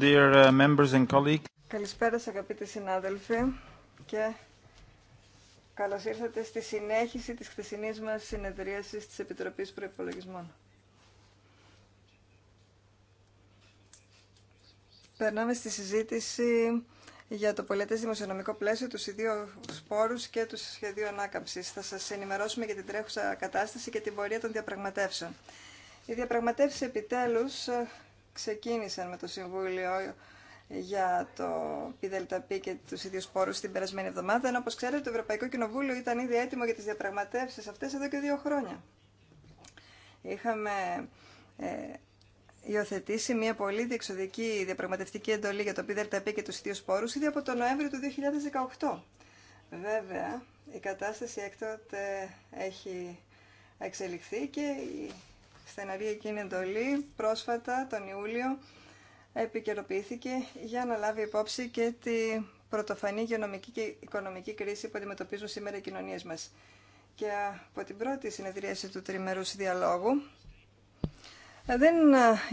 Uh, Καλησπέρα σας αγαπητοί συνάδελφοι και καλώς ήρθατε στη συνέχιση της χθεσινής μας συνεδρίασης της Επιτροπής Προϋπολογισμών. Περνάμε στη συζήτηση για το πολιτές δημοσιονομικό πλαίσιο, τους ιδίου σπόρους και του σχεδίου ανάκαμψης. Θα σας ενημερώσουμε για την τρέχουσα κατάσταση και την πορεία των διαπραγματεύσεων. Η διαπραγματεύσεις επιτέλους ξεκίνησαν με το Συμβούλιο για το ΠΙΔΕΛΤΑΠΗ και του ίδιου πόρου την περασμένη εβδομάδα. Ενώ, όπω ξέρετε, το Ευρωπαϊκό Κοινοβούλιο ήταν ήδη έτοιμο για τι διαπραγματεύσει αυτέ εδώ και δύο χρόνια. Είχαμε ε, υιοθετήσει μια πολύ διεξοδική διαπραγματευτική εντολή για το ΠΙΔΕΛΤΑΠΗ και του ίδιου πόρου ήδη από τον Νοέμβριο του 2018. Βέβαια, η κατάσταση έκτοτε έχει εξελιχθεί και στεναρή εκείνη εντολή πρόσφατα τον Ιούλιο επικαιροποιήθηκε για να λάβει υπόψη και τη πρωτοφανή γεωνομική και οικονομική κρίση που αντιμετωπίζουν σήμερα οι κοινωνίες μας. Και από την πρώτη συνεδρίαση του τριμερούς διαλόγου δεν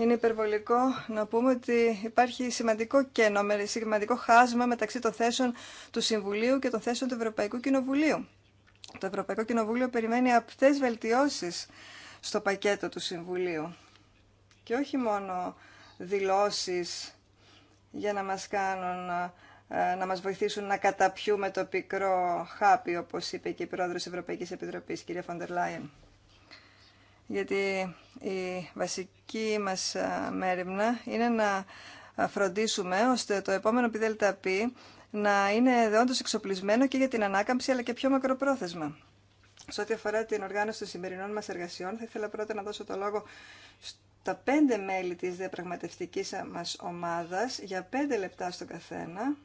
είναι υπερβολικό να πούμε ότι υπάρχει σημαντικό κενό, σημαντικό χάσμα μεταξύ των θέσεων του Συμβουλίου και των θέσεων του Ευρωπαϊκού Κοινοβουλίου. Το Ευρωπαϊκό Κοινοβούλιο περιμένει απτές βελτιώσεις στο πακέτο του Συμβουλίου. Και όχι μόνο δηλώσεις για να μας κάνουν ε, να μας βοηθήσουν να καταπιούμε το πικρό χάπι, όπως είπε και η Πρόεδρος Ευρωπαϊκής Επιτροπής, κυρία Φοντερ Λάιεν. Γιατί η βασική μας ε, μέρημνα είναι να φροντίσουμε ώστε το επόμενο ΠΔΠ να είναι δεόντως εξοπλισμένο και για την ανάκαμψη αλλά και πιο μακροπρόθεσμα. Σε ό,τι αφορά την οργάνωση των σημερινών μας εργασιών, θα ήθελα πρώτα να δώσω το λόγο στα πέντε μέλη της διαπραγματευτικής μας ομάδας για πέντε λεπτά στον καθένα.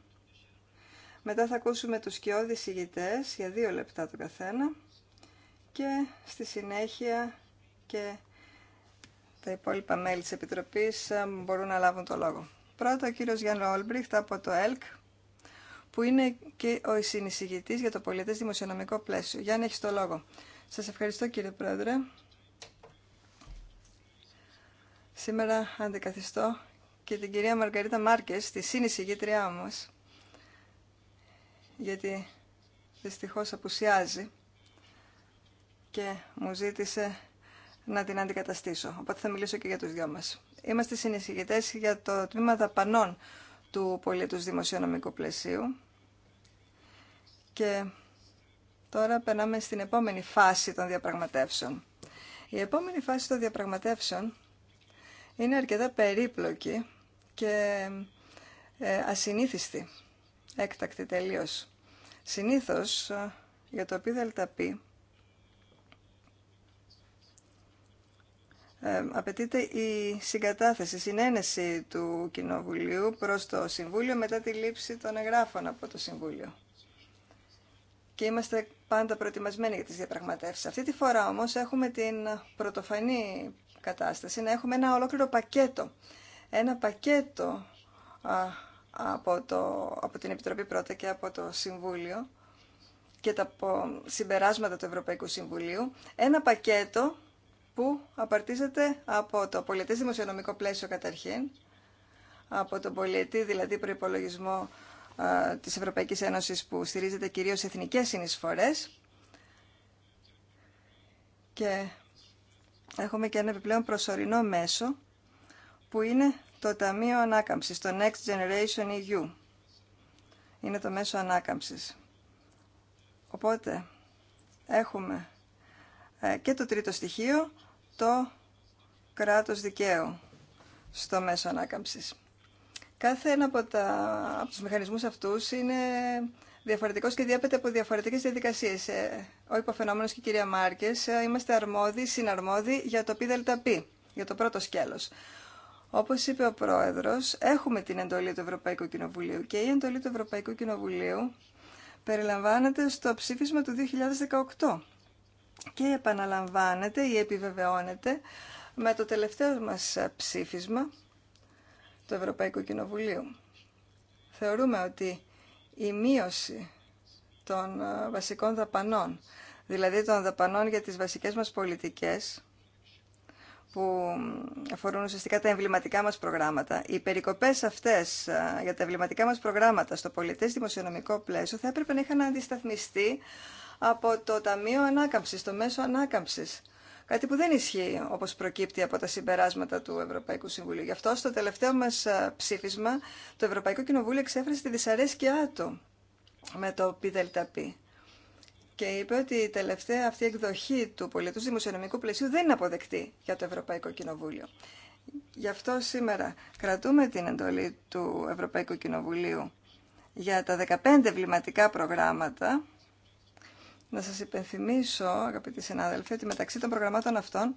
Μετά θα ακούσουμε τους σκιώδεις ηγητές για δύο λεπτά τον καθένα και στη συνέχεια και τα υπόλοιπα μέλη της Επιτροπής ε, μπορούν να λάβουν το λόγο. Πρώτα ο κύριος Γιάννη Όλμπριχτ από το ΕΛΚ που είναι και ο συνεισηγητής για το πολιτέ δημοσιονομικό πλαίσιο. Γιάννη, έχει το λόγο. Σα ευχαριστώ κύριε Πρόεδρε. Σήμερα αντικαθιστώ και την κυρία Μαργαρίτα Μάρκε τη συνεισηγήτριά μα, γιατί δυστυχώ απουσιάζει και μου ζήτησε να την αντικαταστήσω. Οπότε θα μιλήσω και για τους δυο μας. Είμαστε συνεισηγητές για το τμήμα δαπανών του πολίτους δημοσιονομικού πλαισίου και τώρα περνάμε στην επόμενη φάση των διαπραγματεύσεων. Η επόμενη φάση των διαπραγματεύσεων είναι αρκετά περίπλοκη και ε, ασυνήθιστη, έκτακτη τελείως. Συνήθως, ε, για το πει, απαιτείται η συγκατάθεση, η συνένεση του Κοινοβουλίου προς το Συμβούλιο μετά τη λήψη των εγγράφων από το Συμβούλιο και είμαστε πάντα προετοιμασμένοι για τις διαπραγματεύσεις. Αυτή τη φορά όμως έχουμε την πρωτοφανή κατάσταση να έχουμε ένα ολόκληρο πακέτο. Ένα πακέτο από, την Επιτροπή πρώτα και από το Συμβούλιο και τα συμπεράσματα του Ευρωπαϊκού Συμβουλίου. Ένα πακέτο που απαρτίζεται από το πολιτές δημοσιονομικό πλαίσιο καταρχήν, από τον πολίτη, δηλαδή προϋπολογισμό ε, της Ευρωπαϊκής Ένωσης που στηρίζεται κυρίως σε εθνικές συνεισφορές και έχουμε και ένα επιπλέον προσωρινό μέσο που είναι το Ταμείο Ανάκαμψης, το Next Generation EU. Είναι το μέσο ανάκαμψης. Οπότε έχουμε ε, και το τρίτο στοιχείο, το κράτος δικαίου στο μέσο ανάκαμψης. Κάθε ένα από, τα, από τους μηχανισμούς αυτούς είναι διαφορετικός και διέπεται από διαφορετικές διαδικασίες. Ε, ο υποφαινόμενος και η κυρία Μάρκες ε, είμαστε αρμόδιοι, συναρμόδιοι για το ΠΔΠ, για το πρώτο σκέλος. Όπως είπε ο Πρόεδρος, έχουμε την εντολή του Ευρωπαϊκού Κοινοβουλίου και η εντολή του Ευρωπαϊκού Κοινοβουλίου περιλαμβάνεται στο ψήφισμα του 2018 και επαναλαμβάνεται ή επιβεβαιώνεται με το τελευταίο μας ψήφισμα του Ευρωπαϊκού Κοινοβουλίου. Θεωρούμε ότι η μείωση των ε, βασικών δαπανών, δηλαδή των δαπανών για τις βασικές μας πολιτικές, που αφορούν ουσιαστικά τα εμβληματικά μας προγράμματα. Οι περικοπές αυτές ε, για τα εμβληματικά μας προγράμματα στο πολιτές δημοσιονομικό πλαίσιο θα έπρεπε να είχαν αντισταθμιστεί από το Ταμείο Ανάκαμψης, το Μέσο Ανάκαμψης. Κάτι που δεν ισχύει όπως προκύπτει από τα συμπεράσματα του Ευρωπαϊκού Συμβουλίου. Γι' αυτό στο τελευταίο μας ψήφισμα το Ευρωπαϊκό Κοινοβούλιο εξέφρασε τη δυσαρέσκειά του με το ΠΔΠ και είπε ότι η τελευταία αυτή εκδοχή του πολιτού δημοσιονομικού πλαισίου δεν είναι αποδεκτή για το Ευρωπαϊκό Κοινοβούλιο. Γι' αυτό σήμερα κρατούμε την εντολή του Ευρωπαϊκού Κοινοβουλίου για τα 15 βληματικά προγράμματα να σας υπενθυμίσω, αγαπητοί συνάδελφοι, ότι μεταξύ των προγραμμάτων αυτών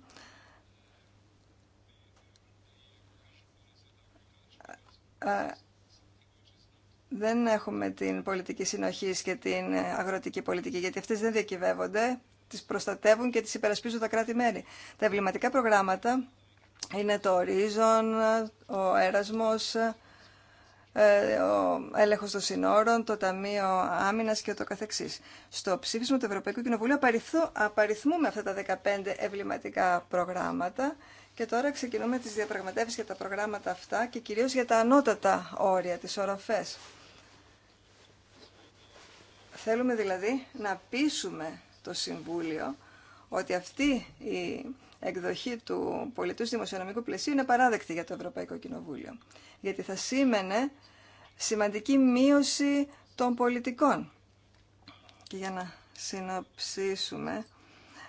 δεν έχουμε την πολιτική συνοχή και την αγροτική πολιτική, γιατί αυτές δεν διακυβεύονται, τις προστατεύουν και τις υπερασπίζουν τα κράτη-μέρη. Τα εμβληματικά προγράμματα είναι το ορίζον, ο έρασμος, ε, ο έλεγχος των συνόρων, το Ταμείο Άμυνας και το καθεξής. Στο ψήφισμα του Ευρωπαϊκού Κοινοβουλίου απαριθμούμε αυτά τα 15 ευληματικά προγράμματα και τώρα ξεκινούμε τις διαπραγματεύσεις για τα προγράμματα αυτά και κυρίως για τα ανώτατα όρια, τις οροφές. Θέλουμε δηλαδή να πείσουμε το Συμβούλιο ότι αυτή η εκδοχή του πολιτού δημοσιονομικού πλαισίου είναι παράδεκτη για το Ευρωπαϊκό Κοινοβούλιο. Γιατί θα σήμαινε σημαντική μείωση των πολιτικών. Και για να συνοψίσουμε,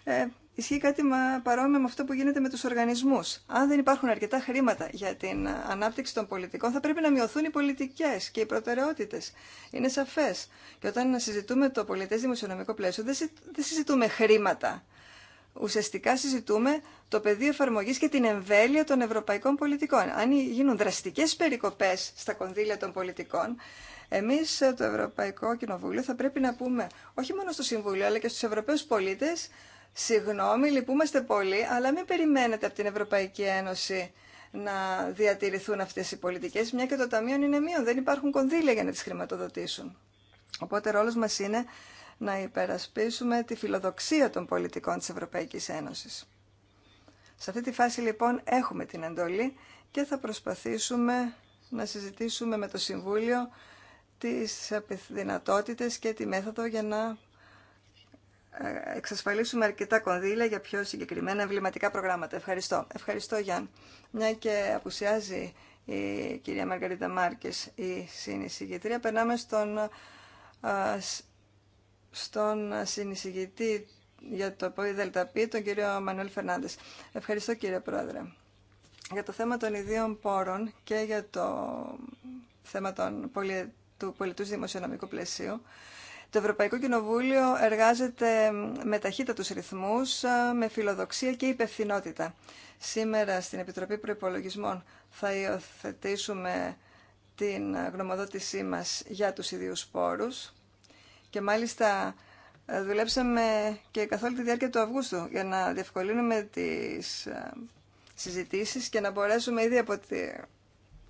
ε, ισχύει κάτι παρόμοιο με αυτό που γίνεται με τους οργανισμούς. Αν δεν υπάρχουν αρκετά χρήματα για την ανάπτυξη των πολιτικών, θα πρέπει να μειωθούν οι πολιτικές και οι προτεραιότητες. Είναι σαφές. Και όταν συζητούμε το πολιτές δημοσιονομικό πλαίσιο, δεν συζητούμε χρήματα ουσιαστικά συζητούμε το πεδίο εφαρμογή και την εμβέλεια των ευρωπαϊκών πολιτικών. Αν γίνουν δραστικέ περικοπέ στα κονδύλια των πολιτικών, εμεί ε, το Ευρωπαϊκό Κοινοβούλιο θα πρέπει να πούμε όχι μόνο στο Συμβούλιο αλλά και στου Ευρωπαίου πολίτε. «Συγγνώμη, λυπούμαστε πολύ, αλλά μην περιμένετε από την Ευρωπαϊκή Ένωση να διατηρηθούν αυτέ οι πολιτικέ, μια και το Ταμείο είναι μείον, δεν υπάρχουν κονδύλια για να τι χρηματοδοτήσουν». Οπότε ρόλο μα είναι να υπερασπίσουμε τη φιλοδοξία των πολιτικών της Ευρωπαϊκής Ένωσης. Σε αυτή τη φάση λοιπόν έχουμε την εντολή και θα προσπαθήσουμε να συζητήσουμε με το Συμβούλιο τις δυνατότητες και τη μέθοδο για να ε, εξασφαλίσουμε αρκετά κονδύλια για πιο συγκεκριμένα εμβληματικά προγράμματα. Ευχαριστώ. Ευχαριστώ Γιάν. Μια και απουσιάζει η κυρία Μαργαρίτα Μάρκες η συνεισηγητρία, περνάμε στον ε, στον συνεισηγητή για το ΔΕΛΤΑΠ, τον κύριο Μανουέλ Φερνάντες. Ευχαριστώ κύριε Πρόεδρε. Για το θέμα των ιδίων πόρων και για το θέμα των του πολιτού δημοσιονομικού πλαισίου, το Ευρωπαϊκό Κοινοβούλιο εργάζεται με τους ρυθμούς, με φιλοδοξία και υπευθυνότητα. Σήμερα στην Επιτροπή Προπολογισμών θα υιοθετήσουμε την γνωμοδότησή μας για τους ιδίους πόρους και μάλιστα ε, δουλέψαμε και καθ' όλη τη διάρκεια του Αυγούστου για να διευκολύνουμε τις ε, συζητήσεις και να μπορέσουμε ήδη από τη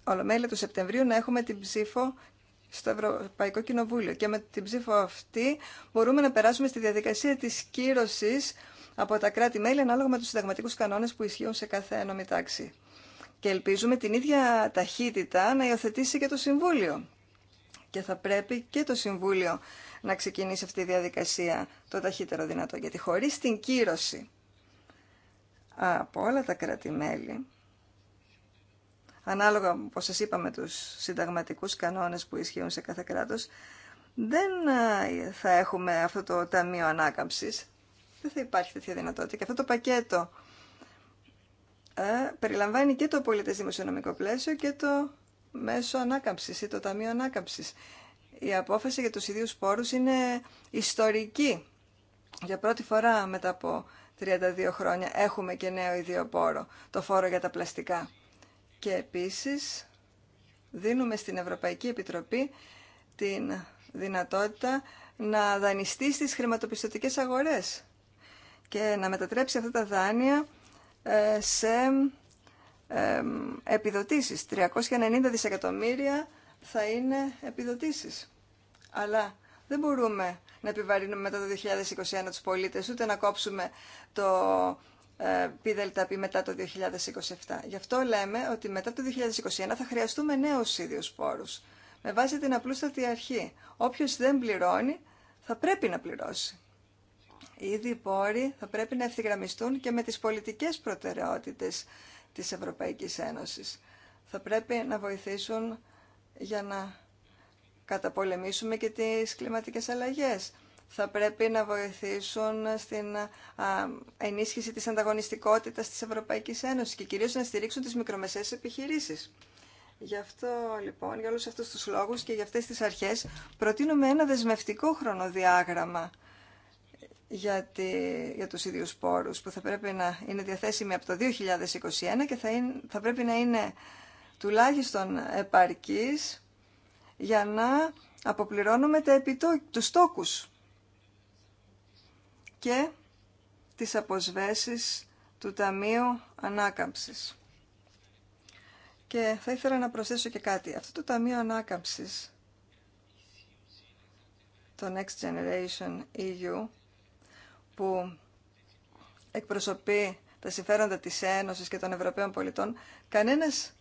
Ολομέλεια του Σεπτεμβρίου να έχουμε την ψήφο στο Ευρωπαϊκό Κοινοβούλιο. Και με την ψήφο αυτή μπορούμε να περάσουμε στη διαδικασία της κύρωσης από τα κράτη-μέλη ανάλογα με τους συνταγματικούς κανόνες που ισχύουν σε κάθε ένωμη τάξη. Και ελπίζουμε την ίδια ταχύτητα να υιοθετήσει και το Συμβούλιο. Και θα πρέπει και το Συμβούλιο να ξεκινήσει αυτή η διαδικασία το ταχύτερο δυνατό. Γιατί χωρίς την κύρωση από όλα τα κράτη-μέλη, ανάλογα, όπως σας είπαμε, τους συνταγματικούς κανόνες που ισχύουν σε κάθε κράτος, δεν ε, θα έχουμε αυτό το Ταμείο Ανάκαμψης. Δεν θα υπάρχει τέτοια δυνατότητα. Και αυτό το πακέτο ε, περιλαμβάνει και το πολιτές δημοσιονομικό πλαίσιο και το μέσο ανάκαμψης ή το Ταμείο Ανάκαμψης η απόφαση για τους ιδίους πόρους είναι ιστορική. Για πρώτη φορά μετά από 32 χρόνια έχουμε και νέο ιδιοπόρο, το φόρο για τα πλαστικά. Και επίσης δίνουμε στην Ευρωπαϊκή Επιτροπή την δυνατότητα να δανειστεί στις χρηματοπιστωτικές αγορές και να μετατρέψει αυτά τα δάνεια ε, σε ε, επιδοτήσεις. 390 δισεκατομμύρια θα είναι επιδοτήσεις. Αλλά δεν μπορούμε να επιβαρύνουμε μετά το 2021 τους πολίτες, ούτε να κόψουμε το ε, ΠΔΠ μετά το 2027. Γι' αυτό λέμε ότι μετά το 2021 θα χρειαστούμε νέους ίδιους πόρους. Με βάση την απλούστατη αρχή, όποιος δεν πληρώνει θα πρέπει να πληρώσει. Οι ίδιοι πόροι θα πρέπει να ευθυγραμμιστούν και με τις πολιτικές προτεραιότητες της Ευρωπαϊκής Ένωσης. Θα πρέπει να βοηθήσουν για να καταπολεμήσουμε και τις κλιματικές αλλαγές. Θα πρέπει να βοηθήσουν στην ενίσχυση της ανταγωνιστικότητας της Ευρωπαϊκής Ένωσης και κυρίως να στηρίξουν τις μικρομεσαίες επιχειρήσεις. Γι' αυτό λοιπόν, για όλους αυτούς τους λόγους και για αυτές τις αρχές, προτείνουμε ένα δεσμευτικό χρονοδιάγραμμα για, τη, για τους ίδιους πόρους που θα πρέπει να είναι διαθέσιμοι από το 2021 και θα, θα πρέπει να είναι τουλάχιστον επαρκής για να αποπληρώνουμε τα επιτό... τους στόκους και τις αποσβέσεις του Ταμείου Ανάκαμψης. Και θα ήθελα να προσθέσω και κάτι. Αυτό το Ταμείο Ανάκαμψης, το Next Generation EU, που εκπροσωπεί τα συμφέροντα της Ένωσης και των Ευρωπαίων πολιτών, κανένας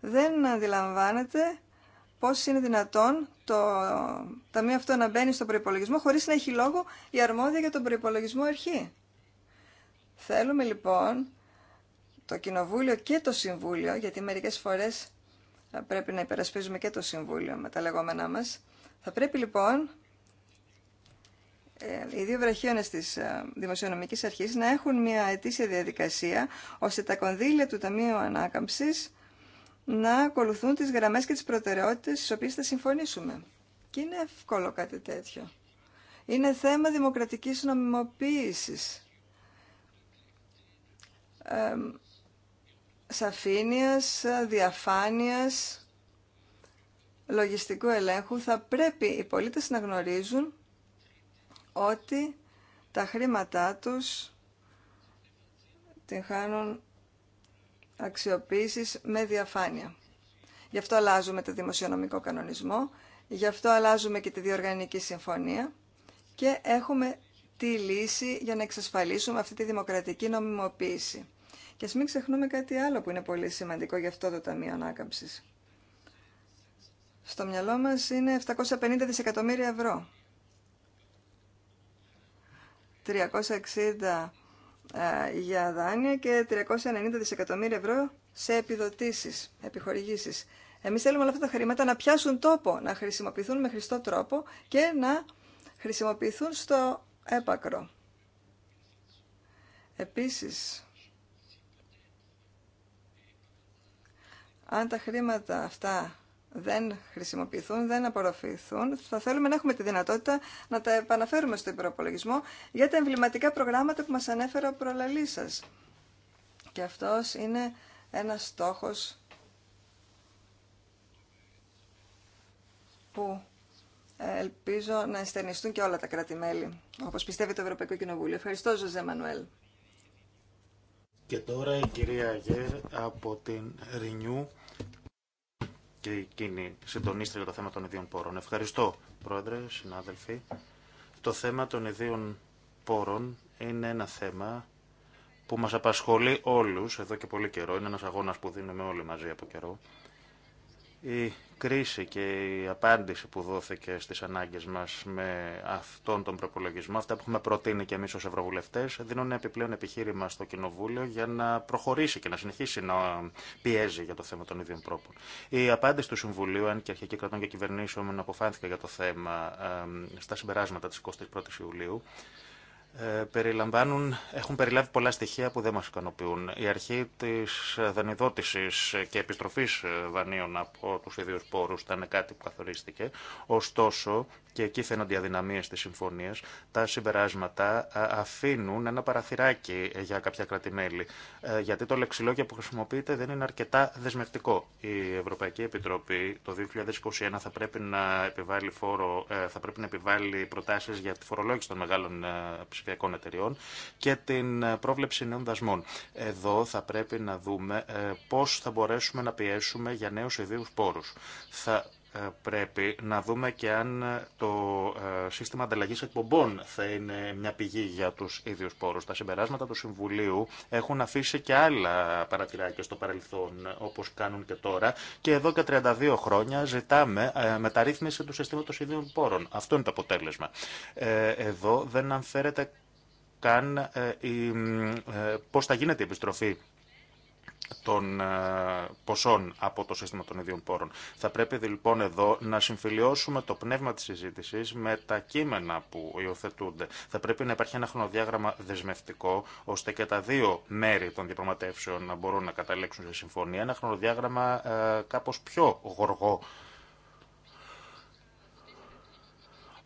δεν αντιλαμβάνεται πώς είναι δυνατόν το ταμείο αυτό να μπαίνει στον προϋπολογισμό χωρίς να έχει λόγο η αρμόδια για τον προϋπολογισμό αρχή. Θέλουμε λοιπόν το Κοινοβούλιο και το Συμβούλιο, γιατί μερικές φορές πρέπει να υπερασπίζουμε και το Συμβούλιο με τα λεγόμενά μας. Θα πρέπει λοιπόν ε, οι δύο βραχίονες της ε, Δημοσιονομικής Αρχής να έχουν μια αιτήσια διαδικασία ώστε τα κονδύλια του Ταμείου Ανάκαμψης να ακολουθούν τις γραμμές και τις προτεραιότητες στις οποίες θα συμφωνήσουμε. Και είναι εύκολο κάτι τέτοιο. Είναι θέμα δημοκρατικής νομιμοποίησης, ε, σαφήνειας, διαφάνειας, λογιστικού ελέγχου. Θα πρέπει οι πολίτες να γνωρίζουν ότι τα χρήματά τους την χάνουν αξιοποίησης με διαφάνεια. Γι' αυτό αλλάζουμε το δημοσιονομικό κανονισμό, γι' αυτό αλλάζουμε και τη διοργανική συμφωνία και έχουμε τη λύση για να εξασφαλίσουμε αυτή τη δημοκρατική νομιμοποίηση. Και ας μην ξεχνούμε κάτι άλλο που είναι πολύ σημαντικό για αυτό το Ταμείο Ανάκαμψης. Στο μυαλό μας είναι 750 δισεκατομμύρια ευρώ. 360 ε, για δάνεια και 390 δισεκατομμύρια ευρώ σε επιδοτήσεις, επιχορηγήσεις. Εμείς θέλουμε όλα αυτά τα χρήματα να πιάσουν τόπο, να χρησιμοποιηθούν με χρηστό τρόπο και να χρησιμοποιηθούν στο έπακρο. Επίσης, αν τα χρήματα αυτά δεν χρησιμοποιηθούν, δεν απορροφηθούν, θα θέλουμε να έχουμε τη δυνατότητα να τα επαναφέρουμε στο υπεροπολογισμό για τα εμβληματικά προγράμματα που μας ανέφερα ο προλαλής σας. Και αυτός είναι ένας στόχος που ελπίζω να εστερνιστούν και όλα τα κράτη-μέλη, όπως πιστεύει το Ευρωπαϊκό Κοινοβούλιο. Ευχαριστώ, Ζωζέ Μανουέλ. Και τώρα η κυρία Αγέρ από την Ρινιού και εκείνη συντονίστρια για το θέμα των ιδίων πόρων. Ευχαριστώ, Πρόεδρε, συνάδελφοι. Το θέμα των ιδίων πόρων είναι ένα θέμα που μας απασχολεί όλους εδώ και πολύ καιρό. Είναι ένας αγώνας που δίνουμε όλοι μαζί από καιρό κρίση και η απάντηση που δόθηκε στις ανάγκες μας με αυτόν τον προπολογισμό, αυτά που έχουμε προτείνει και εμείς ως Ευρωβουλευτές, δίνουν επιπλέον επιχείρημα στο Κοινοβούλιο για να προχωρήσει και να συνεχίσει να πιέζει για το θέμα των ίδιων τρόπων. Η απάντηση του Συμβουλίου, αν και αρχική κρατών και κυβερνήσεων αποφάνθηκε για το θέμα ε, στα συμπεράσματα της 21ης Ιουλίου, ε, περιλαμβάνουν, έχουν περιλάβει πολλά στοιχεία που δεν μας ικανοποιούν. Η αρχή της δανειδότησης και επιστροφής ε, δανείων από τους ίδιους πόρους ήταν κάτι που καθορίστηκε. Ωστόσο, και εκεί φαίνονται οι αδυναμίες της συμφωνίας, τα συμπεράσματα ε, αφήνουν ένα παραθυράκι για κάποια κρατημέλη. Γιατί το λεξιλόγιο που χρησιμοποιείται δεν είναι αρκετά δεσμευτικό. Η Ευρωπαϊκή Επιτροπή το 2021 θα πρέπει να επιβάλλει, φόρο, θα πρέπει να επιβάλλει προτάσεις για τη φορολόγηση των μεγάλων ψηφιακών εταιριών και την ε, πρόβλεψη νέων δασμών. Εδώ θα πρέπει να δούμε ε, πώς θα μπορέσουμε να πιέσουμε για νέους ιδίους πόρους. Ε, πρέπει να δούμε και αν ε, το ε, σύστημα ανταλλαγής εκπομπών θα είναι μια πηγή για τους ίδιους πόρους. Τα συμπεράσματα του Συμβουλίου έχουν αφήσει και άλλα παρατηράκια στο παρελθόν, όπως κάνουν και τώρα, και εδώ και 32 χρόνια ζητάμε μεταρρύθμιση του συστήματος ίδιων πόρων. Αυτό είναι το αποτέλεσμα. Εδώ δεν αναφέρεται καν πώς θα γίνεται η επιστροφή των ε, ποσών από το σύστημα των ίδιων πόρων. Θα πρέπει λοιπόν εδώ να συμφιλειώσουμε το πνεύμα της συζήτηση με τα κείμενα που υιοθετούνται. Θα πρέπει να υπάρχει ένα χρονοδιάγραμμα δεσμευτικό, ώστε και τα δύο μέρη των διαπραγματεύσεων να μπορούν να καταλήξουν σε συμφωνία. Ένα χρονοδιάγραμμα ε, κάπως πιο γοργό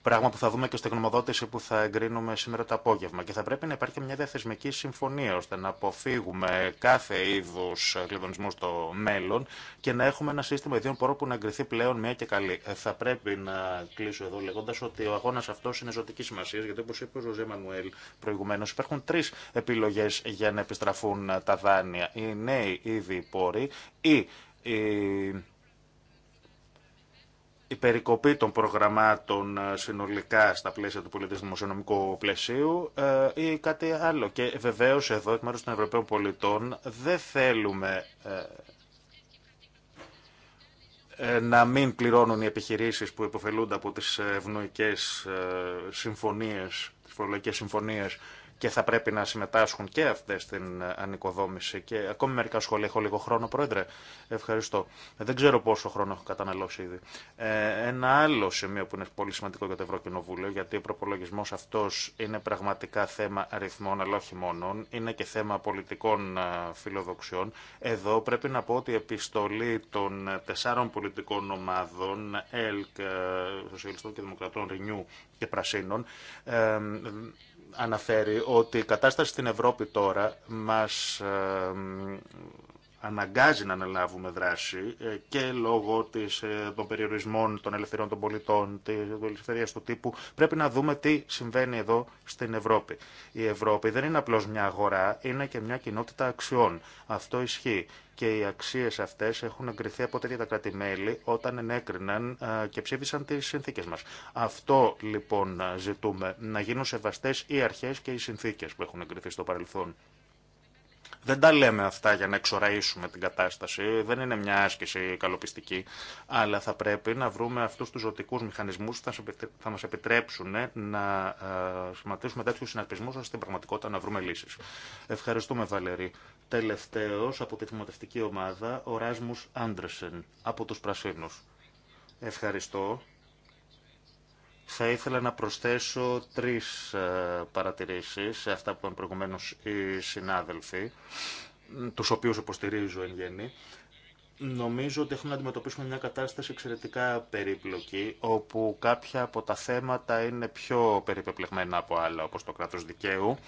Πράγμα που θα δούμε και στην γνωμοδότηση που θα εγκρίνουμε σήμερα το απόγευμα. Και θα πρέπει να υπάρχει μια διαθεσμική συμφωνία ώστε να αποφύγουμε κάθε είδου κλειδονισμού στο μέλλον και να έχουμε ένα σύστημα ιδίων πόρων που να εγκριθεί πλέον μια και καλή. Ε, θα πρέπει να κλείσω εδώ λέγοντα ότι ο αγώνα αυτό είναι ζωτική σημασία γιατί όπω είπε ο Ζωζέ Μανουέλ προηγουμένω υπάρχουν τρει επιλογέ για να επιστραφούν τα δάνεια. Οι νέοι ήδη πόροι ή η περικοπή των προγραμμάτων ε, συνολικά στα πλαίσια του πολιτικού δημοσιονομικού πλαισίου ε, ή κάτι άλλο. Και βεβαίως εδώ εκ μέρους των Ευρωπαίων πολιτών δεν θέλουμε ε, να μην πληρώνουν οι επιχειρήσεις που υποφελούνται από τις ευνοϊκές συμφωνίες, τις φορολογικές συμφωνίες και θα πρέπει να συμμετάσχουν και αυτέ στην ανοικοδόμηση. Και ακόμη μερικά σχόλια. Έχω λίγο χρόνο, Πρόεδρε. Ευχαριστώ. Δεν ξέρω πόσο χρόνο έχω καταναλώσει ήδη. Ε, ένα άλλο σημείο που είναι πολύ σημαντικό για το Ευρωκοινοβούλιο, γιατί ο προπολογισμό αυτό είναι πραγματικά θέμα αριθμών, αλλά όχι μόνο. Είναι και θέμα πολιτικών ε, φιλοδοξιών. Εδώ πρέπει να πω ότι η επιστολή των τεσσάρων πολιτικών ομάδων, ΕΛΚ, ε, Σοσιαλιστών και Δημοκρατών, Ρινιού και Πρασίνων, αναφέρει ότι η κατάσταση στην Ευρώπη τώρα μας ε, αναγκάζει να αναλάβουμε δράση ε, και λόγω της, ε, των περιορισμών των ελευθεριών των πολιτών, της ελευθερία του τύπου, πρέπει να δούμε τι συμβαίνει εδώ στην Ευρώπη. Η Ευρώπη δεν είναι απλώς μια αγορά, είναι και μια κοινότητα αξιών. Αυτό ισχύει και οι αξίε αυτέ έχουν εγκριθεί από τέτοια τα κράτη-μέλη όταν ενέκριναν ε, και ψήφισαν τι συνθήκε μα. Αυτό λοιπόν ζητούμε, να γίνουν σεβαστέ οι αρχέ και οι συνθήκε που έχουν εγκριθεί στο παρελθόν. Δεν τα λέμε αυτά για να εξοραίσουμε την κατάσταση, δεν είναι μια άσκηση καλοπιστική, αλλά θα πρέπει να βρούμε αυτού του ζωτικού μηχανισμού που θα μα επιτρέψουν ε, να ε, σχηματίσουμε τέτοιου συναρπισμού ώστε στην πραγματικότητα να βρούμε λύσει. Ευχαριστούμε, Βαλερή. Τελευταίο από τη θυμοτευτική ομάδα, ο Ράσμου Άντρεσεν από του Πρασίνου. Ευχαριστώ. Θα ήθελα να προσθέσω τρεις ε, παρατηρήσεις σε αυτά που είπαν προηγουμένως οι συνάδελφοι, τους οποίους υποστηρίζω εν γέννη. Νομίζω ότι έχουμε να αντιμετωπίσουμε μια κατάσταση εξαιρετικά περίπλοκη, όπου κάποια από τα θέματα είναι πιο περιπεπλεγμένα από άλλα, όπως το κράτος δικαίου.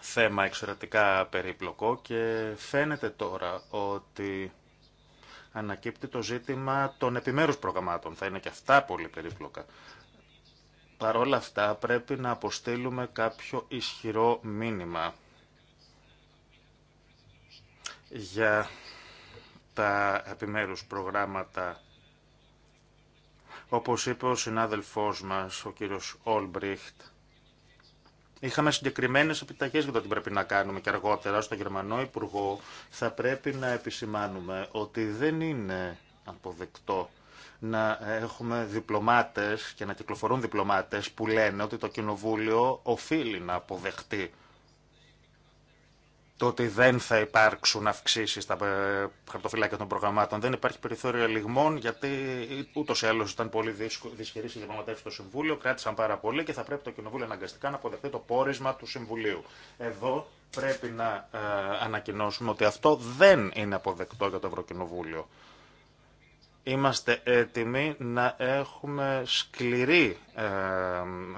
Θέμα εξαιρετικά περίπλοκο και φαίνεται τώρα ότι ανακύπτει το ζήτημα των επιμέρους προγραμμάτων. Θα είναι και αυτά πολύ περίπλοκα. Παρ' όλα αυτά πρέπει να αποστείλουμε κάποιο ισχυρό μήνυμα για τα επιμέρους προγράμματα όπως είπε ο συνάδελφός μας, ο κύριος Όλμπριχτ, Είχαμε συγκεκριμένε επιταγέ για το τι πρέπει να κάνουμε και αργότερα στο Γερμανό Υπουργό θα πρέπει να επισημάνουμε ότι δεν είναι αποδεκτό να έχουμε διπλωμάτες και να κυκλοφορούν διπλωμάτες που λένε ότι το Κοινοβούλιο οφείλει να αποδεχτεί το ότι δεν θα υπάρξουν αυξήσει στα ε, χαρτοφυλάκια των προγραμμάτων. Δεν υπάρχει περιθώριο ελιγμών, γιατί λιγμών άλλω ήταν πολύ δυσχερή η διαπραγματεύση στο Συμβούλιο, κράτησαν πάρα πολύ και θα πρέπει το Κοινοβούλιο αναγκαστικά να αποδεχτεί το πόρισμα του Συμβουλίου. Εδώ πρέπει να ε, ανακοινώσουμε ότι αυτό δεν είναι αποδεκτό για το Ευρωκοινοβούλιο. Είμαστε έτοιμοι να έχουμε σκληρή ε,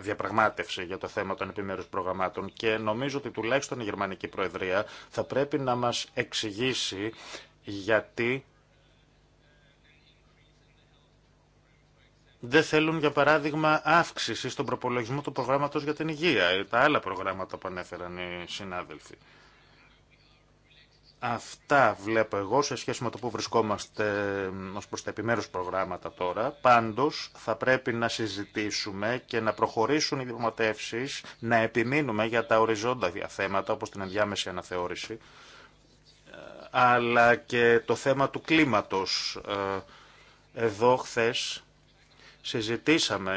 διαπραγμάτευση για το θέμα των επιμέρους προγραμμάτων και νομίζω ότι τουλάχιστον η Γερμανική Προεδρία θα πρέπει να μας εξηγήσει γιατί δεν θέλουν, για παράδειγμα, αύξηση στον προπολογισμό του προγράμματος για την υγεία ή τα άλλα προγράμματα που ανέφεραν οι συνάδελφοι. Αυτά βλέπω εγώ σε σχέση με το που βρισκόμαστε ε, ως προς τα επιμέρους προγράμματα τώρα. Πάντως θα πρέπει να συζητήσουμε και να προχωρήσουν οι διαπραγματεύσεις, να επιμείνουμε για τα οριζόντα διαθέματα, όπως την ενδιάμεση αναθεώρηση, ε, αλλά και το θέμα του κλίματος. Ε, εδώ χθες Συζητήσαμε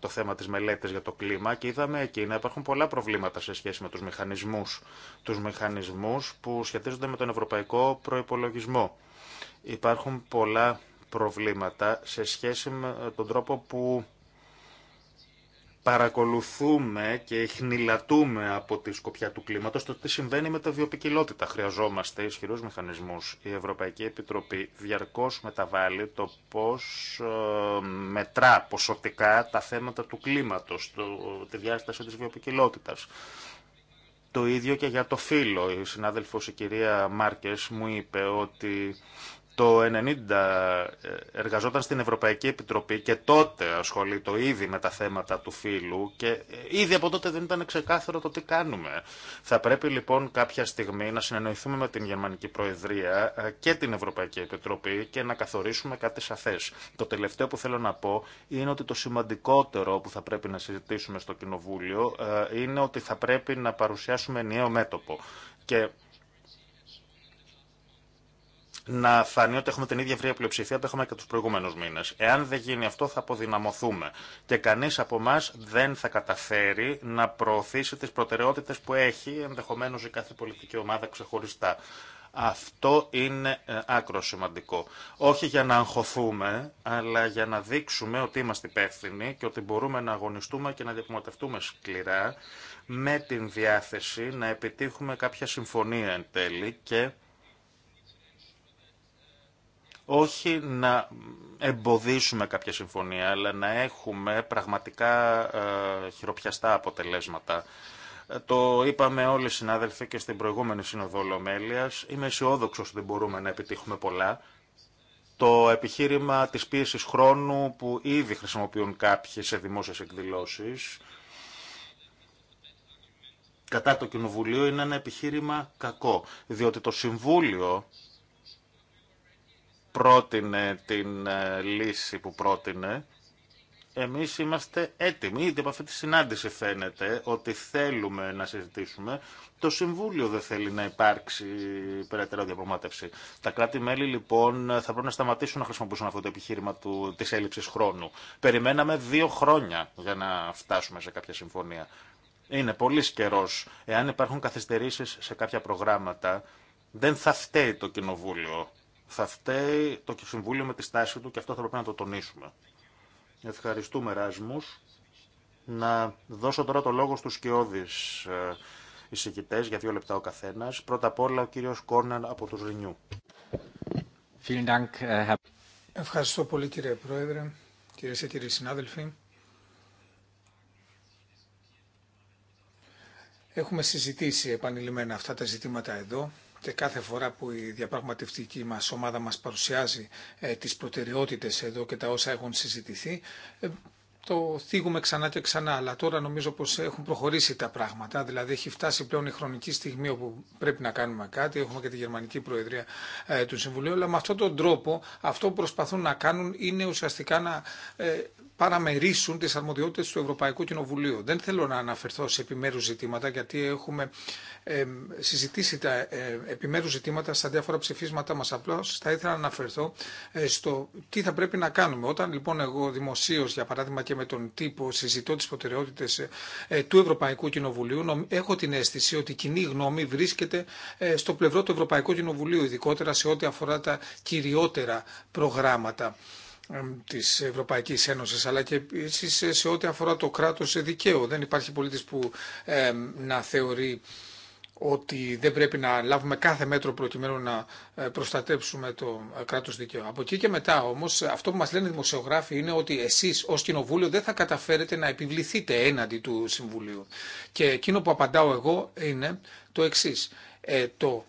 το θέμα της μελέτης για το κλίμα και είδαμε εκεί να υπάρχουν πολλά προβλήματα σε σχέση με τους μηχανισμούς. Τους μηχανισμούς που σχετίζονται με τον ευρωπαϊκό προϋπολογισμό. Υπάρχουν πολλά προβλήματα σε σχέση με τον τρόπο που παρακολουθούμε και χνηλατούμε από τη σκοπιά του κλίματος το τι συμβαίνει με τα βιοπικιλότητα. Χρειαζόμαστε ισχυρούς μηχανισμούς. Η Ευρωπαϊκή Επιτροπή διαρκώ μεταβάλλει το πώς ε, μετρά ποσοτικά τα θέματα του κλίματος, το, τη διάσταση τη βιοπικιλότητα. Το ίδιο και για το φύλλο. Η συνάδελφος η κυρία Μάρκες μου είπε ότι το 1990 ε, εργαζόταν στην Ευρωπαϊκή Επιτροπή και τότε ασχολείται ήδη με τα θέματα του φύλου και ε, ήδη από τότε δεν ήταν ξεκάθαρο το τι κάνουμε. Θα πρέπει λοιπόν κάποια στιγμή να συνεννοηθούμε με την Γερμανική Προεδρία ε, και την Ευρωπαϊκή Επιτροπή και να καθορίσουμε κάτι σαφές. Το τελευταίο που θέλω να πω είναι ότι το σημαντικότερο που θα πρέπει να συζητήσουμε στο Κοινοβούλιο είναι ότι θα πρέπει να παρουσιάσουμε ενιαίο μέτωπο. Και να φανεί ότι έχουμε την ίδια ευρεία πλειοψηφία που έχουμε και του προηγούμενου μήνε. Εάν δεν γίνει αυτό, θα αποδυναμωθούμε. Και κανεί από εμά δεν θα καταφέρει να προωθήσει τι προτεραιότητε που έχει ενδεχομένω η κάθε πολιτική ομάδα ξεχωριστά. Αυτό είναι ε, άκρο σημαντικό. Όχι για να αγχωθούμε, αλλά για να δείξουμε ότι είμαστε υπεύθυνοι και ότι μπορούμε να αγωνιστούμε και να διαπραγματευτούμε σκληρά με την διάθεση να επιτύχουμε κάποια συμφωνία εν τέλει και όχι να εμποδίσουμε κάποια συμφωνία, αλλά να έχουμε πραγματικά ε, χειροπιαστά αποτελέσματα. Ε, το είπαμε όλοι οι συνάδελφοι και στην προηγούμενη Σύνοδο Ολομέλειας. Είμαι αισιόδοξο ότι μπορούμε να επιτύχουμε πολλά. Το επιχείρημα της πίεσης χρόνου που ήδη χρησιμοποιούν κάποιοι σε δημόσιες εκδηλώσεις κατά το Κοινοβουλίο είναι ένα επιχείρημα κακό, διότι το Συμβούλιο πρότεινε την ε, λύση που πρότεινε, εμείς είμαστε έτοιμοι, ήδη από αυτή τη συνάντηση φαίνεται ότι θέλουμε να συζητήσουμε. Το Συμβούλιο δεν θέλει να υπάρξει περαιτέρω διαπραγμάτευση. Τα κράτη-μέλη λοιπόν θα πρέπει να σταματήσουν να χρησιμοποιήσουν αυτό το επιχείρημα του, της έλλειψης χρόνου. Περιμέναμε δύο χρόνια για να φτάσουμε σε κάποια συμφωνία. Είναι πολύ καιρό. Εάν υπάρχουν καθυστερήσεις σε κάποια προγράμματα, δεν θα φταίει το Κοινοβούλιο θα φταίει το Συμβούλιο με τη στάση του και αυτό θα πρέπει να το τονίσουμε. Ευχαριστούμε, Ράσμους. Να δώσω τώρα το λόγο στους σκιώδεις ε, εισηγητές για δύο λεπτά ο καθένας. Πρώτα απ' όλα ο κύριος Κόρναν από τους Ρινιού. Ε, Ευχαριστώ πολύ κύριε Πρόεδρε, κυρίε και κύριοι συνάδελφοι. Έχουμε συζητήσει επανειλημμένα αυτά τα ζητήματα εδώ και κάθε φορά που η διαπραγματευτική μας ομάδα μας παρουσιάζει ε, τις προτεραιότητες εδώ και τα όσα έχουν συζητηθεί, ε, το θίγουμε ξανά και ξανά, αλλά τώρα νομίζω πως έχουν προχωρήσει τα πράγματα, δηλαδή έχει φτάσει πλέον η χρονική στιγμή όπου πρέπει να κάνουμε κάτι, έχουμε και τη Γερμανική Προεδρία ε, του Συμβουλίου, αλλά με αυτόν τον τρόπο αυτό που προσπαθούν να κάνουν είναι ουσιαστικά να παραμερίσουν τις αρμοδιότητες του Ευρωπαϊκού Κοινοβουλίου. Δεν θέλω να αναφερθώ σε επιμέρους ζητήματα, γιατί έχουμε ε, συζητήσει τα ε, επιμέρους ζητήματα στα διάφορα ψηφίσματά μας. Απλώς θα ήθελα να αναφερθώ ε, στο τι θα πρέπει να κάνουμε. Όταν λοιπόν εγώ δημοσίω, για παράδειγμα και με τον τύπο, συζητώ τις προτεραιότητες ε, ε, του Ευρωπαϊκού Κοινοβουλίου, έχω την αίσθηση ότι η κοινή γνώμη βρίσκεται ε, στο πλευρό του Ευρωπαϊκού Κοινοβουλίου, ειδικότερα σε ό,τι αφορά τα κυριότερα προγράμματα της Ευρωπαϊκής Ένωσης αλλά και επίση σε ό,τι αφορά το κράτος δικαίου. Δεν υπάρχει πολίτης που να θεωρεί ότι δεν πρέπει να λάβουμε κάθε μέτρο προκειμένου να ε, προστατέψουμε το ε, κράτος δικαίου. Από εκεί και μετά όμως αυτό που μας λένε οι δημοσιογράφοι είναι ότι εσείς ως κοινοβούλιο δεν θα καταφέρετε να επιβληθείτε έναντι του Συμβουλίου. Και εκείνο που απαντάω εγώ είναι το εξής. Ε, το,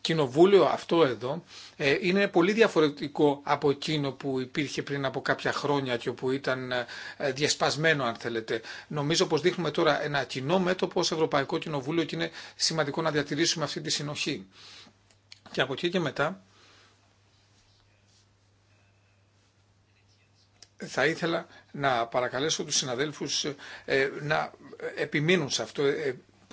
κοινοβούλιο αυτό εδώ ε, είναι πολύ διαφορετικό από εκείνο που υπήρχε πριν από κάποια χρόνια και όπου ήταν ε, διασπασμένο αν θέλετε. Νομίζω πως δείχνουμε τώρα ένα κοινό μέτωπο ως Ευρωπαϊκό Κοινοβούλιο και είναι σημαντικό να διατηρήσουμε αυτή τη συνοχή. Και από εκεί και μετά θα ήθελα να παρακαλέσω τους συναδέλφους ε, να επιμείνουν σε αυτό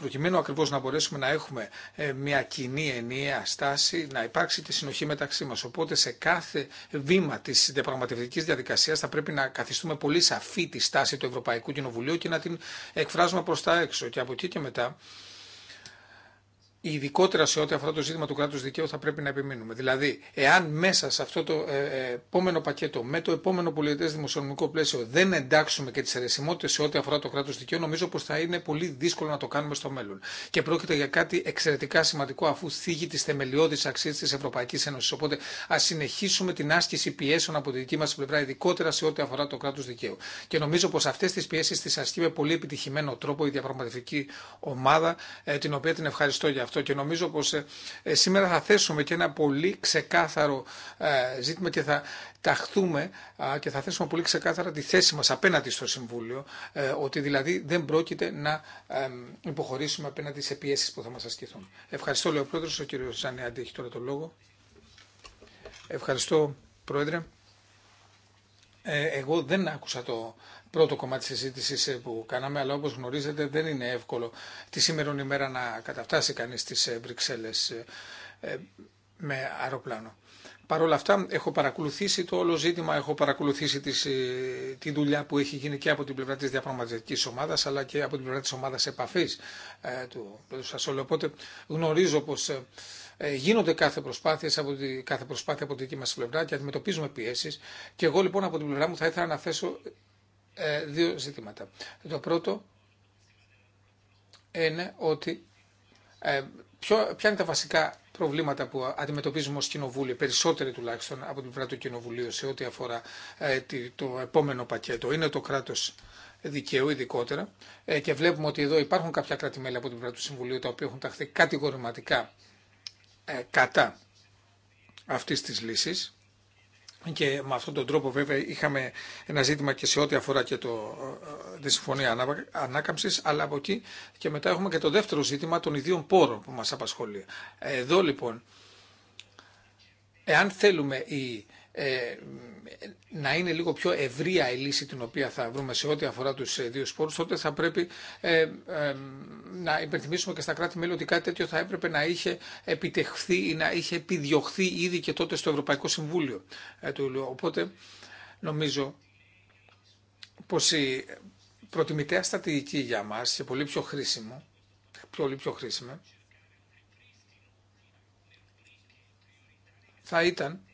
προκειμένου ακριβώ να μπορέσουμε να έχουμε ε, μια κοινή ενιαία στάση, να υπάρξει και συνοχή μεταξύ μα. Οπότε σε κάθε βήμα της διαπραγματευτική διαδικασίας θα πρέπει να καθιστούμε πολύ σαφή τη στάση του Ευρωπαϊκού Κοινοβουλίου και να την εκφράζουμε προς τα έξω. Και από εκεί και μετά ειδικότερα σε ό,τι αφορά το ζήτημα του κράτου δικαίου θα πρέπει να επιμείνουμε. Δηλαδή, εάν μέσα σε αυτό το ε, ε, επόμενο πακέτο, με το επόμενο πολιτέ δημοσιονομικό πλαίσιο δεν εντάξουμε και τι αιρεσιμότητε σε ό,τι αφορά το κράτο δικαίου, νομίζω πω θα είναι πολύ δύσκολο να το κάνουμε στο μέλλον. Και πρόκειται για κάτι εξαιρετικά σημαντικό αφού θίγει τι θεμελιώδει αξίε τη Ευρωπαϊκή Ένωση, Οπότε α συνεχίσουμε την άσκηση πιέσεων από τη δική μα πλευρά, ειδικότερα σε ό,τι αφορά το κράτο δικαίου. Και νομίζω πω αυτέ τι πιέσει τι ασκεί με πολύ επιτυχημένο τρόπο η διαπραγματευτική ομάδα, ε, την οποία την ευχαριστώ για αυτό αυτό και νομίζω πως ε, ε, σήμερα θα θέσουμε και ένα πολύ ξεκάθαρο ε, ζήτημα και θα ταχθούμε και θα θέσουμε πολύ ξεκάθαρα τη θέση μας απέναντι στο Συμβούλιο ότι δηλαδή δεν πρόκειται να υποχωρήσουμε απέναντι σε πιέσεις που θα μας ασκηθούν. Ευχαριστώ, Λέω ο Πρόεδρος, ο κύριος Ζανιάντη έχει τώρα το λόγο. Ευχαριστώ, Πρόεδρε. Εγώ δεν άκουσα το πρώτο κομμάτι της συζήτηση ε, που κάναμε, αλλά όπως γνωρίζετε δεν είναι εύκολο τη σήμερα ημέρα να καταφτάσει κανείς στις ε, Βρυξέλλες ε, με αεροπλάνο. Παρ' όλα αυτά, έχω παρακολουθήσει το όλο ζήτημα, έχω παρακολουθήσει τις, τη δουλειά που έχει γίνει και από την πλευρά της διαπραγματευτικής ομάδας, αλλά και από την πλευρά της ομάδας επαφής ε, του Σασόλου. Οπότε γνωρίζω πως γίνονται κάθε προσπάθειες από τη, κάθε προσπάθεια από τη δική μας πλευρά και αντιμετωπίζουμε πιέσεις. Και εγώ λοιπόν από την πλευρά μου θα ήθελα να θέσω ε, δύο ζητήματα. Το πρώτο είναι ότι ε, ποια είναι τα βασικά προβλήματα που αντιμετωπίζουμε ως κοινοβούλιο, περισσότεροι τουλάχιστον από την πλευρά του κοινοβουλίου σε ό,τι αφορά ε, το επόμενο πακέτο, είναι το κράτος δικαίου ειδικότερα και βλέπουμε ότι εδώ υπάρχουν κάποια από την πλευρά του Συμβουλίου τα οποία έχουν ταχθεί κατηγορηματικά κατά αυτής της λύσης και με αυτόν τον τρόπο βέβαια είχαμε ένα ζήτημα και σε ό,τι αφορά και το, ε, τη συμφωνία ανάκαμψης, αλλά από εκεί και μετά έχουμε και το δεύτερο ζήτημα των ιδίων πόρων που μας απασχολεί. Εδώ λοιπόν, εάν θέλουμε η ε, να είναι λίγο πιο ευρία η λύση την οποία θα βρούμε σε ό,τι αφορά τους ε, δύο σπόρους, τότε θα πρέπει ε, να υπενθυμίσουμε και στα κράτη-μέλη ότι κάτι τέτοιο θα έπρεπε να είχε επιτευχθεί ή να είχε επιδιωχθεί ήδη και τότε στο Ευρωπαϊκό Συμβούλιο ε, του Ιουλίου. Οπότε νομίζω πως η προτιμητέα στρατηγική για μας και πολύ πιο χρήσιμο, πολύ πιο χρήσιμο, θα ήταν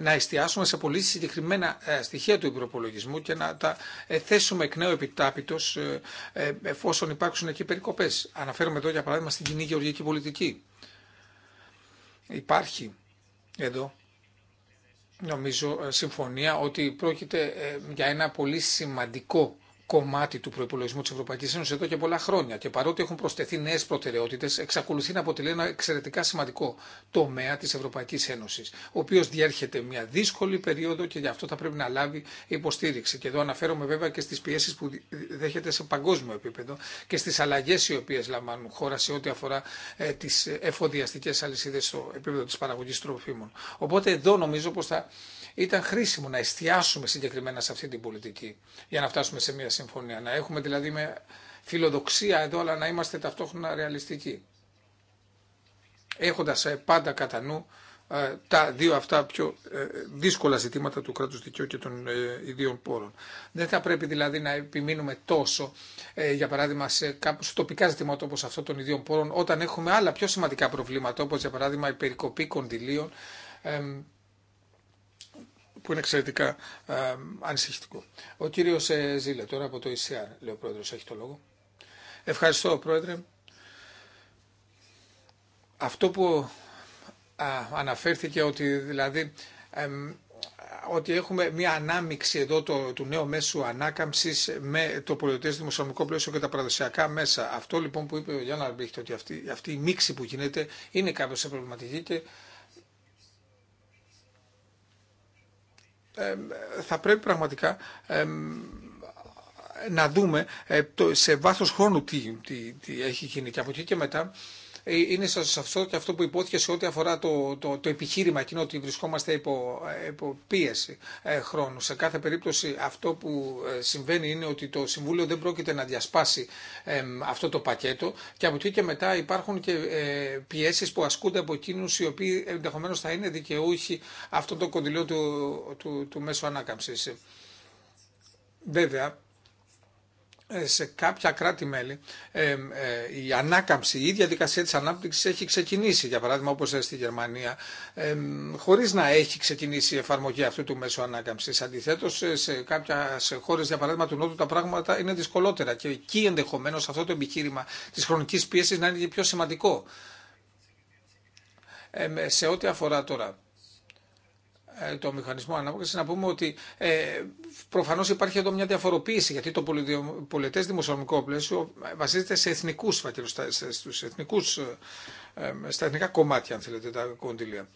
να εστιάσουμε σε πολύ συγκεκριμένα ε, στοιχεία του υπροπολογισμού και να τα ε, θέσουμε εκ νέου επιτάπητο ε, εφόσον υπάρξουν εκεί περικοπέ. Αναφέρομαι εδώ για παράδειγμα στην κοινή γεωργική πολιτική. Υπάρχει εδώ νομίζω συμφωνία ότι πρόκειται για ένα πολύ σημαντικό κομμάτι του προπολογισμού τη Ευρωπαϊκή Ένωση εδώ και πολλά χρόνια. Και παρότι έχουν προσθεθεί νέε προτεραιότητε, εξακολουθεί να αποτελεί ένα εξαιρετικά σημαντικό τομέα τη Ευρωπαϊκή Ένωση, ο οποίο διέρχεται μια δύσκολη περίοδο και γι' αυτό θα πρέπει να λάβει υποστήριξη. Και εδώ αναφέρομαι βέβαια και στι πιέσει που δέχεται σε παγκόσμιο επίπεδο και στι αλλαγέ οι οποίε λαμβάνουν χώρα σε ό,τι αφορά ε, τι εφοδιαστικέ αλυσίδε στο επίπεδο τη παραγωγή τροφίμων. Οπότε εδώ νομίζω πω θα ήταν χρήσιμο να εστιάσουμε συγκεκριμένα σε αυτή την πολιτική για να φτάσουμε σε μια συμφωνία. Να έχουμε δηλαδή με φιλοδοξία εδώ, αλλά να είμαστε ταυτόχρονα ρεαλιστικοί. έχοντα ε, πάντα κατά νου ε, τα δύο αυτά πιο ε, δύσκολα ζητήματα του κράτους δικαίου και των ιδίων πόρων. Δεν θα πρέπει δηλαδή να επιμείνουμε τόσο, για παράδειγμα, σε τοπικά ζητήματα όπως αυτό των ιδίων πόρων, όταν έχουμε άλλα πιο σημαντικά προβλήματα, όπως για παράδειγμα η περικοπή κονδυλίων που είναι εξαιρετικά ε, ανησυχητικό. Ο κύριος ε, Ζήλε τώρα από το ECR, λέει ο πρόεδρος, έχει το λόγο. Ευχαριστώ πρόεδρε. Αυτό που αναφέρθηκε ότι δηλαδή ότι έχουμε μια ανάμειξη εδώ του νέου μέσου ανάκαμψη με το του δημοσιονομικό πλαίσιο και τα παραδοσιακά μέσα. Αυτό λοιπόν που είπε ο Γιάννα Αρμπίχτη, ότι αυτή, αυτή η μίξη που γίνεται είναι κάπω προβληματική θα πρέπει πραγματικά να δούμε ε, σε βάθος χρόνου τι, τι, τι έχει γίνει και από εκεί και μετά ε, είναι αυτό και αυτό που υπόθηκε σε ό,τι αφορά το, το, το επιχείρημα εκείνο ότι βρισκόμαστε υπό, υπό πίεση ε, χρόνου. Σε κάθε περίπτωση αυτό που ε, συμβαίνει είναι ότι το Συμβούλιο δεν πρόκειται να διασπάσει αυτό το πακέτο και από εκεί και μετά υπάρχουν και ε, πιέσεις που ασκούνται από εκείνους οι οποίοι ενδεχομένω θα είναι δικαιούχοι αυτό το κονδυλίο του, του, του, του μέσου ανάκαμψης. Βέβαια, ε, σε κάποια κράτη-μέλη ε, ε, η ανάκαμψη, η ίδια διαδικασία της ανάπτυξης έχει ξεκινήσει, για παράδειγμα όπως στη Γερμανία, ε, χωρίς να έχει ξεκινήσει η εφαρμογή αυτού του μέσου ανάκαμψης. Αντιθέτως, σε σε χώρες, για παράδειγμα του Νότου, τα πράγματα είναι δυσκολότερα και εκεί ενδεχομένως αυτό το επιχείρημα της χρονικής πίεσης να είναι και πιο σημαντικό. σε ό,τι αφορά τώρα ε, το μηχανισμό ανάποκριση να πούμε ότι ε, προφανώ υπάρχει εδώ μια διαφοροποίηση γιατί το πολιτέ δημοσιονομικό πλαίσιο ε, βασίζεται σε εθνικού φακέλου, ε, στα, εθνικά κομμάτια, αν θέλετε, τα κονδύλια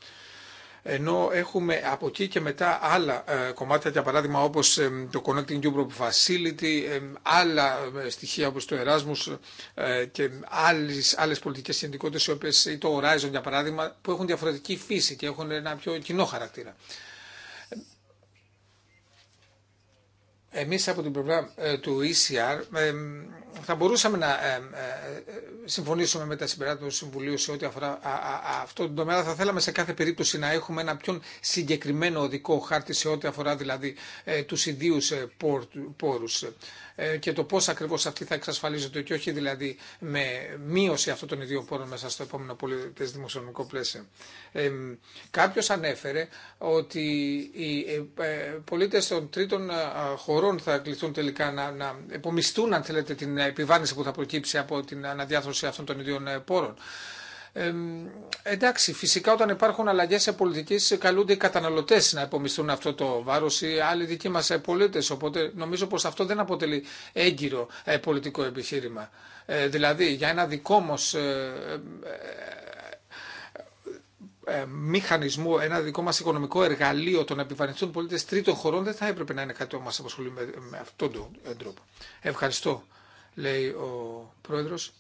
ενώ έχουμε από εκεί και μετά άλλα ε, κομμάτια, για παράδειγμα όπως ε, το Connecting Europe Facility, ε, άλλα στοιχεία όπως το Erasmus και άλλες, άλλες πολιτικές συνδικότητες, ή το Horizon για παράδειγμα, που έχουν διαφορετική φύση και έχουν ένα πιο κοινό χαρακτήρα. εμείς από την πλευρά ε, του ECR ε, θα μπορούσαμε να ε, συμφωνήσουμε με τα συμπεράσματα του Συμβουλίου σε ό,τι αφορά αυτό το τομέα. Θα θέλαμε σε κάθε περίπτωση να έχουμε ένα πιο συγκεκριμένο οδικό χάρτη σε ό,τι αφορά δηλαδή τους ιδίους πόρους. Ε, και το πώ ακριβώ αυτή θα εξασφαλίζεται και όχι δηλαδή με μείωση αυτών των ιδίων πόρων μέσα στο επόμενο πολιτέ δημοσιονομικό πλαίσιο. Ε, Κάποιο ανέφερε ότι οι ε, ε, πολίτε των τρίτων χωρών θα κληθούν τελικά να, να επομιστούν, αν θέλετε, την επιβάρυνση που θα προκύψει από την αναδιάθρωση αυτών των ιδίων πόρων. Ε, εντάξει, φυσικά όταν υπάρχουν αλλαγέ σε πολιτική, καλούνται οι καταναλωτέ να υπομισθούν αυτό το βάρο ή άλλοι δικοί μα ε, πολίτε. Οπότε νομίζω πω αυτό δεν αποτελεί έγκυρο ε, πολιτικό επιχείρημα. Ε, δηλαδή, για ένα δικό μα μηχανισμό, ένα δικό μας οικονομικό εργαλείο των επιβαρυνθούν πολίτες τρίτων χωρών δεν θα έπρεπε να είναι κάτι που μας απασχολεί με, αυτόν τον τρόπο. Ευχαριστώ, λέει ο Πρόεδρος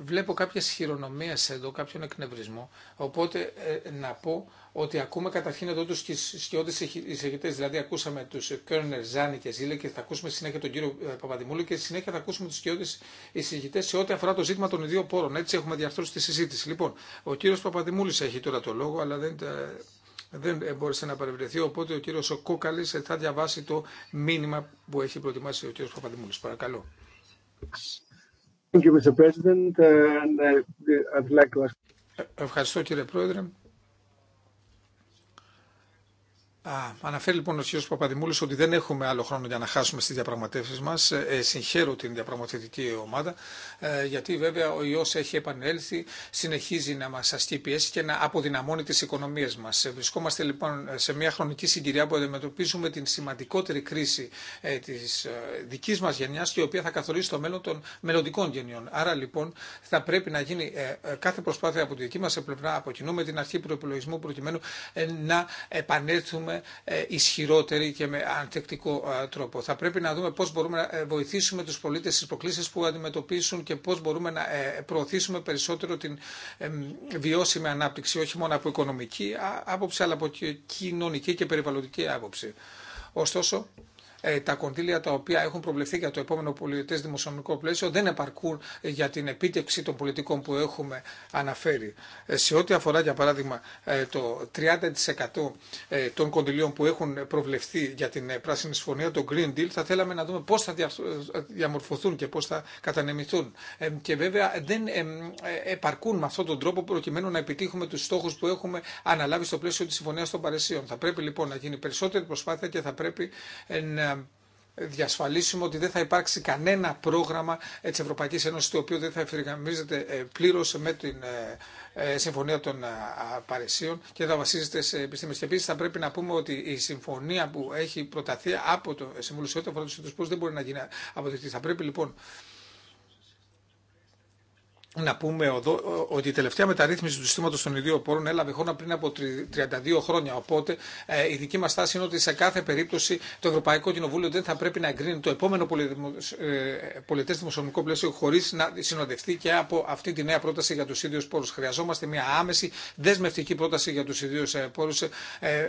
βλέπω κάποιες χειρονομίες εδώ, κάποιον εκνευρισμό, οπότε ε, να πω ότι ακούμε καταρχήν εδώ τους σκιώδεις εισηγητές, δηλαδή ακούσαμε τους Κέρνερ, Ζάνη και Ζήλε και θα ακούσουμε συνέχεια τον κύριο ε, Παπαδημούλη και συνέχεια θα ακούσουμε τους σκιώδεις εισηγητές σε ό,τι αφορά το ζήτημα των ιδίων πόρων. Έτσι έχουμε διαρθρώσει τη συζήτηση. Λοιπόν, ο κύριος Παπαδημούλης έχει τώρα το λόγο, αλλά δεν, ε, δεν μπόρεσε να παρευρεθεί, οπότε ο κύριος Κόκαλης θα διαβάσει το μήνυμα που έχει προετοιμάσει ο κύριος Παπαδημούλης. Παρακαλώ. President. Uh, Ευχαριστώ κύριε Πρόεδρε. Αναφέρει λοιπόν ο κ. Παπαδημούλη ότι δεν έχουμε άλλο χρόνο για να χάσουμε στι διαπραγματεύσει μα. Ε, ε, συγχαίρω την διαπραγματευτική ομάδα, ε, γιατί βέβαια ο ιό έχει επανέλθει, συνεχίζει να μα ασκεί πιέση και να αποδυναμώνει τι οικονομίε μα. Βρισκόμαστε λοιπόν σε μια χρονική συγκυρία που αντιμετωπίζουμε την σημαντικότερη κρίση τη δική μα γενιά, η οποία θα καθορίσει το μέλλον των μελλοντικών γενιών. Άρα λοιπόν θα πρέπει να γίνει κάθε προσπάθεια από τη δική μα πλευρά, από κοινού με την αρχή προπολογισμού, προκειμένου να επανέλθουμε ε, ισχυρότερη και με ανθεκτικό τρόπο. Θα πρέπει να δούμε πώς μπορούμε να ε, βοηθήσουμε τους πολίτες στις προκλήσεις που αντιμετωπίσουν και πώς μπορούμε να ε, προωθήσουμε περισσότερο την βιώσιμη ανάπτυξη, όχι μόνο από οικονομική άποψη, αλλά από κοινωνική και περιβαλλοντική άποψη. Ωστόσο, ε, τα κονδύλια τα οποία έχουν προβλεφθεί για το επόμενο πολιτέ δημοσιονομικό πλαίσιο δεν επαρκούν ε, για την επίτευξη των πολιτικών που έχουμε αναφέρει. Ε, σε ό,τι αφορά, για παράδειγμα, το 30% των κονδυλίων που έχουν προβλεφθεί για την Πράσινη Συμφωνία, το Green Deal, θα θέλαμε να δούμε πώ θα διαμορφωθούν και πώ θα κατανεμηθούν. Και βέβαια δεν επαρκούν με αυτόν τον τρόπο προκειμένου να επιτύχουμε του στόχου που έχουμε αναλάβει στο πλαίσιο τη Συμφωνία των Παρεσίων. Θα πρέπει λοιπόν να γίνει περισσότερη προσπάθεια και θα πρέπει να διασφαλίσουμε ότι δεν θα υπάρξει κανένα πρόγραμμα της Ευρωπαϊκής Ένωσης το οποίο δεν θα ευθυγραμμίζεται ε, πλήρως με την ε, ε, Συμφωνία των Παρισίων και θα βασίζεται σε επιστήμες. Και επίση θα πρέπει να πούμε ότι η συμφωνία που έχει προταθεί από το Συμβούλιο τη δεν μπορεί να γίνει αποδεκτή. Θα πρέπει λοιπόν να πούμε εδώ ότι η τελευταία μεταρρύθμιση του συστήματο των ιδίων πόρων έλαβε χώρα πριν από 32 χρόνια. Οπότε ε, η δική μα στάση είναι ότι σε κάθε περίπτωση το Ευρωπαϊκό Κοινοβούλιο δεν θα πρέπει να εγκρίνει το επόμενο ε, πολιτέ δημοσιονομικό πλαίσιο χωρί να συνοδευτεί και από αυτή τη νέα πρόταση για του ίδιου πόρου. Χρειαζόμαστε μια άμεση δεσμευτική πρόταση για του ιδίου ε, πόρου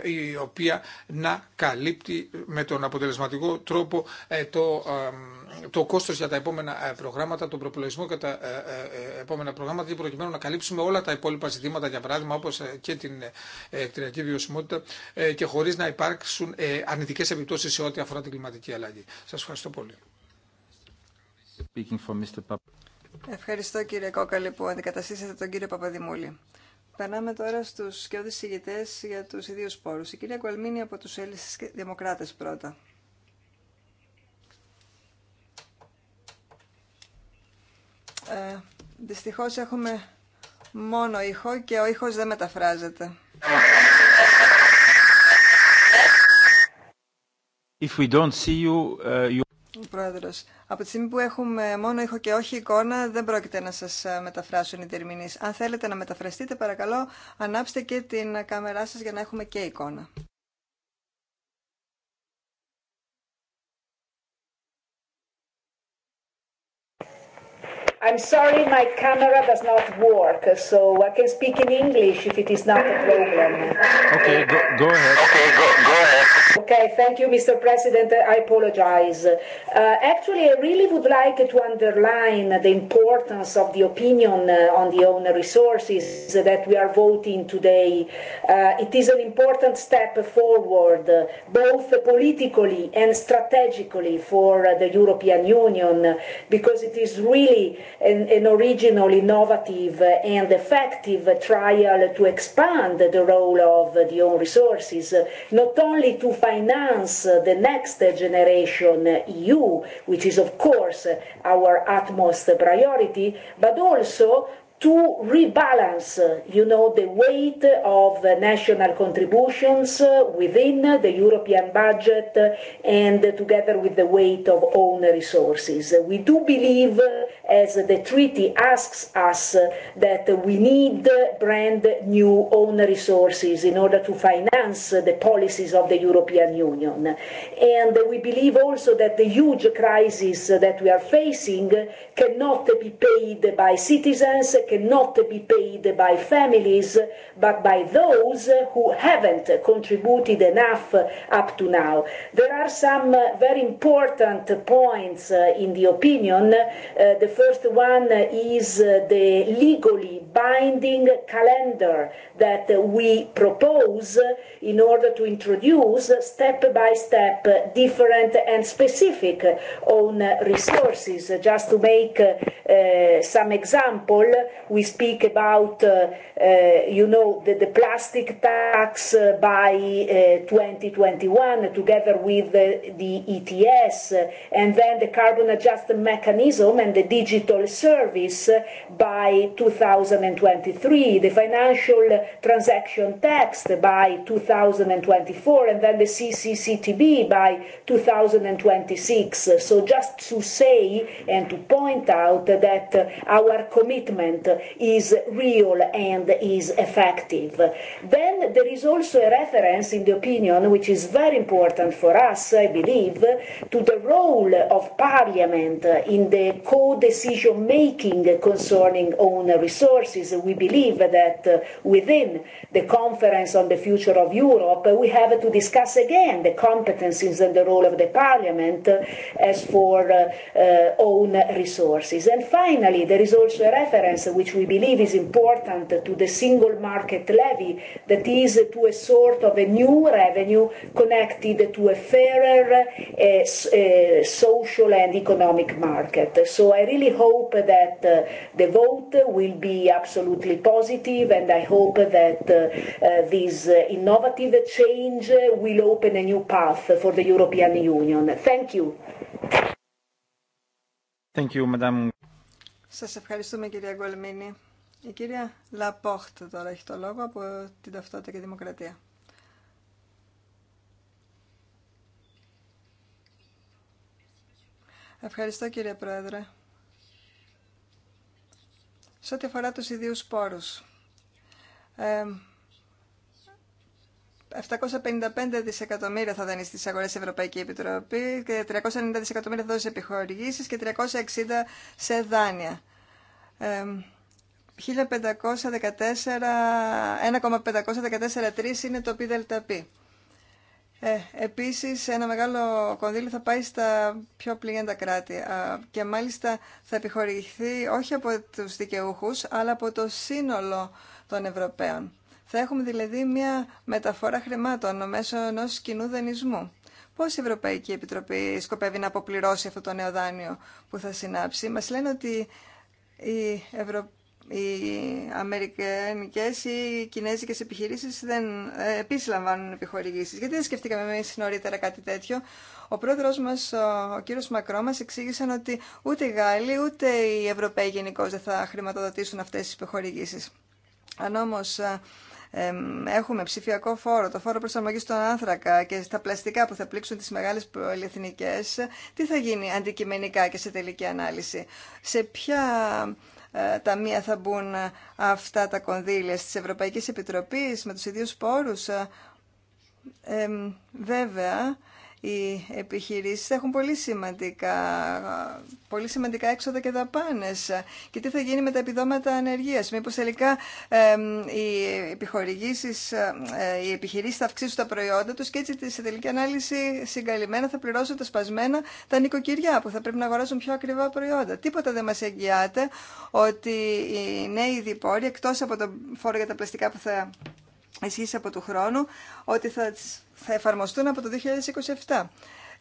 η οποία να καλύπτει με τον αποτελεσματικό τρόπο το, το κόστος για τα επόμενα προγράμματα, τον προπολογισμό και επόμενα προγράμματα και προκειμένου να καλύψουμε όλα τα υπόλοιπα ζητήματα, για παράδειγμα όπω ε, και την ε, εκτριακή βιωσιμότητα ε, και χωρί να υπάρξουν αρνητικέ επιπτώσει σε ό,τι αφορά την κλιματική αλλαγή. Σα ευχαριστώ πολύ. Ευχαριστώ κύριε Κόκαλη που αντικαταστήσατε τον κύριο Παπαδημούλη. Περνάμε τώρα στους σκιώδεις συγητές για τους ιδίους πόρους. Η κυρία Κουαλμίνη από τους Έλληνε Δημοκράτες πρώτα. Ε, Δυστυχώς έχουμε μόνο ήχο και ο ήχος δεν μεταφράζεται. If we don't see you, uh, you... από τη στιγμή που έχουμε μόνο ήχο και όχι εικόνα, δεν πρόκειται να σας ε, μεταφράσουν οι τερμινείς. Αν θέλετε να μεταφραστείτε, παρακαλώ, ανάψτε και την κάμερά σας για να έχουμε και εικόνα. I'm sorry, my camera does not work, so I can speak in English if it is not a problem. Okay, go, go ahead. Okay, go, ahead. Okay, thank you, Mr. President. I apologize. actually, I really would like to underline the importance of the opinion on the own resources that we are voting today. it is an important step forward, both politically and strategically for the European Union, because it is really an, an original, innovative and effective trial to expand the role of the own resources, not only to finance the next generation EU, which is of course our utmost priority, but also to rebalance, you know, the weight of national contributions within the European budget and together with the weight of own resources. We do believe, as the treaty asks us, that we need brand new own resources in order to finance the policies of the European Union. And we believe also that the huge crisis that we are facing cannot be paid by citizens, cannot be paid by families but by those who haven't contributed enough up to now. There are some very important points in the opinion. The first one is the legally binding calendar that we propose in order to introduce step by step different and specific own resources. Just to make some example, we speak about, you know, the plastic tax by 2021 together with the ETS and then the carbon adjustment mechanism and the digital service by 2023, the financial transaction tax by 2024 and then the CCCTB by 2026. So just to say and to point out that our commitment is real and is effective. Then there is also a reference in the opinion, which is very important for us, I believe, to the role of Parliament in the co-decision making concerning own resources. We believe that within the Conference on the Future of Europe, we have to discuss again the competencies and the role of the Parliament as for own resources. And finally, there is also a reference which we believe is important to the single market levy, that is to a sort of a new revenue connected to a fairer social and economic market. So I really hope that the vote will be absolutely positive and I hope that this innovative change will open a new path for the European Union. Thank you. Thank you, Madam σας ευχαριστούμε κυρία Γκολμίνη. Η κυρία Λαπόχτ τώρα έχει το λόγο από την Ταυτότητα και Δημοκρατία. Ευχαριστώ κύριε Πρόεδρε. Σε ό,τι αφορά τους ιδίους πόρους, ε, 755 δισεκατομμύρια θα δανείσει στις αγορές Ευρωπαϊκή Επιτροπή και 390 δισεκατομμύρια θα δώσει επιχορηγήσεις και 360 σε δάνεια. 1,514 είναι το ΠΔΠ. Ε, επίσης, ένα μεγάλο κονδύλι θα πάει στα πιο πληγέντα κράτη και μάλιστα θα επιχορηγηθεί όχι από τους δικαιούχους, αλλά από το σύνολο των Ευρωπαίων. Θα έχουμε δηλαδή μια μεταφορά χρημάτων μέσω ενό κοινού δανεισμού. Πώ η Ευρωπαϊκή Επιτροπή σκοπεύει να αποπληρώσει αυτό το νέο δάνειο που θα συνάψει. Μα λένε ότι οι, Ευρω... οι αμερικανικέ ή οι κινέζικε επιχειρήσει δεν ε, επίση λαμβάνουν επιχορηγήσει. Γιατί δεν σκεφτήκαμε εμεί νωρίτερα κάτι τέτοιο. Ο πρόεδρο μα, ο κύριο Μακρό, μα εξήγησαν ότι ούτε οι Γάλλοι ούτε οι Ευρωπαίοι γενικώ δεν θα χρηματοδοτήσουν αυτέ τι επιχορηγήσει. Αν όμως ε, έχουμε ψηφιακό φόρο, το φόρο προσαρμογή στον άνθρακα και στα πλαστικά που θα πλήξουν τι μεγάλε πολυεθνικέ, τι θα γίνει αντικειμενικά και σε τελική ανάλυση. Σε ποια ε, ταμεία θα μπουν αυτά τα κονδύλια στις Ευρωπαϊκές Επιτροπές με τους ίδιους πόρους. Ε, βέβαια, οι επιχειρήσεις έχουν πολύ σημαντικά, πολύ σημαντικά έξοδα και δαπάνες. Και τι θα γίνει με τα επιδόματα ανεργίας. Μήπως τελικά ε, οι, επιχορηγήσεις, ε, ε επιχειρήσεις θα αυξήσουν τα προϊόντα τους και έτσι σε τελική ανάλυση συγκαλυμμένα θα πληρώσουν τα σπασμένα τα νοικοκυριά που θα πρέπει να αγοράζουν πιο ακριβά προϊόντα. Τίποτα δεν μας εγγυάται ότι οι νέοι διπόροι εκτός από το φόρο για τα πλαστικά που θα ισχύσει από του χρόνου, ότι θα θα εφαρμοστούν από το 2027.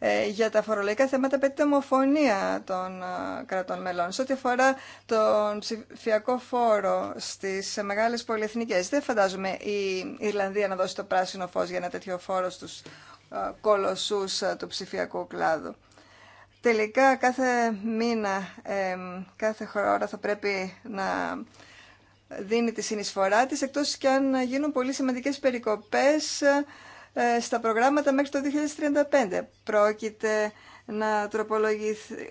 Ε, για τα φορολογικά θέματα απαιτείται ομοφωνία των ε, κρατών μελών. Σε ό,τι αφορά τον ψηφιακό φόρο στις μεγάλες πολυεθνικές, δεν φαντάζομαι η Ιρλανδία να δώσει το πράσινο φως για ένα τέτοιο φόρο στους ε, κολοσσούς ε, του ψηφιακού κλάδου. Τελικά κάθε μήνα, κάθε χώρα θα πρέπει να δίνει τη συνεισφορά της, εκτός και αν γίνουν πολύ σημαντικές περικοπές ε, ε, στα προγράμματα μέχρι το 2035. Πρόκειται να,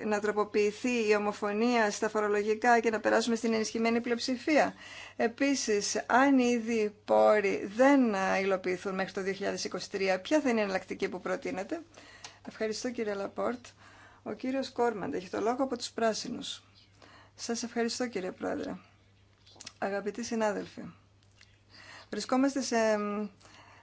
να τροποποιηθεί η ομοφωνία στα φορολογικά και να περάσουμε στην ενισχυμένη πλειοψηφία. Επίσης, αν οι ήδη πόροι δεν υλοποιηθούν μέχρι το 2023, ποια θα είναι η εναλλακτική που προτείνετε. Ευχαριστώ κύριε Λαπόρτ. Ο κύριος Κόρμαντ έχει το λόγο από τους πράσινους. Σας ευχαριστώ κύριε Πρόεδρε. Αγαπητοί συνάδελφοι, βρισκόμαστε σε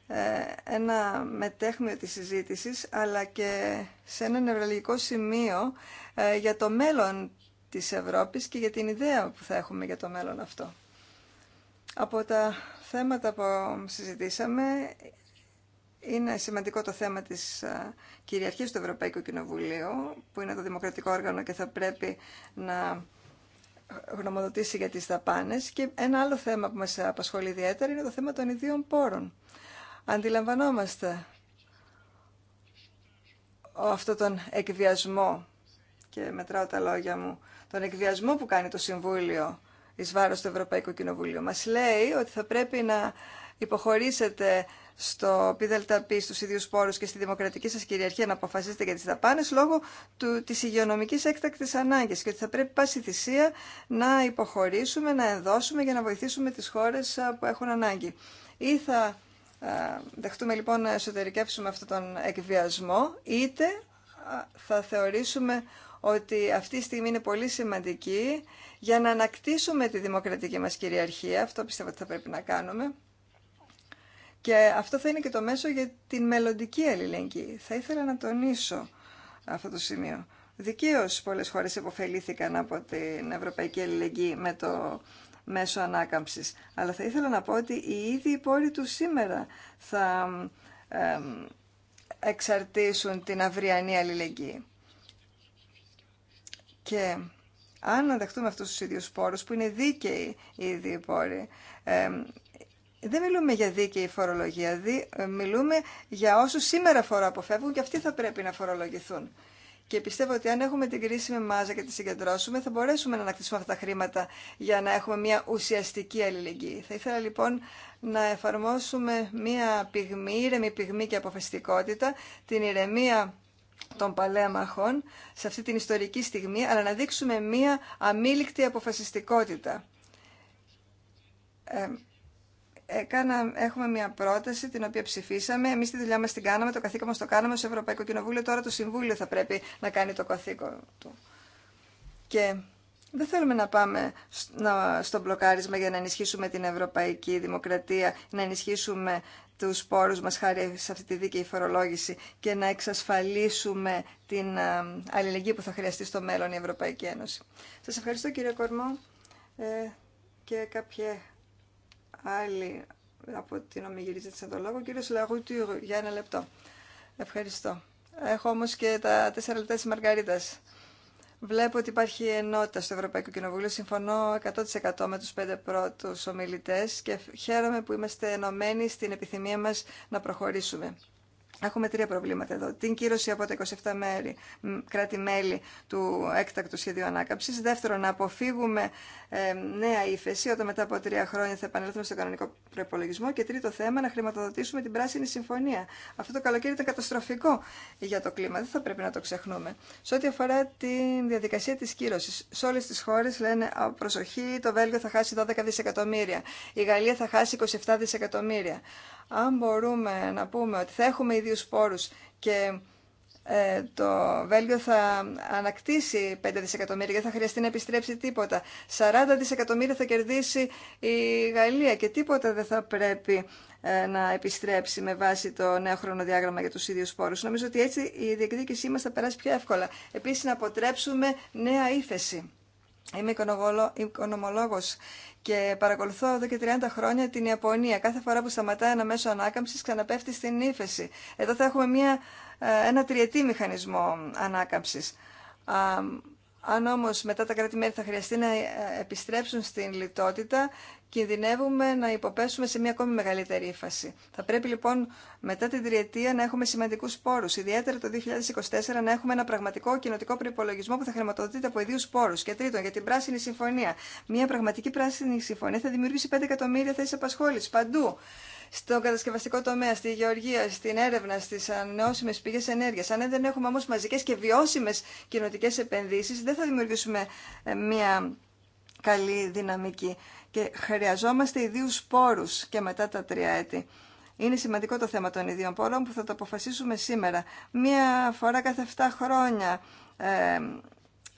ε, ένα μετέχνιο της συζήτησης, αλλά και σε ένα νευραλγικό σημείο ε, για το μέλλον της Ευρώπης και για την ιδέα που θα έχουμε για το μέλλον αυτό. Από τα θέματα που συζητήσαμε, είναι σημαντικό το θέμα της ε, κυριαρχίας του Ευρωπαϊκού Κοινοβουλίου, που είναι το δημοκρατικό όργανο και θα πρέπει να γνωμοδοτήσει για τις δαπάνες. Και ένα άλλο θέμα που μας απασχολεί ιδιαίτερα είναι το θέμα των ιδίων πόρων αντιλαμβανόμαστε αυτό τον εκβιασμό και μετράω τα λόγια μου, τον εκβιασμό που κάνει το Συμβούλιο εις βάρος του Ευρωπαϊκού Κοινοβουλίου. Μας λέει ότι θα πρέπει να υποχωρήσετε στο ΠΔΠ, στους ίδιους πόρους και στη δημοκρατική σας κυριαρχία να αποφασίσετε για τις δαπάνες λόγω του, της υγειονομικής έκτακτης ανάγκης και ότι θα πρέπει πάση θυσία να υποχωρήσουμε, να ενδώσουμε για να βοηθήσουμε τις χώρες που έχουν ανάγκη. Ή θα ε, δεχτούμε λοιπόν να εσωτερικεύσουμε αυτόν τον εκβιασμό, είτε θα θεωρήσουμε ότι αυτή η στιγμή είναι πολύ σημαντική για να ανακτήσουμε τη δημοκρατική μας κυριαρχία. Αυτό πιστεύω ότι θα πρέπει να κάνουμε. Και αυτό θα είναι και το μέσο για την μελλοντική αλληλεγγύη. Θα ήθελα να τονίσω αυτό το σημείο. Δικαίω πολλές χώρες υποφελήθηκαν από την Ευρωπαϊκή Αλληλεγγύη με το μέσω ανάκαμψης. Αλλά θα ήθελα να πω ότι οι ίδιοι πόροι του σήμερα θα εξαρτήσουν την αυριανή αλληλεγγύη. Και αν δεχτούμε αυτούς τους ίδιους πόρους, που είναι δίκαιοι οι ίδιοι πόροι, δεν μιλούμε για δίκαιη φορολογία, ε, μιλούμε για όσους σήμερα φοροαποφεύγουν και αυτοί θα πρέπει να φορολογηθούν. Και πιστεύω ότι αν έχουμε την κρίσιμη μάζα και τη συγκεντρώσουμε, θα μπορέσουμε να ανακτήσουμε αυτά τα χρήματα για να έχουμε μια ουσιαστική αλληλεγγύη. Θα ήθελα λοιπόν να εφαρμόσουμε μια πυγμή, ήρεμη πυγμή και αποφασιστικότητα, την ηρεμία των παλέμαχων σε αυτή την ιστορική στιγμή, αλλά να δείξουμε μια αμήλικτη αποφασιστικότητα. Ε, έκανα, έχουμε μια πρόταση την οποία ψηφίσαμε. Εμεί τη δουλειά μα την κάναμε, το καθήκον μα το κάναμε στο Ευρωπαϊκό Κοινοβούλιο. Τώρα το Συμβούλιο θα πρέπει να κάνει το καθήκον του. Και δεν θέλουμε να πάμε στο μπλοκάρισμα για να ενισχύσουμε την ευρωπαϊκή δημοκρατία, να ενισχύσουμε τους πόρους μας χάρη σε αυτή τη δίκαιη φορολόγηση και να εξασφαλίσουμε την αλληλεγγύη που θα χρειαστεί στο μέλλον η Ευρωπαϊκή Ένωση. Σας ευχαριστώ κύριε Κορμό ε, και κάποια άλλοι από την τον της λόγο. κύριο Λαγούτιου, για ένα λεπτό. Ευχαριστώ. Έχω όμως και τα τέσσερα λεπτά της Μαργαρίτας. Βλέπω ότι υπάρχει ενότητα στο Ευρωπαϊκό Κοινοβούλιο. Συμφωνώ 100% με τους πέντε πρώτους ομιλητές και χαίρομαι που είμαστε ενωμένοι στην επιθυμία μας να προχωρήσουμε. Έχουμε τρία προβλήματα εδώ. Την κύρωση από τα 27 μέρη, κράτη-μέλη του έκτακτου σχεδίου ανάκαμψη. Δεύτερον, να αποφύγουμε ε, νέα ύφεση όταν μετά από τρία χρόνια θα επανέλθουμε στο κανονικό προπολογισμό. Και τρίτο θέμα, να χρηματοδοτήσουμε την πράσινη συμφωνία. Αυτό το καλοκαίρι ήταν καταστροφικό για το κλίμα. Δεν θα πρέπει να το ξεχνούμε. Σε ό,τι αφορά τη διαδικασία τη κύρωση, σε όλε τι χώρε λένε προσοχή, το Βέλγιο θα χάσει 12 δισεκατομμύρια, η Γαλλία θα χάσει 27 δισεκατομμύρια. Αν μπορούμε να πούμε ότι θα έχουμε ίδιους πόρους και ε, το Βέλγιο θα ανακτήσει 5 δισεκατομμύρια δεν θα χρειαστεί να επιστρέψει τίποτα. 40 δισεκατομμύρια θα κερδίσει η Γαλλία και τίποτα δεν θα πρέπει ε, να επιστρέψει με βάση το νέο χρονοδιάγραμμα για τους ίδιους πόρους. Νομίζω ότι έτσι η διεκδίκησή μας θα περάσει πιο εύκολα. Επίσης να αποτρέψουμε νέα ύφεση. Είμαι οικονομολόγο και παρακολουθώ εδώ και 30 χρόνια την Ιαπωνία. Κάθε φορά που σταματάει ένα μέσο ανάκαμψη, ξαναπέφτει στην ύφεση. Εδώ θα έχουμε μια, ε, ένα τριετή μηχανισμό ανάκαμψη. Αν όμω μετά τα κράτη-μέλη θα χρειαστεί να ε, επιστρέψουν στην λιτότητα, κινδυνεύουμε να υποπέσουμε σε μια ακόμη μεγαλύτερη ύφαση. Θα πρέπει λοιπόν μετά την τριετία να έχουμε σημαντικού πόρου, ιδιαίτερα το 2024 να έχουμε ένα πραγματικό κοινοτικό προπολογισμό που θα χρηματοδοτείται από ιδίου πόρου. Και τρίτον, για την πράσινη συμφωνία. Μια πραγματική πράσινη συμφωνία θα δημιουργήσει 5 εκατομμύρια θέσει απασχόληση παντού στον κατασκευαστικό τομέα, στη γεωργία, στην έρευνα, στι ανανεώσιμε πηγέ ενέργεια. Αν δεν έχουμε όμω μαζικέ και βιώσιμε κοινοτικέ επενδύσει, δεν θα δημιουργήσουμε ε, μια καλή δυναμική. Και χρειαζόμαστε ιδίου πόρου και μετά τα τρία έτη. Είναι σημαντικό το θέμα των ιδίων πόρων που θα το αποφασίσουμε σήμερα. Μία φορά κάθε 7 χρόνια ε,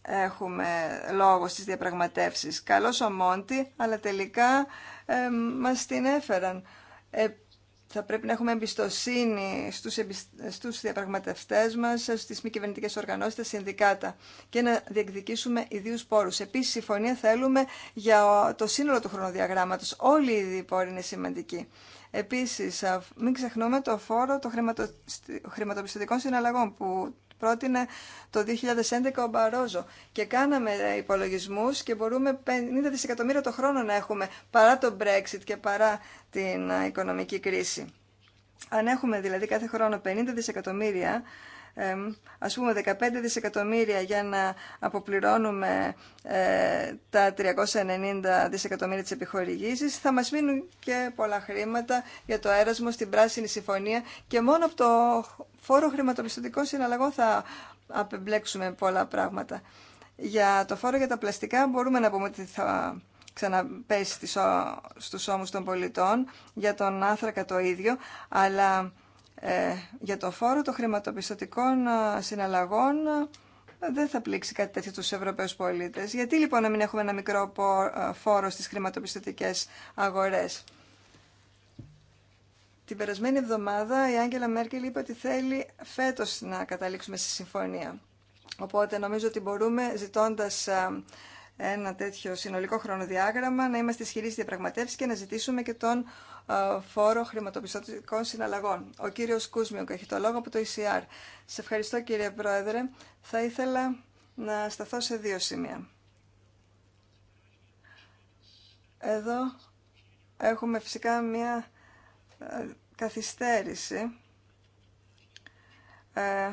έχουμε λόγο στις διαπραγματεύσεις. Καλός ο Μόντι, αλλά τελικά ε, μας την έφεραν. Ε, θα πρέπει να έχουμε εμπιστοσύνη στους, στους διαπραγματευτές μας, στις μη κυβερνητικές οργανώσεις, τα συνδικάτα και να διεκδικήσουμε ιδίους πόρους. Επίσης, συμφωνία θέλουμε για το σύνολο του χρονοδιαγράμματος. Όλοι οι ίδιοι πόροι είναι σημαντικοί. Επίσης, μην ξεχνούμε το φόρο των χρηματοπιστωτικών συναλλαγών που πρότεινε το 2011 ο Μπαρόζο. Και κάναμε υπολογισμούς και μπορούμε 50 δισεκατομμύρια το χρόνο να έχουμε παρά το Brexit και παρά την ε, οικονομική κρίση. Αν έχουμε δηλαδή κάθε χρόνο 50 δισεκατομμύρια ας πούμε 15 δισεκατομμύρια για να αποπληρώνουμε ε, τα 390 δισεκατομμύρια της επιχορηγήσης, θα μας μείνουν και πολλά χρήματα για το αέρασμο στην Πράσινη Συμφωνία και μόνο από το φόρο χρηματοπιστωτικών συναλλαγών θα απεμπλέξουμε πολλά πράγματα. Για το φόρο για τα πλαστικά μπορούμε να πούμε ότι θα ξαναπέσει στους ώμους των πολιτών, για τον άνθρακα το ίδιο, αλλά ε, για το φόρο των χρηματοπιστωτικών ε, συναλλαγών ε, δεν θα πλήξει κάτι τέτοιο τους Ευρωπαίους πολίτες. Γιατί λοιπόν να μην έχουμε ένα μικρό φόρο στις χρηματοπιστωτικές αγορές. Την περασμένη εβδομάδα η Άγγελα Μέρκελ είπε ότι θέλει φέτος να καταλήξουμε στη συμφωνία. Οπότε νομίζω ότι μπορούμε ζητώντας ένα τέτοιο συνολικό χρονοδιάγραμμα να είμαστε ισχυροί στη διαπραγματεύση και να ζητήσουμε και τον ε, φόρο χρηματοπιστωτικών συναλλαγών. Ο κύριος και έχει το λόγο από το ECR. Σε ευχαριστώ κύριε Πρόεδρε. Θα ήθελα να σταθώ σε δύο σημεία. Εδώ έχουμε φυσικά μία ε, καθυστέρηση. Ε,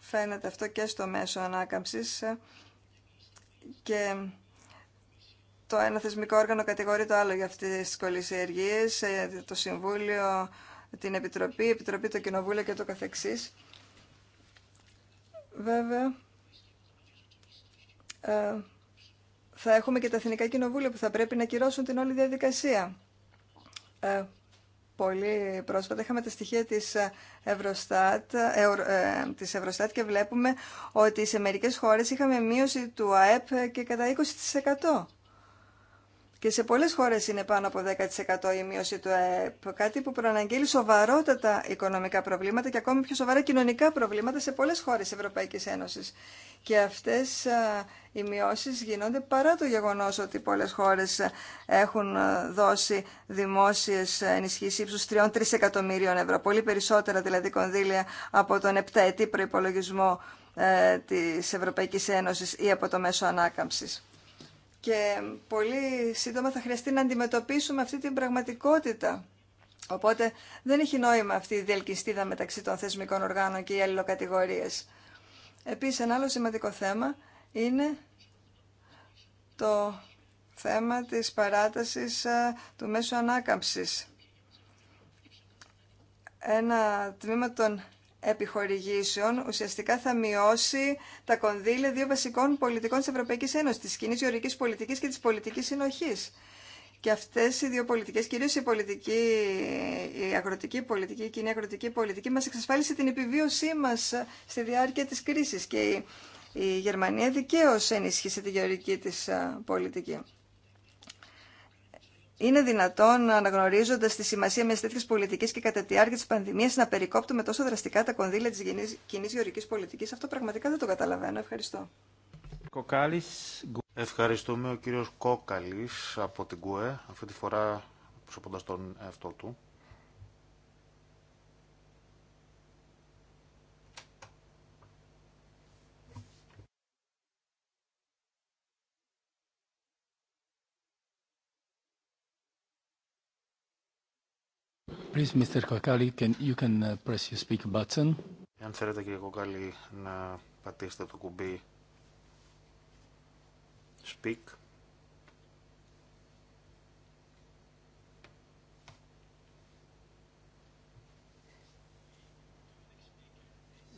φαίνεται αυτό και στο μέσο ανάκαμψης και το ένα θεσμικό όργανο κατηγορεί το άλλο για αυτέ τι κολλησιεργίε, ε, το Συμβούλιο, την Επιτροπή, η Επιτροπή, το Κοινοβούλιο και το καθεξής. Βέβαια, ε, θα έχουμε και τα Εθνικά Κοινοβούλια που θα πρέπει να κυρώσουν την όλη διαδικασία. Ε, πολύ πρόσφατα είχαμε τα στοιχεία της Ευρωστάτ, της Ευρωστάτ και βλέπουμε ότι σε μερικές χώρες είχαμε μείωση του ΑΕΠ και κατά 20%. Και σε πολλές χώρες είναι πάνω από 10% η μείωση του ΑΕΠ, κάτι που προαναγγείλει σοβαρότατα οικονομικά προβλήματα και ακόμη πιο σοβαρά κοινωνικά προβλήματα σε πολλές χώρες Ευρωπαϊκής Ένωσης. Και αυτές οι μειώσεις γίνονται παρά το γεγονός ότι πολλές χώρες έχουν δώσει δημόσιες ενισχύσεις ύψους 3-3 εκατομμύριων ευρώ, πολύ περισσότερα δηλαδή κονδύλια από τον επταετή προϋπολογισμό ε, της Ευρωπαϊκής Ένωσης ή από το μέσο ανάκαμψης και πολύ σύντομα θα χρειαστεί να αντιμετωπίσουμε αυτή την πραγματικότητα. Οπότε δεν έχει νόημα αυτή η διελκυστίδα μεταξύ των θεσμικών οργάνων και οι αλληλοκατηγορίες. Επίσης, ένα άλλο σημαντικό θέμα είναι το θέμα της παράτασης ε, του μέσου ανάκαμψης. Ένα τμήμα των επιχορηγήσεων ουσιαστικά θα μειώσει τα κονδύλια δύο βασικών πολιτικών της Ευρωπαϊκής Ένωσης, της κοινής γεωργικής πολιτικής και της πολιτικής συνοχής. Και αυτές οι δύο πολιτικές, κυρίως η, πολιτική, η αγροτική πολιτική, η κοινή αγροτική πολιτική, μας εξασφάλισε την επιβίωσή μας στη διάρκεια της κρίσης και η, Γερμανία δικαίως ενίσχυσε τη γεωργική της πολιτική είναι δυνατόν, αναγνωρίζοντα τη σημασία μια τέτοια πολιτική και κατά τη διάρκεια τη πανδημία, να περικόπτουμε τόσο δραστικά τα κονδύλια τη κοινή γεωρική πολιτική. Αυτό πραγματικά δεν το καταλαβαίνω. Ευχαριστώ. Ευχαριστούμε ο κύριος Κόκαλης από την ΚΟΕ, αυτή τη φορά προσωπώντα τον εαυτό του. Please, Mr. Kokali, can, you can uh, press your button. Αν θέλετε, κύριε Κοκάλη, να πατήσετε το κουμπί Speak.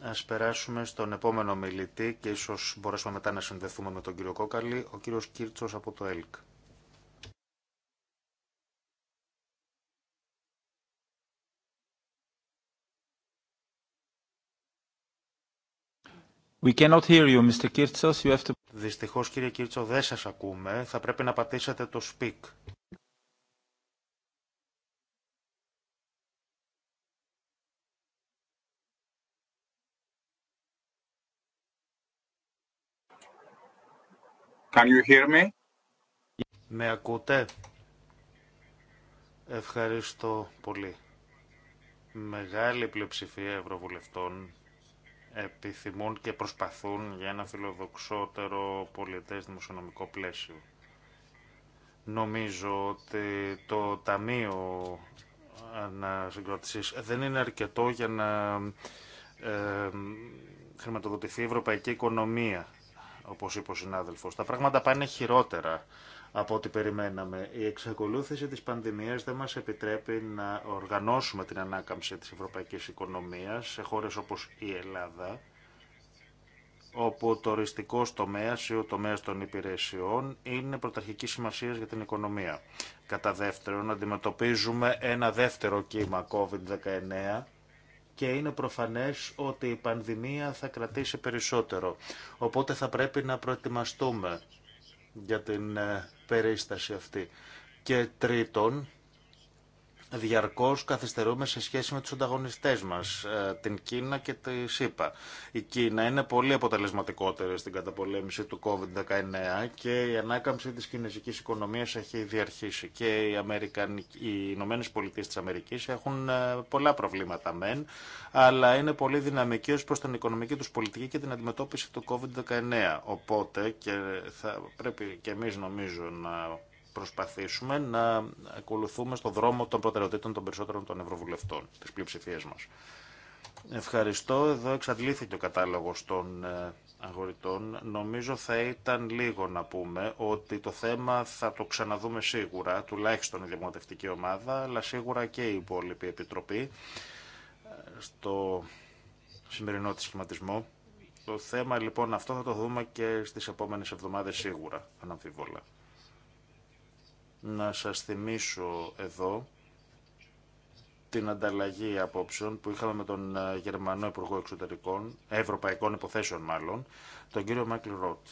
Ας περάσουμε στον επόμενο μιλητή και ίσως μπορέσουμε μετά να συνδεθούμε με τον κύριο Κόκαλη, ο κύριος Κίρτσος από το ΕΛΚ. We cannot hear you, Mr. Kirtsos. You have to... Δυστυχώς, κύριε Κίρτσο, δεν σας ακούμε. Θα πρέπει να πατήσετε το speak. Can you hear me? Με ακούτε? Ευχαριστώ πολύ. Μεγάλη πλειοψηφία ευρωβουλευτών επιθυμούν και προσπαθούν για ένα φιλοδοξότερο πολιτές δημοσιονομικό πλαίσιο. Νομίζω ότι το Ταμείο Ανασυγκρότησης δεν είναι αρκετό για να ε, χρηματοδοτηθεί η ευρωπαϊκή οικονομία, όπως είπε ο συνάδελφος. Τα πράγματα πάνε χειρότερα από ό,τι περιμέναμε. Η εξακολούθηση της πανδημίας δεν μας επιτρέπει να οργανώσουμε την ανάκαμψη της ευρωπαϊκής οικονομίας σε χώρες όπως η Ελλάδα, όπου το οριστικό τομέα ή ο τομέα των υπηρεσιών είναι πρωταρχική σημασία για την οικονομία. Κατά δεύτερον, αντιμετωπίζουμε ένα δεύτερο κύμα COVID-19 και είναι προφανές ότι η πανδημία θα κρατήσει περισσότερο. Οπότε θα πρέπει να προετοιμαστούμε για την ε, περίσταση αυτή. Και τρίτον, Διαρκώ καθυστερούμε σε σχέση με του ανταγωνιστέ μα, ε, την Κίνα και τη ΣΥΠΑ. Η Κίνα είναι πολύ αποτελεσματικότερη στην καταπολέμηση του COVID-19 και η ανάκαμψη τη κινέζικης οικονομία έχει διαρχίσει και οι, οι Ηνωμένε Πολιτείε τη Αμερική έχουν ε, πολλά προβλήματα μεν, αλλά είναι πολύ δυναμική ω προς την οικονομική του πολιτική και την αντιμετώπιση του COVID-19. Οπότε και θα πρέπει και εμεί νομίζω να προσπαθήσουμε να ακολουθούμε στον δρόμο των προτεραιοτήτων των περισσότερων των Ευρωβουλευτών, τη πλειοψηφία μας. Ευχαριστώ. Εδώ εξαντλήθηκε ο κατάλογος των ε, αγορητών. Νομίζω θα ήταν λίγο να πούμε ότι το θέμα θα το ξαναδούμε σίγουρα, τουλάχιστον η διαπραγματευτική ομάδα, αλλά σίγουρα και η υπόλοιπη επιτροπή ε, στο σημερινό τη σχηματισμό. Το θέμα λοιπόν αυτό θα το δούμε και στις επόμενες εβδομάδες σίγουρα, αναμφίβολα να σας θυμίσω εδώ την ανταλλαγή απόψεων που είχαμε με τον ε, Γερμανό Υπουργό Εξωτερικών, Ευρωπαϊκών Υποθέσεων μάλλον, τον κύριο Μάικλ Ροτ.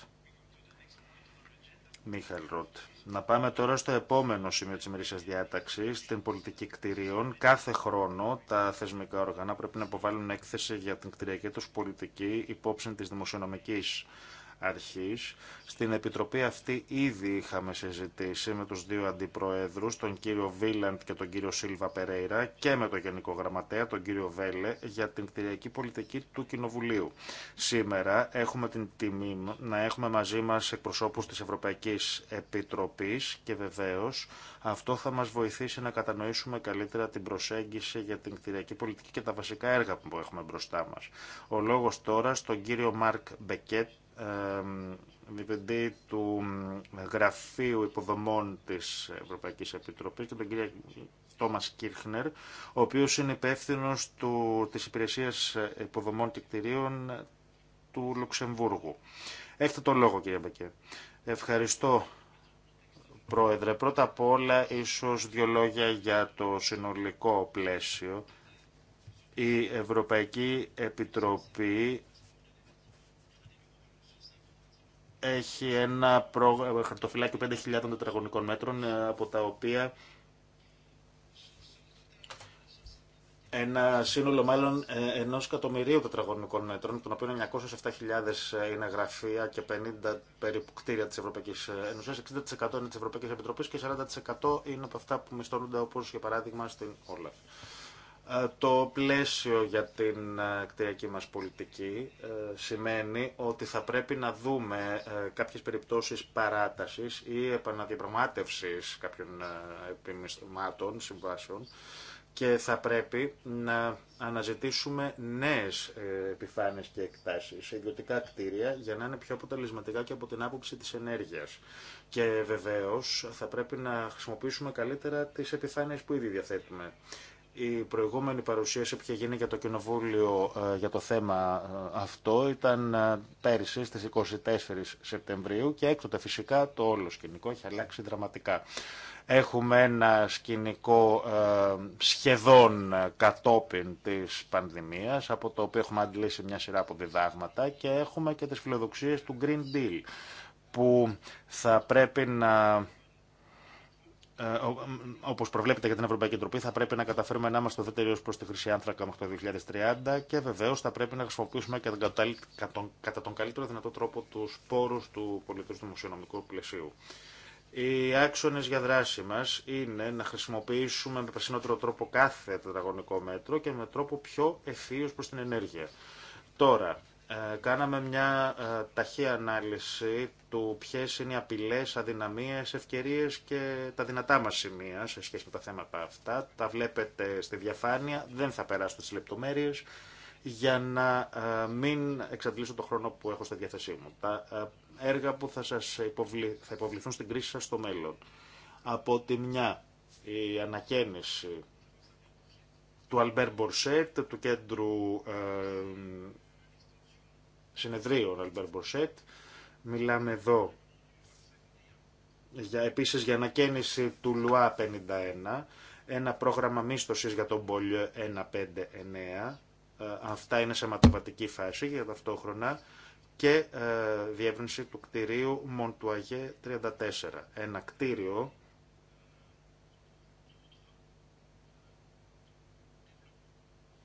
Μίχαλ Ροτ. Να πάμε τώρα στο επόμενο σημείο της ημερήσιας διάταξης, την πολιτική κτηρίων. Κάθε χρόνο τα θεσμικά όργανα πρέπει να αποβάλουν έκθεση για την κτηριακή τους πολιτική υπόψη της δημοσιονομικής αρχής. Στην Επιτροπή αυτή ήδη είχαμε συζητήσει με τους δύο αντιπροέδρους, τον κύριο Βίλαντ και τον κύριο Σίλβα Περέιρα και με τον Γενικό Γραμματέα, τον κύριο Βέλε, για την κτηριακή πολιτική του Κοινοβουλίου. Σήμερα έχουμε την τιμή να έχουμε μαζί μας εκπροσώπους της Ευρωπαϊκής Επιτροπής και βεβαίως αυτό θα μας βοηθήσει να κατανοήσουμε καλύτερα την προσέγγιση για την κτηριακή πολιτική και τα βασικά έργα που έχουμε μπροστά μας. Ο λόγος τώρα στον κύριο Μαρκ Μπεκέτ, διευθυντή του Γραφείου Υποδομών της Ευρωπαϊκής Επιτροπής και τον κύριο Τόμας Κίρχνερ, ο οποίος είναι υπεύθυνο της Υπηρεσίας Υποδομών και Κτηρίων του Λουξεμβούργου. Έχετε το λόγο κύριε Μπακέ. Ευχαριστώ Πρόεδρε. Πρώτα απ' όλα ίσως δύο λόγια για το συνολικό πλαίσιο. Η Ευρωπαϊκή Επιτροπή έχει ένα προ... Ε, χαρτοφυλάκιο 5.000 τετραγωνικών μέτρων, ε, από τα οποία ένα σύνολο μάλλον ε, ενό εκατομμυρίου τετραγωνικών μέτρων, των οποίων 907.000 είναι γραφεία και 50 περίπου κτίρια τη Ευρωπαϊκή Ένωση, 60% είναι τη Ευρωπαϊκή Επιτροπή και 40% είναι από αυτά που μισθώνονται, όπω για παράδειγμα στην Όλαφ. Ε, το πλαίσιο για την ε, κτηριακή μας πολιτική ε, σημαίνει ότι θα πρέπει να δούμε κάποιες περιπτώσεις παράτασης ή επαναδιαπραγμάτευσης κάποιων επιμισθωμάτων, συμβάσεων και θα πρέπει να αναζητήσουμε νέες επιφάνειες και εκτάσεις σε ιδιωτικά κτίρια για να είναι πιο αποτελεσματικά και από την άποψη της ενέργειας. Και βεβαίως θα πρέπει να χρησιμοποιήσουμε καλύτερα τις επιφάνειες που ήδη διαθέτουμε. Η προηγούμενη παρουσίαση που είχε γίνει για το Κοινοβούλιο ε, για το θέμα ε, αυτό ήταν ε, πέρυσι στις 24 Σεπτεμβρίου και έκτοτε φυσικά το όλο σκηνικό έχει αλλάξει δραματικά. Έχουμε ένα σκηνικό σχεδόν κατόπιν της πανδημίας από το οποίο έχουμε αντλήσει μια σειρά από διδάγματα και έχουμε και τις φιλοδοξίες του Green Deal που θα πρέπει να ε, όπως προβλέπεται για την Ευρωπαϊκή Τροπή, θα πρέπει να καταφέρουμε να είμαστε ουδέτεροι προς τη χρυσή άνθρακα μέχρι το 2030 και βεβαίως θα πρέπει να χρησιμοποιήσουμε και κατά τον καλύτερο δυνατό τρόπο τους πόρους του πολιτικού του μουσιονομικού πλαισίου. Οι άξονε για δράση μα είναι να χρησιμοποιήσουμε με περισσότερο τρόπο κάθε τετραγωνικό μέτρο και με τρόπο πιο ευφύω προ την ενέργεια. Τώρα, ε, κάναμε μια ε, ταχεία ανάλυση του ποιε είναι οι απειλέ αδυναμίε, ευκαιρίε και τα δυνατά μας σημεία σε σχέση με τα θέματα αυτά. Τα βλέπετε στη διαφάνεια, δεν θα περάσω τις λεπτομέρειε, για να ε, μην εξαντλήσω το χρόνο που έχω στη διάθεσή μου. Τα έργα που θα, σας υποβληθούν στην κρίση σας στο μέλλον. Από τη μια, η ανακαίνιση του Αλμπέρ Μπορσέτ, του Κέντρου συνεδρίου Ραλμπερ Μποσέτ. Μιλάμε εδώ για, επίσης για ανακαίνιση του ΛΟΑ 51, ένα πρόγραμμα μίσθωσης για τον Πολιό 159. Ε, αυτά είναι σε ματοπατική φάση για ταυτόχρονα και ε, διεύρυνση του κτηρίου Μοντουαγέ 34. Ένα κτίριο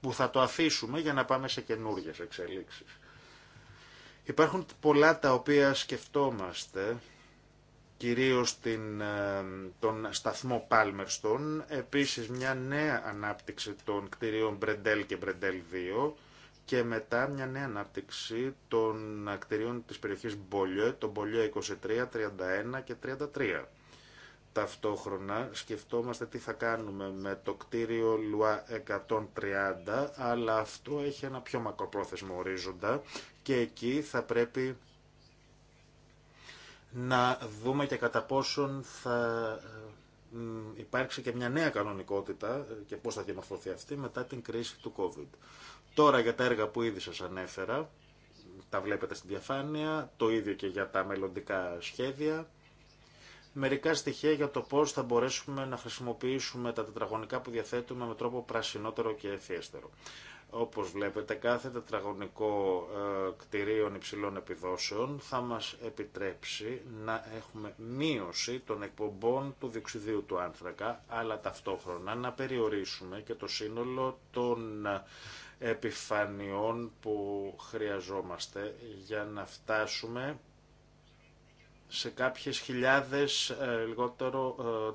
που θα το αφήσουμε για να πάμε σε καινούργιες εξελίξεις. Υπάρχουν πολλά τα οποία σκεφτόμαστε, κυρίως την, ε, τον σταθμό Palmerston, επίσης μια νέα ανάπτυξη των κτηρίων Μπρεντέλ και Μπρεντέλ 2 και μετά μια νέα ανάπτυξη των κτηρίων της περιοχής Μπολιέ, των Μπολιέ 23, 31 και 33. Ταυτόχρονα σκεφτόμαστε τι θα κάνουμε με το κτίριο Λουά 130, αλλά αυτό έχει ένα πιο μακροπρόθεσμο ορίζοντα και εκεί θα πρέπει να δούμε και κατά πόσον θα υπάρξει και μια νέα κανονικότητα ε, και πώς θα διαμορφωθεί αυτή μετά την κρίση του COVID. Τώρα για τα έργα που ήδη σας ανέφερα, τα βλέπετε στην διαφάνεια, το ίδιο και για τα μελλοντικά σχέδια. Μερικά στοιχεία για το πώς θα μπορέσουμε να χρησιμοποιήσουμε τα τετραγωνικά που διαθέτουμε με τρόπο πρασινότερο και ευφιέστερο. Όπως βλέπετε, κάθε τετραγωνικό ε, κτηρίων υψηλών επιδόσεων θα μας επιτρέψει να έχουμε μείωση των εκπομπών του διοξιδίου του άνθρακα, αλλά ταυτόχρονα να περιορίσουμε και το σύνολο των επιφανειών που χρειαζόμαστε για να φτάσουμε σε κάποιες χιλιάδες ε, λιγότερο, ε,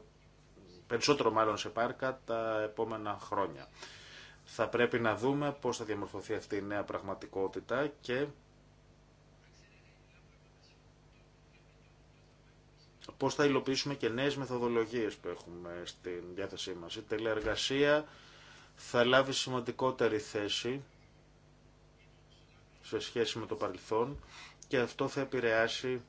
περισσότερο μάλλον σε πάρκα τα επόμενα χρόνια. Θα πρέπει να δούμε πώς θα διαμορφωθεί αυτή η νέα πραγματικότητα και πώς θα υλοποιήσουμε και νέες μεθοδολογίες που έχουμε στην διάθεσή μας. Η τελεεργασία θα λάβει σημαντικότερη θέση σε σχέση με το παρελθόν και αυτό θα επηρεάσει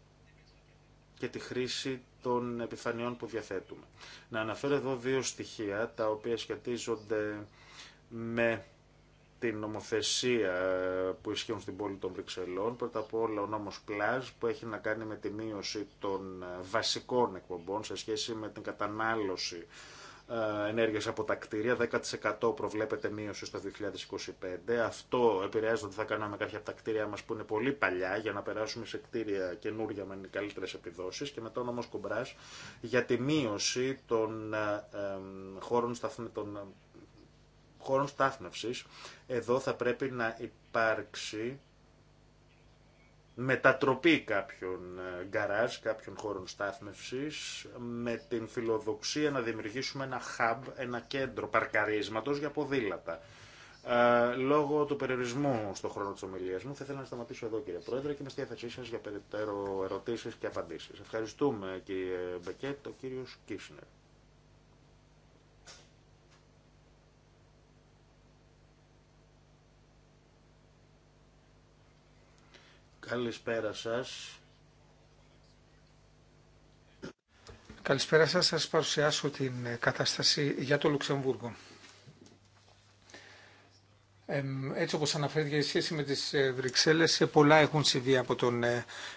και τη χρήση των επιφανειών που διαθέτουμε. Να αναφέρω εδώ δύο στοιχεία τα οποία σχετίζονται με την νομοθεσία που ισχύουν στην πόλη των Βρυξελών. Πρώτα απ' όλα ο νόμος ΠΛΑΣ που έχει να κάνει με τη μείωση των βασικών εκπομπών σε σχέση με την κατανάλωση ε, ενέργειας από τα κτίρια. 10% προβλέπεται μείωση στο 2025. Αυτό επηρεάζει ότι θα κάναμε κάποια από τα κτίρια μας που είναι πολύ παλιά για να περάσουμε σε κτίρια καινούργια με καλύτερες επιδόσεις και μετά ο νόμος Κομπράς για τη μείωση των ε, ε, χώρων σταθμ, των χώρων στάθμευσης. Εδώ θα πρέπει να υπάρξει μετατροπή κάποιων ε, γκαράζ, κάποιων χώρων στάθμευσης, με την φιλοδοξία να δημιουργήσουμε ένα hub, ένα κέντρο παρκαρίσματος για ποδήλατα. Ε, λόγω του περιορισμού στον χρόνο τη ομιλία μου, θα ήθελα να σταματήσω εδώ κύριε Πρόεδρε και με στη διάθεσή σα για περαιτέρω ερωτήσεις και απαντήσει. Ευχαριστούμε κύριε Μπεκέτ, ο κύριο Κίσνερ. Καλησπέρα σας. Καλησπέρα σας. Σας παρουσιάσω την ε, κατάσταση για το Λουξεμβούργο. Έτσι όπως αναφέρθηκε η σχέση με τις ε, Βρυξέλλες, ε, πολλά έχουν συμβεί από τον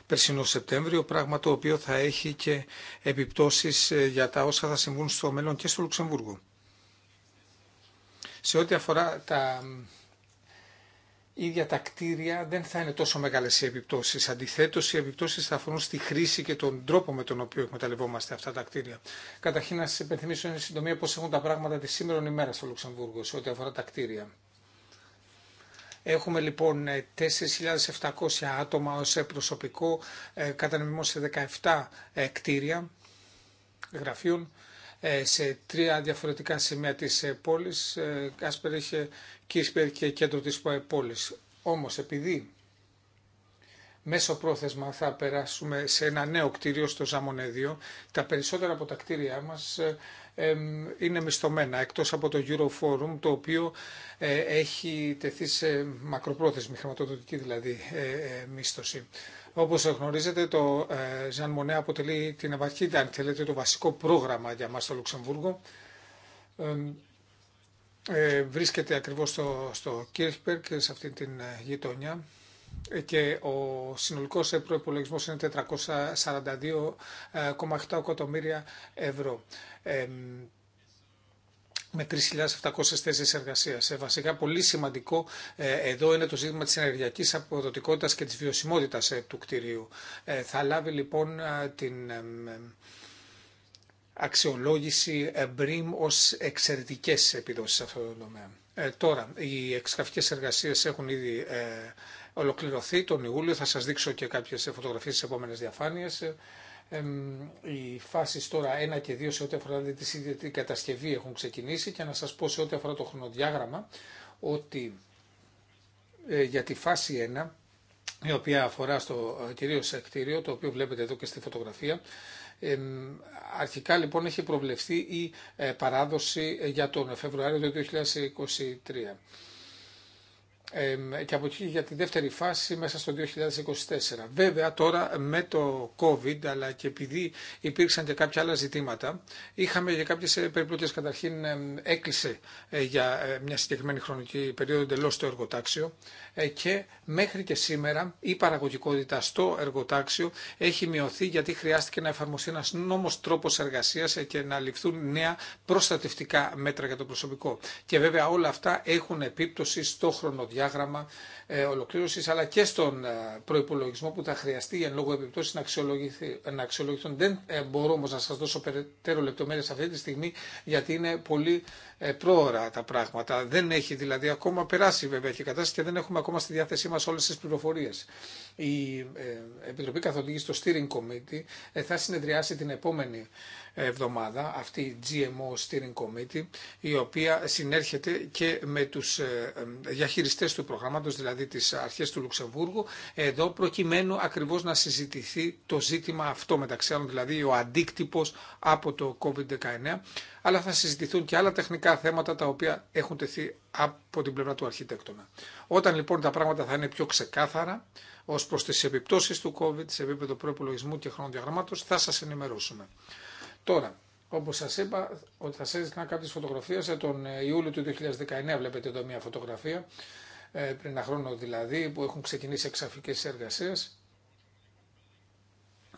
περσινό Σεπτέμβριο, πράγμα το οποίο θα έχει και επιπτώσεις για τα όσα θα συμβούν στο μέλλον και στο Λουξεμβούργο. Σε ό,τι αφορά τα ίδια τα κτίρια δεν θα είναι τόσο μεγάλε οι επιπτώσεις. Αντιθέτως, οι επιπτώσει θα αφορούν στη χρήση και τον τρόπο με τον οποίο εκμεταλλευόμαστε αυτά τα κτίρια. Καταρχήν, να σα υπενθυμίσω εν συντομία πώ έχουν τα πράγματα τη σήμερα ημέρα στο Λουξεμβούργο σε ό,τι αφορά τα κτίρια. Έχουμε λοιπόν 4.700 ε, άτομα ως ε, προσωπικό, ε, κατανεμιμό σε 17 κτίρια γραφείων ε, σε τρία διαφορετικά σημεία της ε, πόλης, ε, Κάσπερ, Κίσπερ και κέντρο της πόλης. Όμως επειδή μέσω πρόθεσμα θα περάσουμε σε ένα νέο κτίριο στο Ζαμονέδιο, τα περισσότερα από τα κτίρια μας είναι μισθωμένα, εκτός από το Euroforum, το οποίο έχει τεθεί σε μακροπρόθεσμη χρηματοδοτική δηλαδή μίσθωση. Όπως γνωρίζετε, το Ζαν ε, Μονέ αποτελεί την απαρχή, αν θέλετε, το βασικό πρόγραμμα για μας στο Λουξεμβούργο. Ε, βρίσκεται ακριβώ στο, στο Κίρχπερκ, σε αυτή την ε, γειτονιά και ο συνολικός προπολογισμό είναι 442,8 εκατομμύρια ευρώ με 3.700 θέσει εργασία. βασικά πολύ σημαντικό ε, εδώ είναι το ζήτημα της ενεργειακής αποδοτικότητας και της βιωσιμότητας ε, του κτηρίου. Ε, θα λάβει λοιπόν την αξιολόγηση BRIM ως εξαιρετικές επιδόσεις σε αυτό το τομέα. τώρα, οι εξκαφικές εργασίες έχουν ήδη ολοκληρωθεί τον Ιούλιο. Θα σας δείξω και κάποιες φωτογραφίες στις επόμενε διαφάνειες οι φάσεις τώρα 1 και 2 σε ό,τι αφορά δηλαδή, την κατασκευή έχουν ξεκινήσει και να σας πω σε ό,τι αφορά το χρονοδιάγραμμα ότι ε, για τη φάση 1 η οποία αφορά στο σε κτίριο, το οποίο βλέπετε εδώ και στη φωτογραφία, αρχικά λοιπόν έχει προβλεφθεί η ε, παράδοση ε, για τον Φεβρουάριο του 2023 και από εκεί για τη δεύτερη φάση μέσα στο 2024. Βέβαια τώρα με το COVID αλλά και επειδή υπήρξαν και κάποια άλλα ζητήματα είχαμε για κάποιες ε, περιπλοκές καταρχήν έκλεισε ε, για ε, μια συγκεκριμένη χρονική περίοδο εντελώ το εργοτάξιο και μέχρι και σήμερα η παραγωγικότητα στο εργοτάξιο έχει μειωθεί γιατί χρειάστηκε να εφαρμοστεί ένας νόμος τρόπος εργασίας και να ληφθούν νέα προστατευτικά μέτρα για το προσωπικό. Και βέβαια όλα αυτά έχουν επίπτωση στο χρονοδιάγραμμα ε, ολοκλήρωση, αλλά και στον ε, προπολογισμό που θα χρειαστεί εν λόγω επιπτώσει να, να αξιολογηθούν. Δεν ε, μπορώ όμω να σα δώσω περαιτέρω λεπτομέρειε αυτή τη στιγμή γιατί είναι πολύ ε, πρόωρα τα πράγματα. Δεν έχει δηλαδή ακόμα περάσει βέβαια και η κατάσταση και δεν έχουμε ακόμα στη διάθεσή μα όλε τι πληροφορίε. Η ε, Επιτροπή Καθοδήγηση στο Steering Committee ε, θα συνεδριάσει την επόμενη εβδομάδα αυτή η GMO Steering Committee η οποία συνέρχεται και με τους διαχειριστές του προγράμματος δηλαδή τις αρχές του Λουξεμβούργου εδώ προκειμένου ακριβώς να συζητηθεί το ζήτημα αυτό μεταξύ άλλων δηλαδή ο αντίκτυπος από το COVID-19 αλλά θα συζητηθούν και άλλα τεχνικά θέματα τα οποία έχουν τεθεί από την πλευρά του αρχιτέκτονα. Όταν λοιπόν τα πράγματα θα είναι πιο ξεκάθαρα ω προ τι επιπτώσει του COVID σε επίπεδο προπολογισμού και χρονοδιαγραμμάτων, θα σα ενημερώσουμε. Τώρα, Όπω σα είπα, ότι θα έδειξα κάποιε φωτογραφίε. Τον ε, Ιούλιο του 2019 βλέπετε εδώ μια φωτογραφία, ε, πριν ένα χρόνο δηλαδή, που έχουν ξεκινήσει εξαφικέ εργασίε.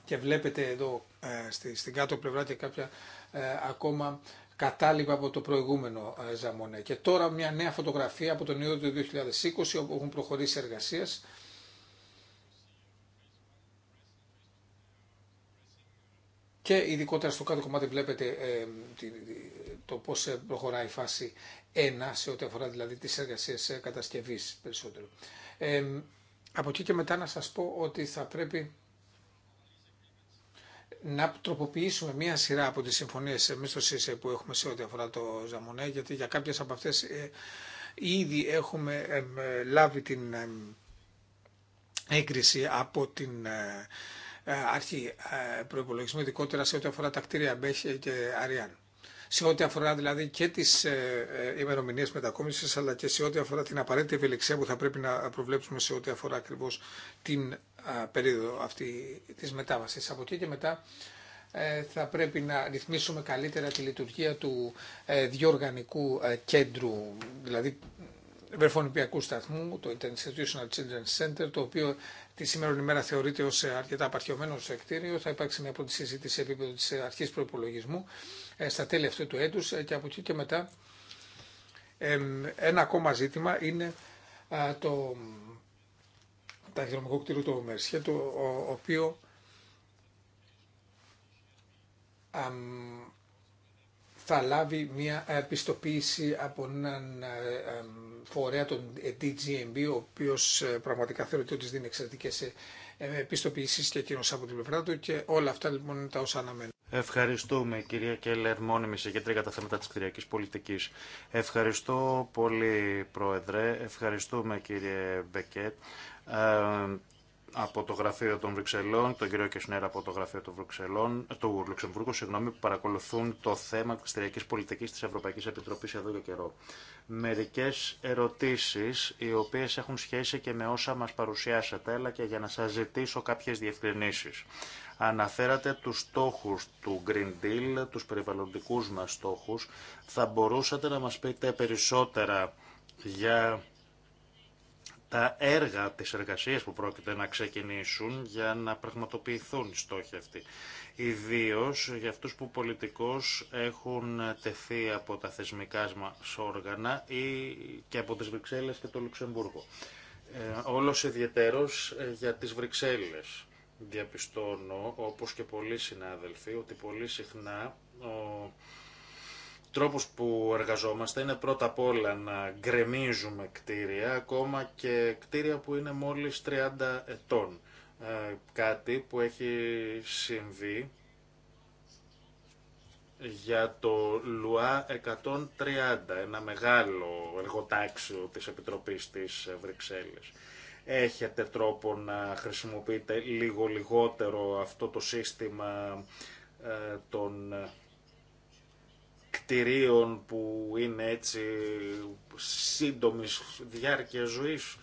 Και βλέπετε εδώ ε, στην κάτω πλευρά και κάποια ε, ακόμα κατάλοιπα από το προηγούμενο ε, Ζαμονέ. Και τώρα μια νέα φωτογραφία από τον Ιούνιο του 2020 όπου έχουν προχωρήσει εργασίες. Και ειδικότερα στο κάτω κομμάτι βλέπετε ε, το πώς προχωράει η φάση 1 σε ό,τι αφορά δηλαδή τις εργασίες κατασκευής περισσότερο. από εκεί και μετά να σας πω ότι θα πρέπει να τροποποιήσουμε μία σειρά από τις συμφωνίες εμεί στο που έχουμε σε ό,τι αφορά το Ζαμονέ, γιατί για κάποιες από αυτές ε, ήδη έχουμε ε, λάβει την έγκριση από την ε, αρχή προπολογισμού, ειδικότερα σε ό,τι αφορά τα κτίρια Μπέχε και Αριάν σε ό,τι αφορά δηλαδή και τι ε, ε, ημερομηνίε μετακόμιση, αλλά και σε ό,τι αφορά την απαραίτητη ευελιξία που θα πρέπει να προβλέψουμε σε ό,τι αφορά ακριβώ την περίοδο αυτή τη μετάβαση. Από εκεί και μετά ε, θα πρέπει να ρυθμίσουμε καλύτερα τη λειτουργία του διοργανικού κέντρου, δηλαδή βερφονιπιακού σταθμού, το International Children's Center, το οποίο τη σήμερα ημέρα θεωρείται ως αρκετά σε εκτίριο. Θα υπάρξει μια πρώτη συζήτηση σε επίπεδο της αρχής προπολογισμού ε, στα τέλη αυτού του έτους ε, και από εκεί και μετά ένα ακόμα ζήτημα είναι το ταχυδρομικό κτίριο του Μέρσια, το οποίο θα λάβει μια επιστοποίηση από έναν ε, φορέα, των DGMB, ο οποίος πραγματικά θεωρείται ότι δίνει εξαιρετικές επιστοποίησεις και εκείνος από την πλευρά του και όλα αυτά λοιπόν είναι τα όσα αναμένουν. Ευχαριστούμε κυρία Κέλλερ, μόνιμη συγκεντρία για τα θέματα της κτηριακής πολιτικής. Ευχαριστώ πολύ Πρόεδρε, ευχαριστούμε κύριε Μπεκέτ ε, από το γραφείο των Βρυξελών, τον κύριο Κεσνέρα από το γραφείο των Βρυξελών, του Λουξεμβούργου, συγγνώμη, που παρακολουθούν το θέμα τη κτηριακή πολιτική τη Ευρωπαϊκή Επιτροπή εδώ και καιρό. Μερικέ ερωτήσει, οι οποίε έχουν σχέση και με όσα μα παρουσιάσατε, αλλά και για να σα ζητήσω κάποιε διευκρινήσει. Αναφέρατε τους στόχους του Green Deal, τους περιβαλλοντικούς μας στόχους. Θα μπορούσατε να μας πείτε περισσότερα για τα έργα της εργασίας που πρόκειται να ξεκινήσουν για να πραγματοποιηθούν οι στόχοι αυτοί. Ιδίως για αυτούς που πολιτικώς έχουν τεθεί από τα θεσμικά μας όργανα ή και από τις Βρυξέλλες και το Λουξεμβούργο. Ε, όλος ε, για τις Βρυξέλλες διαπιστώνω, όπως και πολλοί συνάδελφοι, ότι πολύ συχνά ο τρόπος που εργαζόμαστε είναι πρώτα απ' όλα να γκρεμίζουμε κτίρια, ακόμα και κτίρια που είναι μόλις 30 ετών. Ε, κάτι που έχει συμβεί για το ΛΟΑ 130, ένα μεγάλο εργοτάξιο της Επιτροπής της Βρυξέλλης. Έχετε τρόπο να χρησιμοποιείτε λίγο λιγότερο αυτό το σύστημα ε, των ε, κτηρίων που είναι έτσι σύντομης διάρκειας ζωής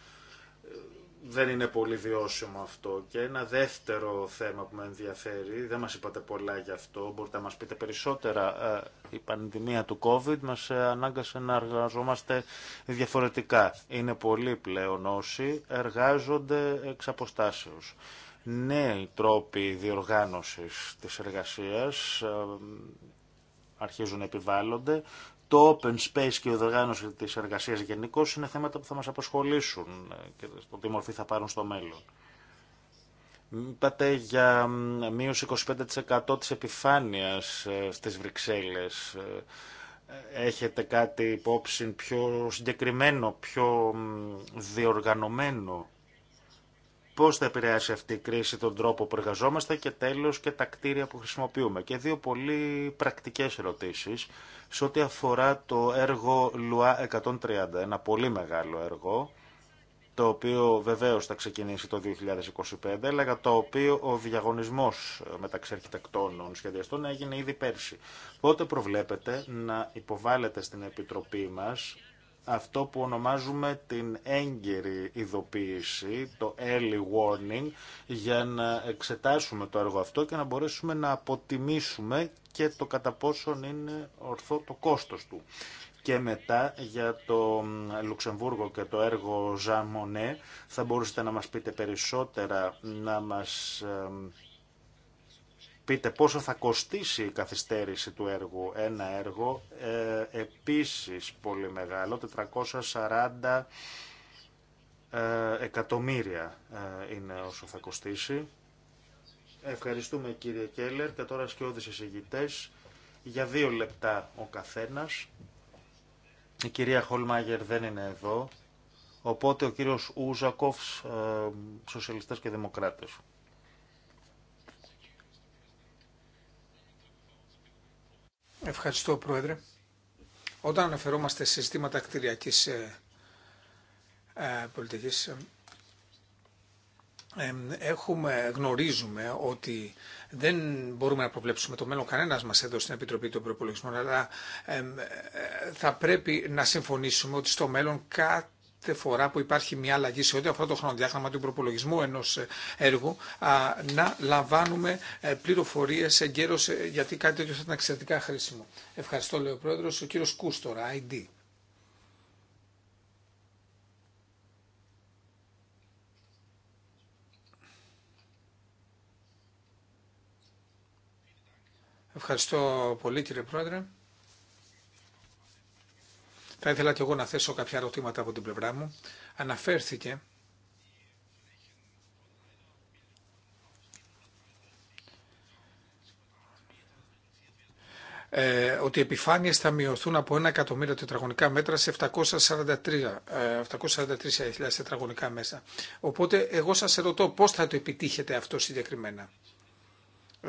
δεν είναι πολύ βιώσιμο αυτό. Και ένα δεύτερο θέμα που με ενδιαφέρει, δεν μας είπατε πολλά γι' αυτό, μπορείτε να μας πείτε περισσότερα. Ε, η πανδημία του COVID μας ε, ανάγκασε να εργαζόμαστε διαφορετικά. Είναι πολλοί πλέον όσοι εργάζονται εξ αποστάσεως. Νέοι τρόποι διοργάνωσης της εργασίας ε, αρχίζουν να επιβάλλονται το open space και η οργάνωση τη εργασία γενικώ είναι θέματα που θα μα απασχολήσουν ε, και το τι μορφή θα πάρουν στο μέλλον. Είπατε για μείωση 25% της επιφάνειας ε, στις Βρυξέλλες. Ε, έχετε κάτι υπόψη πιο συγκεκριμένο, πιο διοργανωμένο πώς θα επηρεάσει αυτή η κρίση τον τρόπο που εργαζόμαστε και τέλος και τα κτίρια που χρησιμοποιούμε. Και δύο πολύ πρακτικές ερωτήσεις σε ό,τι αφορά το έργο ΛΟΑ 130, ένα πολύ μεγάλο έργο, το οποίο βεβαίως θα ξεκινήσει το 2025, αλλά για το οποίο ο διαγωνισμός μεταξύ αρχιτεκτόνων σχεδιαστών έγινε ήδη πέρσι. Πότε προβλέπετε να υποβάλλετε στην Επιτροπή μας αυτό που ονομάζουμε την έγκαιρη ειδοποίηση, το early warning, για να εξετάσουμε το έργο αυτό και να μπορέσουμε να αποτιμήσουμε και το κατά πόσον είναι ορθό το κόστος του. Και μετά για το Λουξεμβούργο και το έργο Ζαμονέ θα μπορούσατε να μας πείτε περισσότερα, να μας ε, πείτε πόσο θα κοστίσει η καθυστέρηση του έργου. Ένα έργο ε, επίσης πολύ μεγάλο, 440 ε, εκατομμύρια ε, είναι όσο θα κοστίσει. Ευχαριστούμε κύριε Κέλλερ και τώρα σκιώδεις εισηγητές. Για δύο λεπτά ο καθένας. Η κυρία Χολμάγερ δεν είναι εδώ, οπότε ο κύριος Ούζακοφς, ε, Σοσιαλιστές και Δημοκράτες. Ευχαριστώ, Πρόεδρε. Όταν αναφερόμαστε σε ζητήματα κτηριακής ε, ε, πολιτικής, ε, έχουμε, γνωρίζουμε ότι δεν μπορούμε να προβλέψουμε το μέλλον κανένας μας εδώ στην Επιτροπή των Προπολογισμών, αλλά θα πρέπει να συμφωνήσουμε ότι στο μέλλον κάτι κάθε φορά που υπάρχει μια αλλαγή σε ό,τι αφορά το χρονοδιάγραμμα του προπολογισμού ενό ε, έργου, να λαμβάνουμε ε, πληροφορίε εγκαίρω, ε, γιατί κάτι τέτοιο θα ήταν εξαιρετικά χρήσιμο. Ευχαριστώ, λέει ο Πρόεδρο. Ο κύριο Κούστορα, ID. Ευχαριστώ πολύ κύριε Πρόεδρε. Θα ήθελα και εγώ να θέσω κάποια ερωτήματα από την πλευρά μου. Αναφέρθηκε ε, ότι οι επιφάνειες θα μειωθούν από 1 εκατομμύριο τετραγωνικά μέτρα σε 743.000 743 ε, τετραγωνικά μέσα. Οπότε εγώ σας ερωτώ πώς θα το επιτύχετε αυτό συγκεκριμένα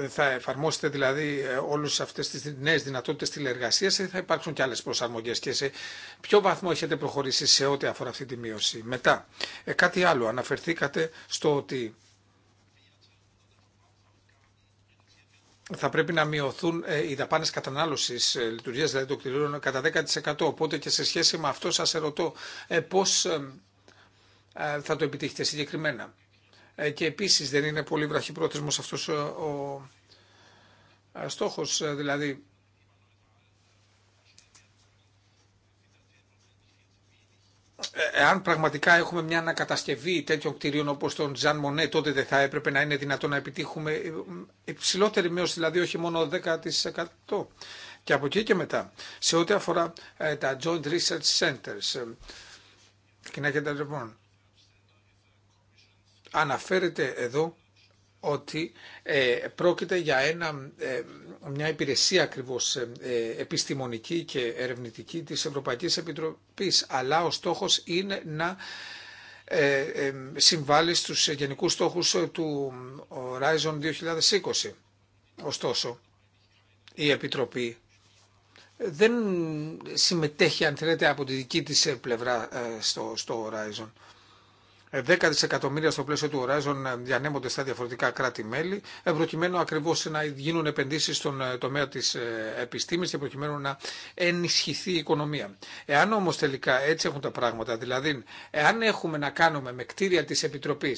θα εφαρμόσετε δηλαδή ε, όλες αυτές τις νέες δυνατότητες τηλεργασίας ή θα υπάρξουν και άλλες προσαρμογές και σε ποιο βαθμό έχετε προχωρήσει σε ό,τι αφορά αυτή τη μείωση. Μετά, ε, κάτι άλλο, αναφερθήκατε στο ότι θα πρέπει να μειωθούν ε, οι δαπάνε κατανάλωση λειτουργία δηλαδή των κτηρίων κατά 10%. Οπότε και σε σχέση με αυτό σα ερωτώ πώ θα το επιτύχετε συγκεκριμένα. Ε, και επίσης δεν είναι πολύ βραχυπρόθεσμος αυτός ο ε, στόχος, ε, δηλαδή εάν πραγματικά έχουμε μια ανακατασκευή τέτοιων κτηρίων όπως τον Τζαν Μονέ, τότε δεν θα έπρεπε να είναι δυνατό να επιτύχουμε υψηλότερη μείωση, δηλαδή όχι μόνο 10%. Και από εκεί και μετά, σε ό,τι αφορά τα Joint Research Centers, κοινά λοιπόν, αναφέρεται εδώ ότι ε, πρόκειται για ένα, ε, μια υπηρεσία ακριβώς ε, ε, επιστημονική και ερευνητική της Ευρωπαϊκής Επιτροπής, αλλά ο στόχος είναι να συμβάλλει στους γενικούς στόχους του Horizon 2020. Ωστόσο, η Επιτροπή δεν συμμετέχει, αν θέλετε, από τη δική της πλευρά στο, στο Horizon. 10 ε, δισεκατομμύρια στο πλαίσιο του Horizon ε, διανέμονται στα διαφορετικά κράτη-μέλη, ε, προκειμένου ακριβώ να γίνουν επενδύσει στον τομέα τη επιστήμη και προκειμένου να ενισχυθεί η οικονομία. Εάν όμω τελικά έτσι έχουν τα πράγματα, δηλαδή εάν έχουμε να κάνουμε με κτίρια τη Επιτροπή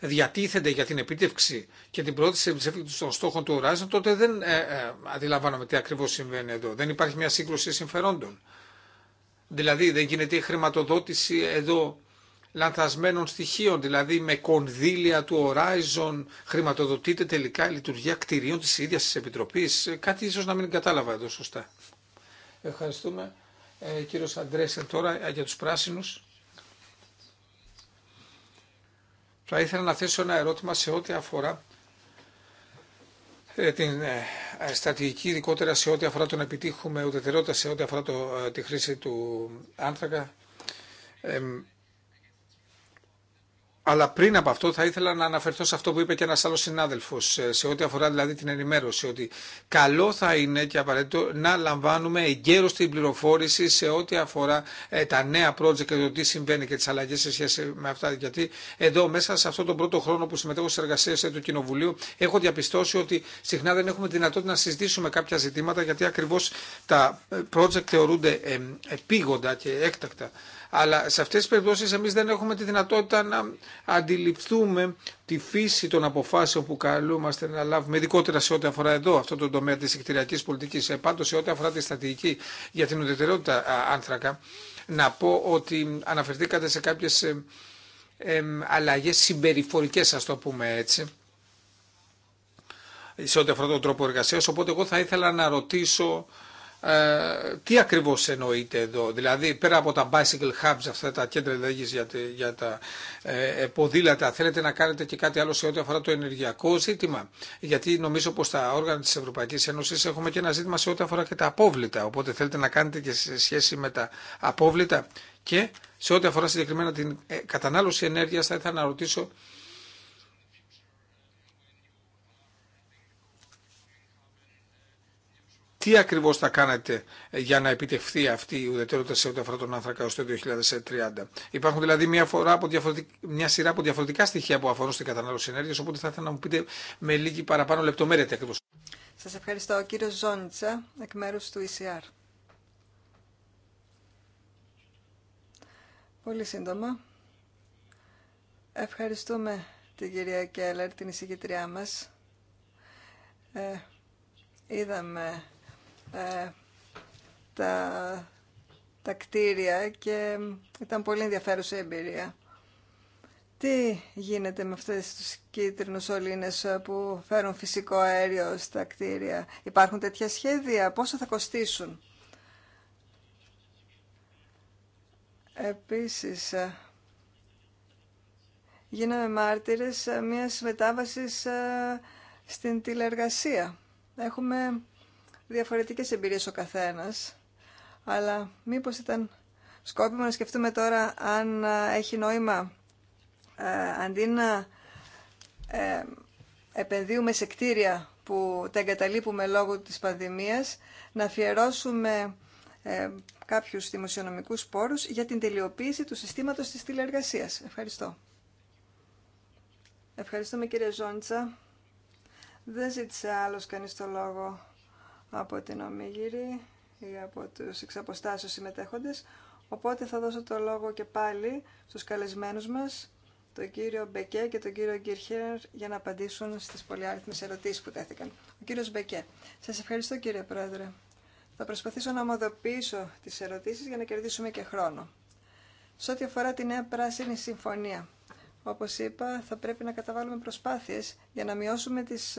διατίθενται για την επίτευξη και την πρόθεση των στόχων του Horizon, τότε δεν αντιλαμβάνομαι τι ακριβώς συμβαίνει εδώ. Δεν υπάρχει μια σύγκρουση συμφερόντων. Δηλαδή δεν γίνεται η χρηματοδότηση εδώ λανθασμένων στοιχείων, δηλαδή με κονδύλια του Horizon χρηματοδοτείται τελικά η λειτουργία κτηρίων της ίδιας της Επιτροπής. Ε, κάτι ίσως να μην κατάλαβα εδώ σωστά. Ευχαριστούμε. Ε, κύριος Αντρέσεν τώρα ε, για τους πράσινους. Θα ήθελα να θέσω ένα ερώτημα σε ό,τι αφορά ε, την στρατηγική, ειδικότερα σε ό,τι αφορά το να επιτύχουμε ουδετερότητα, σε ό,τι αφορά το, ε, τη χρήση του άνθρακα, αλλά πριν από αυτό θα ήθελα να αναφερθώ σε αυτό που είπε και ένας άλλος συνάδελφος, ε, σε ό,τι αφορά δηλαδή την ενημέρωση, ότι καλό θα είναι και απαραίτητο να λαμβάνουμε εγκαίρως την πληροφόρηση σε ό,τι αφορά ε, τα νέα project και το τι συμβαίνει και τις αλλαγές σε σχέση με αυτά. Γιατί εδώ μέσα σε αυτόν τον πρώτο χρόνο που συμμετέχω στις εργασίες του Κοινοβουλίου έχω διαπιστώσει ότι συχνά δεν έχουμε δυνατότητα να συζητήσουμε κάποια ζητήματα γιατί ακριβώς τα ε, project θεωρούνται επίγοντα και έκτακτα αλλά σε αυτές τις περιπτώσεις εμείς δεν έχουμε τη δυνατότητα να αντιληφθούμε τη φύση των αποφάσεων που καλούμαστε να λάβουμε, ειδικότερα σε ό,τι αφορά εδώ αυτό το τομέα της εκτηριακής πολιτικής. επάνω σε ό,τι αφορά τη στατική για την ουδετερότητα άνθρακα, να πω ότι αναφερθήκατε σε κάποιες ε, ε, αλλαγές συμπεριφορικές, ας το πούμε έτσι, σε ό,τι αφορά τον τρόπο εργασία. Οπότε εγώ θα ήθελα να ρωτήσω ε, τι ακριβώς εννοείται εδώ, δηλαδή πέρα από τα bicycle hubs, αυτά τα κέντρα λέγεις για, για τα ε, ποδήλατα, θέλετε να κάνετε και κάτι άλλο σε ό,τι αφορά το ενεργειακό ζήτημα, γιατί νομίζω πως τα όργανα τη Ευρωπαϊκής Ένωση έχουμε και ένα ζήτημα σε ό,τι αφορά και τα απόβλητα, οπότε θέλετε να κάνετε και σε σχέση με τα απόβλητα και σε ό,τι αφορά συγκεκριμένα την ε, κατανάλωση ενέργεια, θα ήθελα να ρωτήσω τι ακριβώς θα κάνετε για να επιτευχθεί αυτή η ουδετερότητα σε ό,τι αφορά τον άνθρακα ως το 2030. Υπάρχουν δηλαδή μια, φορά από μια σειρά από διαφορετικά στοιχεία που αφορούν στην κατανάλωση ενέργειας, οπότε θα ήθελα να μου πείτε με λίγη παραπάνω λεπτομέρεια τι ακριβώ. Σας ευχαριστώ. κύριο Ζόνιτσα, εκ μέρους του ECR. Πολύ σύντομα. Ευχαριστούμε την κυρία Κέλλερ, την εισηγητριά μας. Ε, είδαμε ε, τα, κτίρια και ήταν πολύ ενδιαφέρουσα η εμπειρία. Τι γίνεται με αυτές τις κίτρινους σωλήνες που φέρουν φυσικό αέριο στα κτίρια. Υπάρχουν τέτοια σχέδια, πόσο θα κοστίσουν. Επίσης, ε, γίναμε μάρτυρες μιας μετάβασης ε, στην τηλεργασία. Έχουμε διαφορετικές εμπειρίες ο καθένας, αλλά μήπως ήταν σκόπιμο να σκεφτούμε τώρα αν ε, έχει νόημα ε, αντί να ε, επενδύουμε σε κτίρια που τα εγκαταλείπουμε λόγω της πανδημίας, να αφιερώσουμε ε, κάποιους δημοσιονομικούς πόρους για την τελειοποίηση του συστήματος της τηλεεργασίας. Ευχαριστώ. Ευχαριστούμε κύριε Ζόντσα. Δεν ζήτησε άλλος κανείς το λόγο από την Ομιγύρη ή από τους εξαποστάσεως συμμετέχοντες. Οπότε θα δώσω το λόγο και πάλι στους καλεσμένους μας, τον κύριο Μπεκέ και τον κύριο Γκίρχερ, για να απαντήσουν στις πολυάριθμες ερωτήσεις που τέθηκαν. Ο κύριος Μπεκέ. Σας ευχαριστώ κύριε Πρόεδρε. Θα προσπαθήσω να ομοδοποιήσω τις ερωτήσεις για να κερδίσουμε και χρόνο. Σε ό,τι αφορά τη νέα πράσινη συμφωνία, όπως είπα, θα πρέπει να καταβάλουμε προσπάθειες για να μειώσουμε τις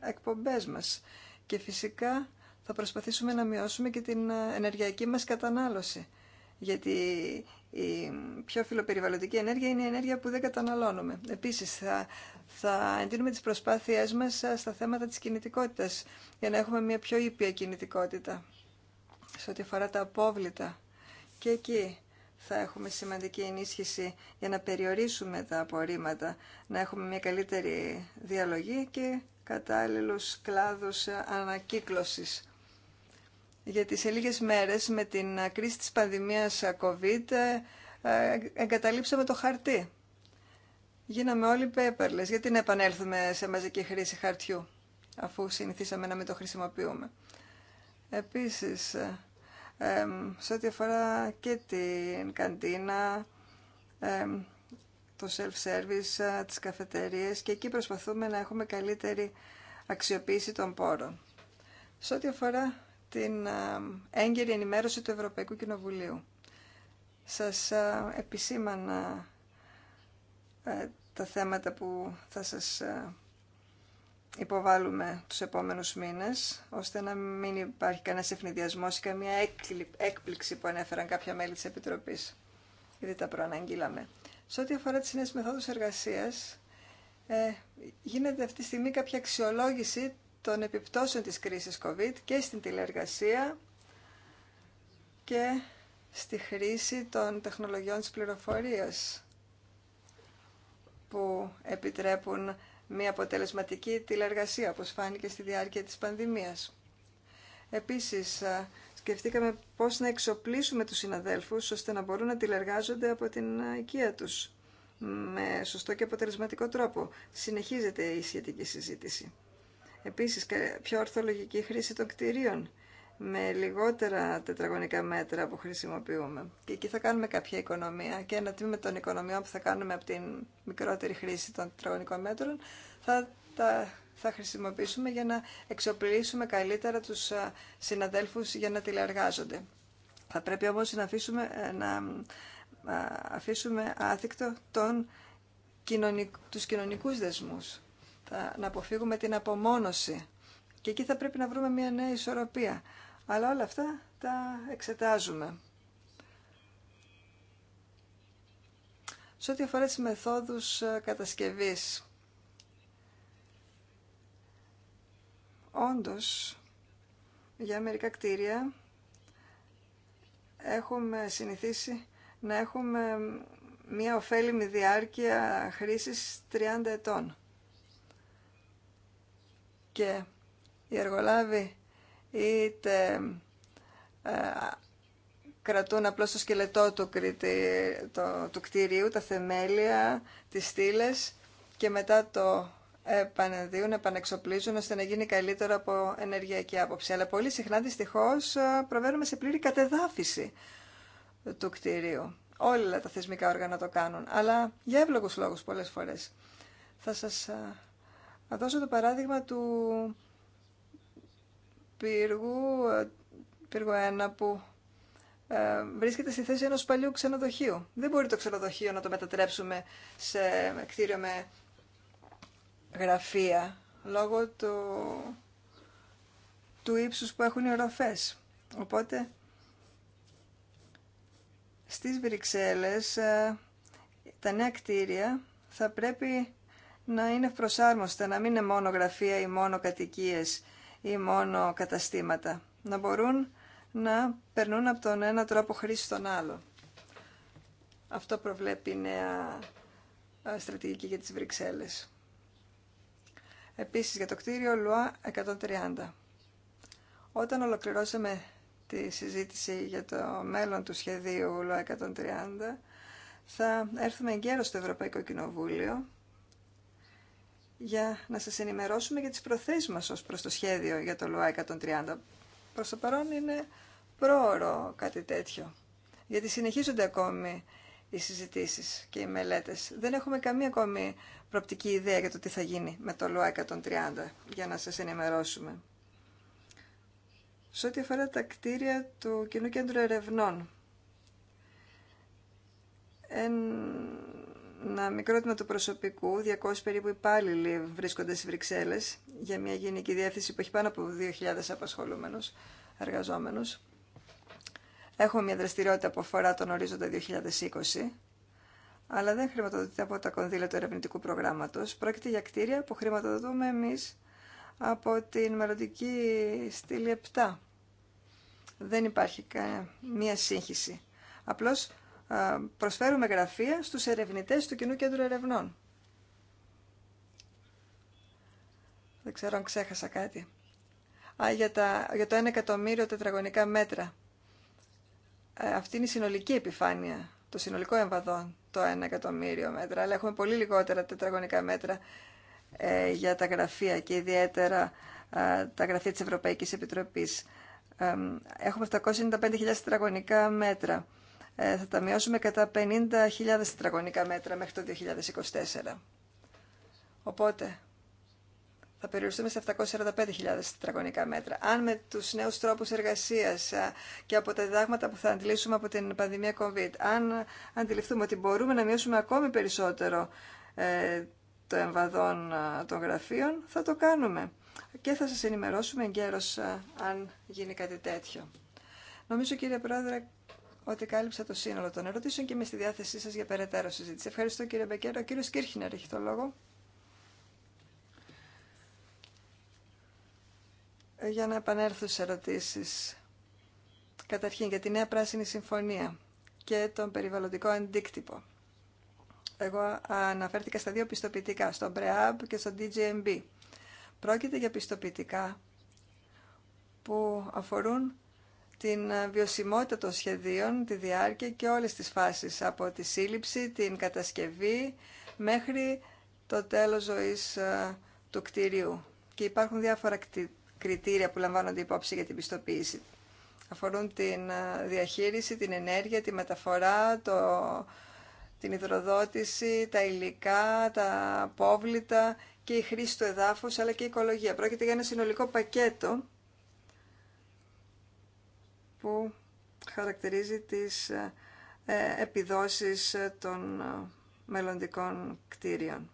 εκπομπές μας και φυσικά θα προσπαθήσουμε να μειώσουμε και την ε, ενεργειακή μας κατανάλωση. Γιατί η πιο φιλοπεριβαλλοντική ενέργεια είναι η ενέργεια που δεν καταναλώνουμε. Επίσης, θα, θα εντείνουμε τις προσπάθειές μας ε, στα θέματα της κινητικότητας, για να έχουμε μια πιο ήπια κινητικότητα σε ό,τι αφορά τα απόβλητα. Και εκεί θα έχουμε σημαντική ενίσχυση για να περιορίσουμε τα απορρίμματα, να έχουμε μια καλύτερη διαλογή και κατάλληλους κλάδους ανακύκλωσης. Γιατί σε λίγες μέρες με την κρίση της πανδημίας COVID ε, εγκαταλείψαμε το χαρτί. Γίναμε όλοι πέπερλες. Γιατί να επανέλθουμε σε μαζική χρήση χαρτιού, αφού συνηθίσαμε να μην το χρησιμοποιούμε. Επίσης, ε, ε, σε ό,τι αφορά και την καντίνα, το self-service, ε, τις καφετερίες και εκεί προσπαθούμε να έχουμε καλύτερη αξιοποίηση των πόρων. Σε ό,τι αφορά την ε, έγκαιρη ενημέρωση του Ευρωπαϊκού Κοινοβουλίου. Σας ε, επισήμανα τα θέματα που θα σας υποβάλλουμε τους επόμενους μήνες, ώστε να μην υπάρχει κανένας ευνηδιασμός ή καμία έκπληξη που ανέφεραν κάποια μέλη της Επιτροπής, Ήδη τα προαναγγείλαμε. Σε ό,τι αφορά τις νέες μεθόδους εργασίας, ε, γίνεται αυτή τη στιγμή κάποια αξιολόγηση των επιπτώσεων της κρίσης COVID και στην τηλεργασία και στη χρήση των τεχνολογιών της πληροφορίας που επιτρέπουν μια αποτελεσματική τηλεργασία, όπως φάνηκε στη διάρκεια της πανδημίας. Επίσης, σκεφτήκαμε πώς να εξοπλίσουμε τους συναδέλφους ώστε να μπορούν να τηλεργάζονται από την οικία τους με σωστό και αποτελεσματικό τρόπο. Συνεχίζεται η σχετική συζήτηση. Επίσης, πιο ορθολογική χρήση των κτηρίων με λιγότερα τετραγωνικά μέτρα που χρησιμοποιούμε. Και εκεί θα κάνουμε κάποια οικονομία και ένα τμήμα των οικονομιών που θα κάνουμε από την μικρότερη χρήση των τετραγωνικών μέτρων θα τα θα χρησιμοποιήσουμε για να εξοπλίσουμε καλύτερα τους συναδέλφους για να τηλεργάζονται. Θα πρέπει όμως να αφήσουμε, ε, να αφήσουμε άθικτο τον κοινωνικ, τους κοινωνικούς δεσμούς, να αποφύγουμε την απομόνωση. Και εκεί θα πρέπει να βρούμε μια νέα ισορροπία. Αλλά όλα αυτά τα εξετάζουμε. Σε ό,τι αφορά τις μεθόδους ε, κατασκευής, Όντως, για μερικά κτίρια έχουμε συνηθίσει να έχουμε μία ωφέλιμη διάρκεια χρήσης 30 ετών. Και οι εργολάβοι είτε ε, κρατούν απλώς το σκελετό του, το, του κτηρίου, τα θεμέλια, τις στήλες και μετά το επανεδύουν, επανεξοπλίζουν ώστε να γίνει καλύτερο από ενεργειακή άποψη. Αλλά πολύ συχνά δυστυχώ προβαίνουμε σε πλήρη κατεδάφιση του κτηρίου. Όλα τα θεσμικά όργανα το κάνουν, αλλά για εύλογου λόγου, πολλές φορές. Θα σας δώσω το παράδειγμα του πύργου, ε, πύργου 1 που ε, βρίσκεται στη θέση ενός παλιού ξενοδοχείου. Δεν μπορεί το ξενοδοχείο να το μετατρέψουμε σε κτίριο με γραφεία λόγω του, του ύψους που έχουν οι οροφές. Οπότε στις Βρυξέλλες ε, τα νέα κτίρια θα πρέπει να είναι προσάρμοστα, να μην είναι μόνο γραφεία ή μόνο κατοικίες ή μόνο καταστήματα. Να μπορούν να περνούν από τον ένα τρόπο χρήση στον άλλο. Αυτό προβλέπει η νέα ε, στρατηγική για τις Βρυξέλλες. Επίσης για το κτίριο ΛΟΑ 130. Όταν ολοκληρώσαμε τη συζήτηση για το μέλλον του σχεδίου ΛΟΑ 130, θα έρθουμε εγκαίρο στο Ευρωπαϊκό Κοινοβούλιο για να σας ενημερώσουμε για τις προθέσεις μας ως προς το σχέδιο για το ΛΟΑ 130. Προς το παρόν είναι πρόωρο κάτι τέτοιο, γιατί συνεχίζονται ακόμη οι συζητήσεις και οι μελέτες. Δεν έχουμε καμία ακόμη προπτική ιδέα για το τι θα γίνει με το ΛΟΑ 130, για να σας ενημερώσουμε. Σε ό,τι αφορά τα κτίρια του Κοινού Κέντρου Ερευνών, ένα μικρό του προσωπικού, 200 περίπου υπάλληλοι βρίσκονται στις Βρυξέλλες για μια γενική διεύθυνση που έχει πάνω από 2.000 απασχολούμενους εργαζόμενους. Έχουμε μια δραστηριότητα που αφορά τον ορίζοντα 2020, αλλά δεν χρηματοδοτείται από τα κονδύλια του ερευνητικού προγράμματο. Πρόκειται για κτίρια που χρηματοδοτούμε εμεί από την μελλοντική στήλη 7. Δεν υπάρχει καμία σύγχυση. Απλώ προσφέρουμε γραφεία στους ερευνητέ του Κοινού Κέντρου Ερευνών. Δεν ξέρω αν ξέχασα κάτι. Α, για, τα, για το 1 εκατομμύριο τετραγωνικά μέτρα ε, αυτή είναι η συνολική επιφάνεια, το συνολικό εμβαδόν, το 1 εκατομμύριο μέτρα, αλλά έχουμε πολύ λιγότερα τετραγωνικά μέτρα ε, για τα γραφεία και ιδιαίτερα ε, τα γραφεία της Ευρωπαϊκής Επιτροπής. έχουμε 795.000 τετραγωνικά μέτρα. Ε, θα τα μειώσουμε κατά 50.000 τετραγωνικά μέτρα μέχρι το 2024. Οπότε, θα περιοριστούμε σε 745.000 τετραγωνικά μέτρα. Αν με του νέου τρόπου εργασία και από τα διδάγματα που θα αντιλήσουμε από την πανδημία COVID, αν αντιληφθούμε ότι μπορούμε να μειώσουμε ακόμη περισσότερο ε, το εμβαδόν των γραφείων, θα το κάνουμε. Και θα σας ενημερώσουμε εγκαίρως αν γίνει κάτι τέτοιο. Νομίζω κύριε Πρόεδρε ότι κάλυψα το σύνολο των ερωτήσεων και είμαι στη διάθεσή σας για περαιτέρω συζήτηση. Ευχαριστώ κύριε Μπεκέρο. Ο κύριο Κίρχινερ έχει το λόγο. Ε, για να επανέλθω σε ερωτήσεις. Καταρχήν για τη Νέα Πράσινη Συμφωνία και τον περιβαλλοντικό αντίκτυπο. Εγώ αναφέρθηκα στα δύο πιστοποιητικά, στον BREAB και στο DGMB. Πρόκειται για πιστοποιητικά που αφορούν την βιωσιμότητα των σχεδίων, τη διάρκεια και όλες τις φάσεις από τη σύλληψη, την κατασκευή μέχρι το τέλος ζωής ε, του κτίριου. Και υπάρχουν διάφορα κριτήρια που λαμβάνονται υπόψη για την πιστοποίηση. Αφορούν την ε, διαχείριση, την ενέργεια, τη μεταφορά, το, την υδροδότηση, τα υλικά, τα απόβλητα και η χρήση του εδάφους, αλλά και η οικολογία. Πρόκειται για ένα συνολικό πακέτο που χαρακτηρίζει τις ε, ε, επιδόσεις των μελλοντικών κτίριων.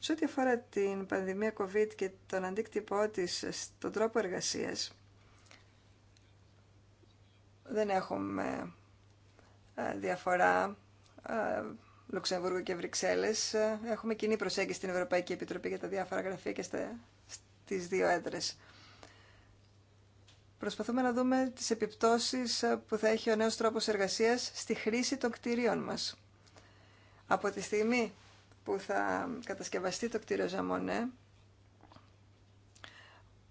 Σε ό,τι αφορά την πανδημία COVID και τον αντίκτυπό της στον τρόπο εργασίας, δεν έχουμε ε, διαφορά ε, Λουξεμβούργο και Βρυξέλλες. Έχουμε κοινή προσέγγιση στην Ευρωπαϊκή Επιτροπή για τα διάφορα γραφεία και στις δύο έδρε. Προσπαθούμε να δούμε τις επιπτώσεις ε, που θα έχει ο νέος τρόπος εργασίας στη χρήση των κτηρίων μας. Από τη στιγμή που θα κατασκευαστεί το κτίριο Ζαμονέ,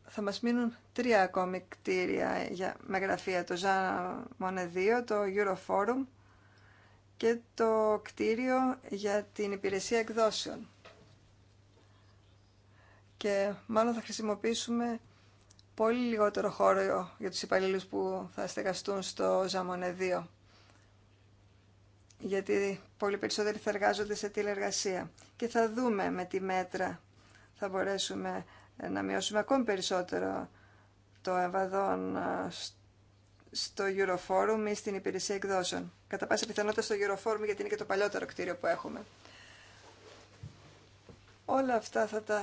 θα μας μείνουν τρία ακόμη κτίρια για, με γραφεία, το Ζαμονέ 2, το Euroforum και το κτίριο για την υπηρεσία εκδόσεων. Και μάλλον θα χρησιμοποιήσουμε πολύ λιγότερο χώρο για τους υπαλλήλους που θα στεγαστούν στο Ζαμονέ 2 γιατί πολύ περισσότεροι θα εργάζονται σε τηλεργασία. Και θα δούμε με τι μέτρα θα μπορέσουμε ε, να μειώσουμε ακόμη περισσότερο το εμβαδόν ε, στο Euroforum ή στην υπηρεσία εκδόσεων. Κατά πάσα πιθανότητα στο Euroforum γιατί είναι και το παλιότερο κτίριο που έχουμε. Όλα αυτά θα τα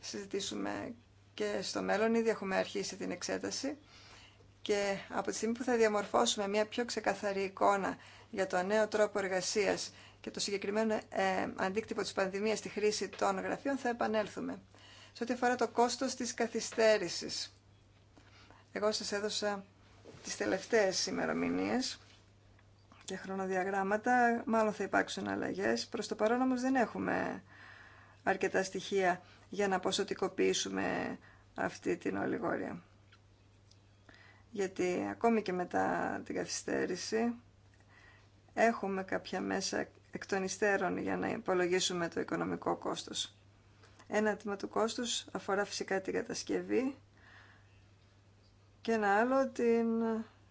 συζητήσουμε και στο μέλλον. Ήδη έχουμε αρχίσει την εξέταση και από τη στιγμή που θα διαμορφώσουμε μια πιο ξεκαθαρή εικόνα για το νέο τρόπο εργασίας και το συγκεκριμένο ε, αντίκτυπο της πανδημίας στη χρήση των γραφείων θα επανέλθουμε. Σε ό,τι αφορά το κόστος της καθυστέρησης. Εγώ σας έδωσα τις τελευταίες ημερομηνίε και χρονοδιαγράμματα. Μάλλον θα υπάρξουν αλλαγές. Προς το παρόν όμως δεν έχουμε αρκετά στοιχεία για να ποσοτικοποιήσουμε αυτή την ολιγόρια. Γιατί ακόμη και μετά την καθυστέρηση έχουμε κάποια μέσα εκ των υστέρων για να υπολογίσουμε το οικονομικό κόστος. Ένα τμήμα του κόστους αφορά φυσικά την κατασκευή και ένα άλλο την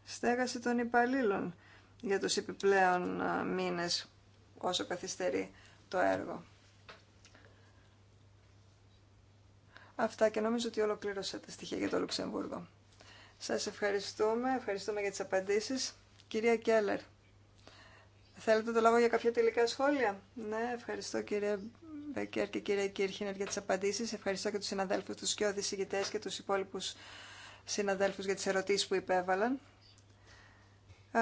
στέγαση των υπαλλήλων για τους επιπλέον μήνες όσο καθυστερεί το έργο. Αυτά και νομίζω ότι ολοκλήρωσα τα στοιχεία για το Λουξεμβούργο. Σας ευχαριστούμε, ευχαριστούμε για τις απαντήσεις. Κυρία Κέλλερ. Θέλετε το λόγο για κάποια τελικά σχόλια. Ναι, ευχαριστώ κύριε Μπεκέρ και κύριε Κύρχινερ για τις απαντήσεις. Ευχαριστώ και τους συναδέλφους, τους και οδησηγητές και τους υπόλοιπους συναδέλφους για τις ερωτήσεις που υπέβαλαν. Ε,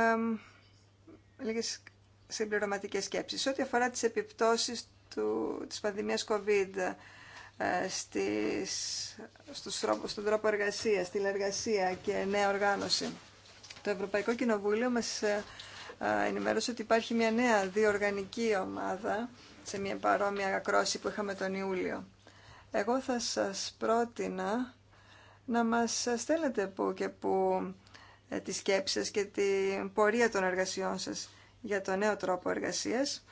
λίγες συμπληρωματικές σκέψεις. Ό,τι αφορά τις επιπτώσεις του, της πανδημίας COVID ε, στις, στους, στον τρόπο εργασίας, τηλεργασία και νέα οργάνωση. Το Ευρωπαϊκό Κοινοβούλιο μας ε, ενημέρωσε ότι υπάρχει μια νέα διοργανική ομάδα σε μια παρόμοια ακρόση που είχαμε τον Ιούλιο. Εγώ θα σας πρότεινα να μας στέλνετε που και που ε, τις σκέψεις και την πορεία των εργασιών σας για το νέο τρόπο εργασίας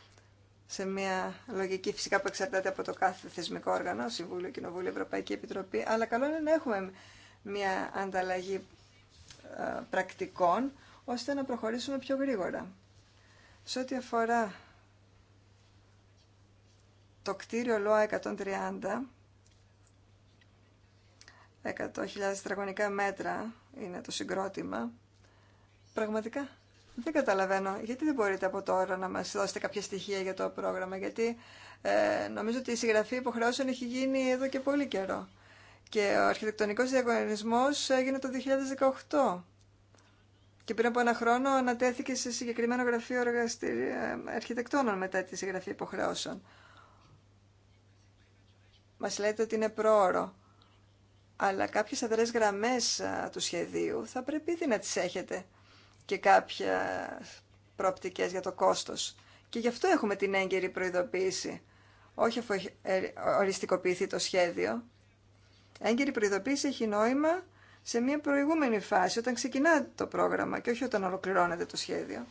σε μια λογική φυσικά που εξαρτάται από το κάθε θεσμικό όργανο, Συμβούλιο, Κοινοβούλιο, Ευρωπαϊκή Επιτροπή, αλλά καλό είναι να έχουμε μια ανταλλαγή ε, πρακτικών ώστε να προχωρήσουμε πιο γρήγορα. Σε ό,τι αφορά το κτίριο ΛΟΑ 130, 100.000 τετραγωνικά μέτρα είναι το συγκρότημα, πραγματικά δεν καταλαβαίνω γιατί δεν μπορείτε από τώρα να μας δώσετε κάποια στοιχεία για το πρόγραμμα, γιατί ε, νομίζω ότι η συγγραφή υποχρεώσεων έχει γίνει εδώ και πολύ καιρό. Και ο αρχιτεκτονικός διαγωνισμός έγινε το 2018. Και πριν από ένα χρόνο ανατέθηκε σε συγκεκριμένο γραφείο ε, αρχιτεκτόνων μετά τη συγγραφή υποχρεώσεων. Μας λέτε ότι είναι πρόωρο, αλλά κάποιες αδρές γραμμές του σχεδίου θα πρέπει ήδη να τις έχετε και κάποια προοπτικές για το κόστος. Και γι' αυτό έχουμε την έγκαιρη προειδοποίηση, όχι αφού ε, οριστικοποιηθεί το σχέδιο. Έγκαιρη προειδοποίηση έχει νόημα σε μια προηγούμενη φάση, όταν ξεκινά το πρόγραμμα και όχι όταν ολοκληρώνεται το σχέδιο.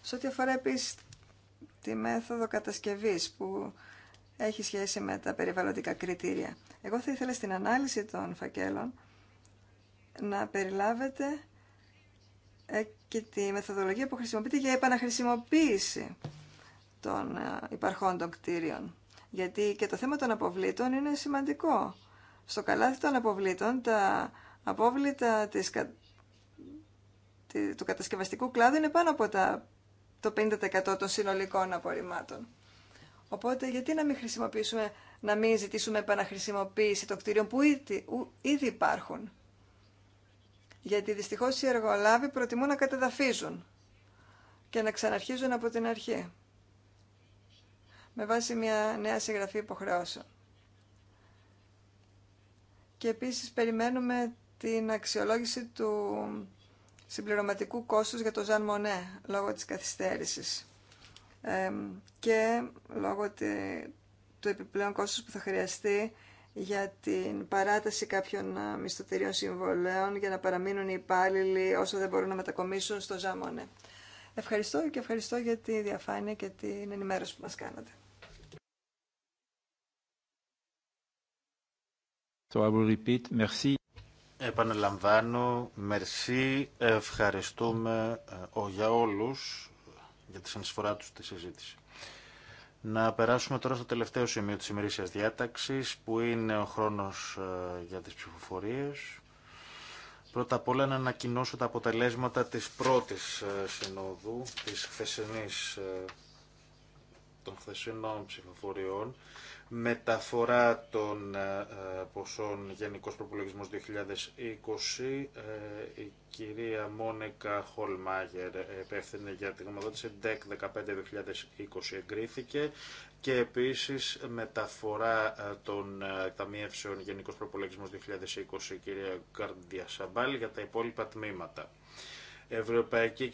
Σε ό,τι αφορά επίσης τη μέθοδο κατασκευής που έχει σχέση με τα περιβαλλοντικά κριτήρια. Εγώ θα ήθελα στην ανάλυση των φακέλων να περιλάβετε ε, και τη μεθοδολογία που χρησιμοποιείται για επαναχρησιμοποίηση των ε, υπαρχών των κτίριων. Γιατί και το θέμα των αποβλήτων είναι σημαντικό στο καλάθι των αποβλήτων, τα απόβλητα της, του κατασκευαστικού κλάδου είναι πάνω από τα, το 50% των συνολικών απορριμμάτων. Οπότε γιατί να μην χρησιμοποιήσουμε, να μην ζητήσουμε επαναχρησιμοποίηση των κτίριων που ήδη, υπάρχουν. Γιατί δυστυχώς οι εργολάβοι προτιμούν να καταδαφίζουν και να ξαναρχίζουν από την αρχή. Με βάση μια νέα συγγραφή υποχρεώσεων και επίσης περιμένουμε την αξιολόγηση του συμπληρωματικού κόστους για το Ζαν Μονέ λόγω της καθυστέρησης και λόγω του επιπλέον κόστους που θα χρειαστεί για την παράταση κάποιων μισθωτηρίων συμβολέων για να παραμείνουν οι υπάλληλοι όσο δεν μπορούν να μετακομίσουν στο Ζαμονέ. Ευχαριστώ και ευχαριστώ για τη διαφάνεια και την ενημέρωση που μας κάνατε. So I Επαναλαμβάνω, μερσή, ευχαριστούμε ε, για όλους για τη συνεισφορά τους στη συζήτηση. Να περάσουμε τώρα στο τελευταίο σημείο της ημερήσιας διάταξης, που είναι ο χρόνος ε, για τις ψηφοφορίες. Πρώτα απ' όλα να ανακοινώσω τα αποτελέσματα της πρώτης ε, συνόδου, της χθεσινής, των χθεσινών ψηφοφοριών μεταφορά των ε, ε, ποσών Γενικός Προπολογισμός 2020. Ε, η κυρία Μόνικα Χολμάγερ επέφθηνε για την γνωμοδότηση ΔΕΚ 15-2020 εγκρίθηκε και επίσης μεταφορά των ταμιεύσεων Γενικός Προπολογισμός 2020 η κυρία Καρδία Σαμπάλ για τα υπόλοιπα τμήματα. Ευρωπαϊκή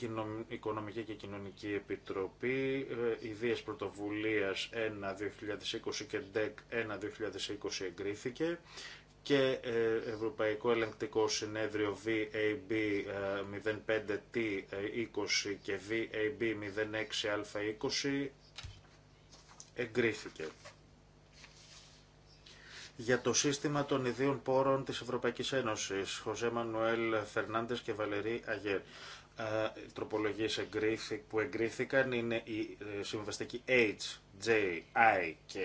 Οικονομική και Κοινωνική Επιτροπή, ε, ιδίες πρωτοβουλίας 1-2020 και ΔΕΚ 1-2020 εγκρίθηκε και ε, Ευρωπαϊκό Ελεγκτικό Συνέδριο VAB 05T20 ε, και VAB 06α20 εγκρίθηκε για το σύστημα των ιδίων πόρων της Ευρωπαϊκής Ένωσης. Χωζέ Μανουέλ Φερνάντες και Βαλερή Αγέρ. Ε, οι τροπολογίες που εγκρίθηκαν είναι η ε, συμβαστική H, J, I, K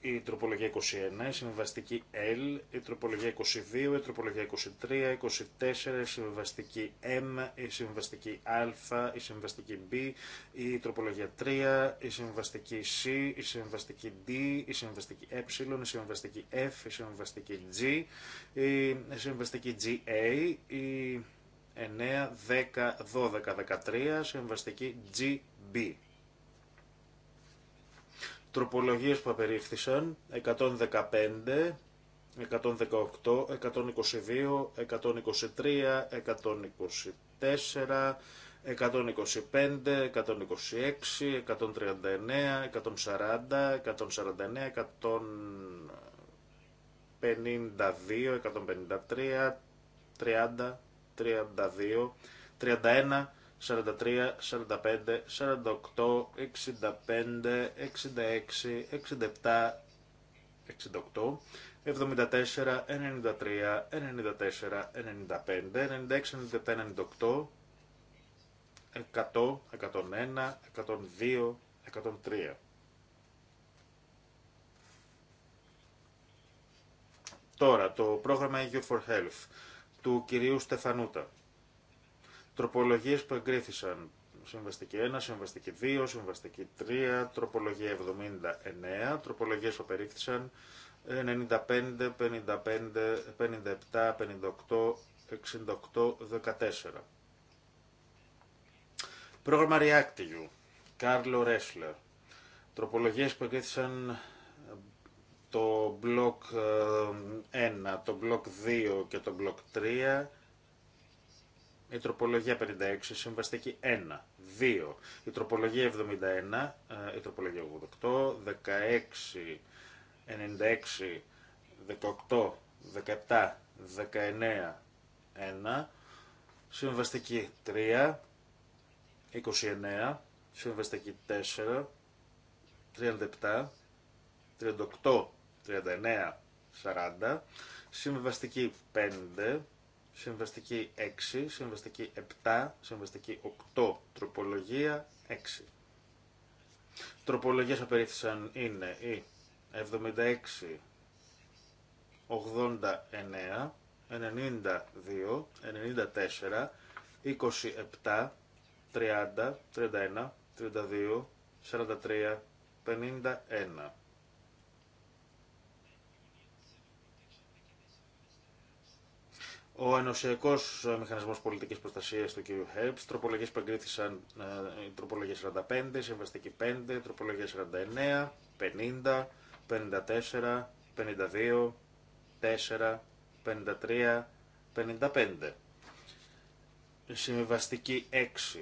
η τροπολογία 21, η συμβιβαστική L, η τροπολογία 22, η τροπολογία 23, 24, η συμβιβαστική M, η συμβαστική Α, η συμβαστική B, η τροπολογία 3, η συμβαστική C, η συμβαστική D, η συμβαστική Ε, η συμβαστική F, η συμβαστική G, η συμβαστική GA, η 9, 10, 12, 13, συμβαστική GB. Τροπολογίες που απερίφθησαν 115, 118, 122, 123, 124, 125, 126, 139, 140, 149, 152, 153, 30, 32, 31, 43, 45, 48, 65, 66, 67, 68, 74, 93, 94, 95, 96, 97, 98, 100, 101, 102, 103. Τώρα, το πρόγραμμα Youth for Health του κυρίου Στεφανούτα. Τροπολογίε που εγκρίθησαν. Συμβαστική 1, συμβαστική 2, συμβαστική 3, τροπολογία 79, τροπολογίε που απερίφθησαν 95, 55, 57, 58, 68, 14. Πρόγραμμα Reactive, Κάρλο Ρέσλερ. Τροπολογίες που εγκρίθησαν το μπλοκ 1, ε, το μπλοκ 2 και το μπλοκ 3 η τροπολογία 56, συμβαστική 1, 2. Η τροπολογία 71, ε, η τροπολογία 88, 16, 96, 18, 17, 19, 1. Συμβαστική 3, 29, συμβαστική 4, 37, 38, 39, 40, συμβαστική 5, συμβαστική 6, συμβαστική 7, συμβαστική 8, τροπολογία 6. Τροπολογίες απερίφθησαν είναι η 76, 89, 92, 94, 27, 30, 31, 32, 43, 51. Ο Ενωσιακό ε, Μηχανισμό Πολιτική Προστασία του κ. Χέρμπ, τροπολογίε που εγκρίθησαν, ε, τροπολογία 45, συμβαστική 5, τροπολογία 49, 50, 54, 52, 4, 53, 55. Συμβαστική 6,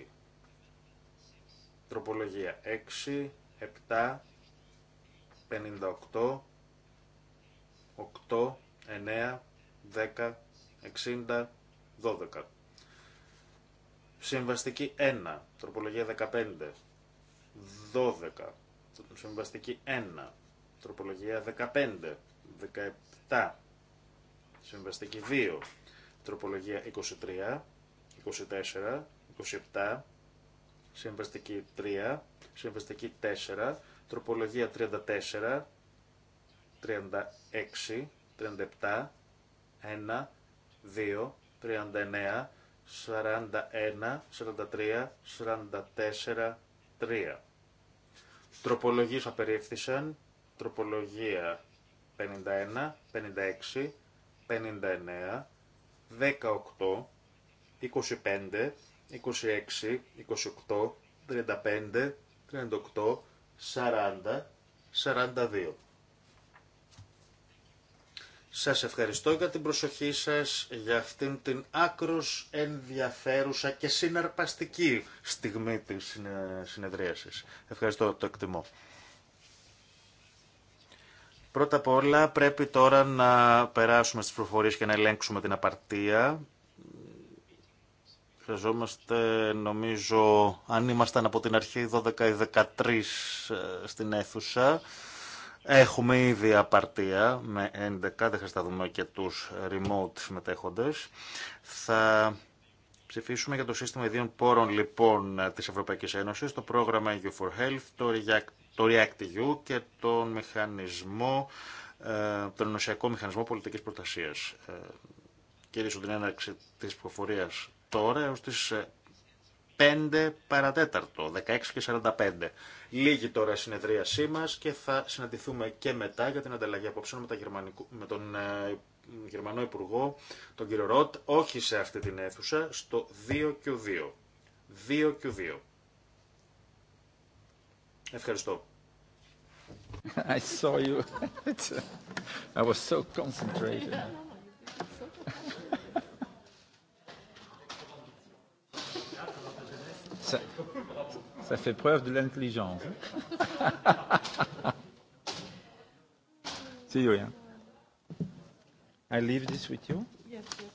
τροπολογία 6, 7, 58, 8, 9, 10, 60, 12. Συμβαστική 1, τροπολογία 15, 12. Συμβαστική 1, τροπολογία 15, 17. Συμβαστική 2, τροπολογία 23, 24, 27. Συμβαστική 3, συμβαστική 4, τροπολογία 34, 36, 37, 1, 2, 39, 41, 43, 44, 3. Τροπολογίες απερίφθησαν. Τροπολογία 51, 56, 59, 18, 25, 26, 28, 35, 38, 40, 42. Σας ευχαριστώ για την προσοχή σας, για αυτήν την άκρος ενδιαφέρουσα και συναρπαστική στιγμή της συνεδρίασης. Ευχαριστώ, το εκτιμώ. Πρώτα απ' όλα πρέπει τώρα να περάσουμε στις προφορίες και να ελέγξουμε την απαρτία. Χρειαζόμαστε, νομίζω, αν ήμασταν από την αρχή 12 ή 13 ε, στην αίθουσα. Έχουμε ήδη απαρτία με 11, δεν χρειάζεται και τους remote συμμετέχοντες. Θα ψηφίσουμε για το σύστημα ιδίων πόρων λοιπόν της Ευρωπαϊκής Ένωσης, το πρόγραμμα EU for Health, το React, EU και τον μηχανισμό, ε, τον ενωσιακό μηχανισμό πολιτικής προστασίας. Κυρίσω την έναρξη της προφορίας τώρα έως τις ε, 5 παρατέταρτο, 16 και 45. Λίγη τώρα η συνεδρίασή μα και θα συναντηθούμε και μετά για την ανταλλαγή απόψεων με, με τον ε, Γερμανό Υπουργό, τον κύριο Ροτ, όχι σε αυτή την αίθουσα, στο 2Q2. 2Q2. Ευχαριστώ. I saw you. I was so concentrated. Ça, ça fait preuve de l'intelligence. See you, yeah. I leave this with you. Yes, yes.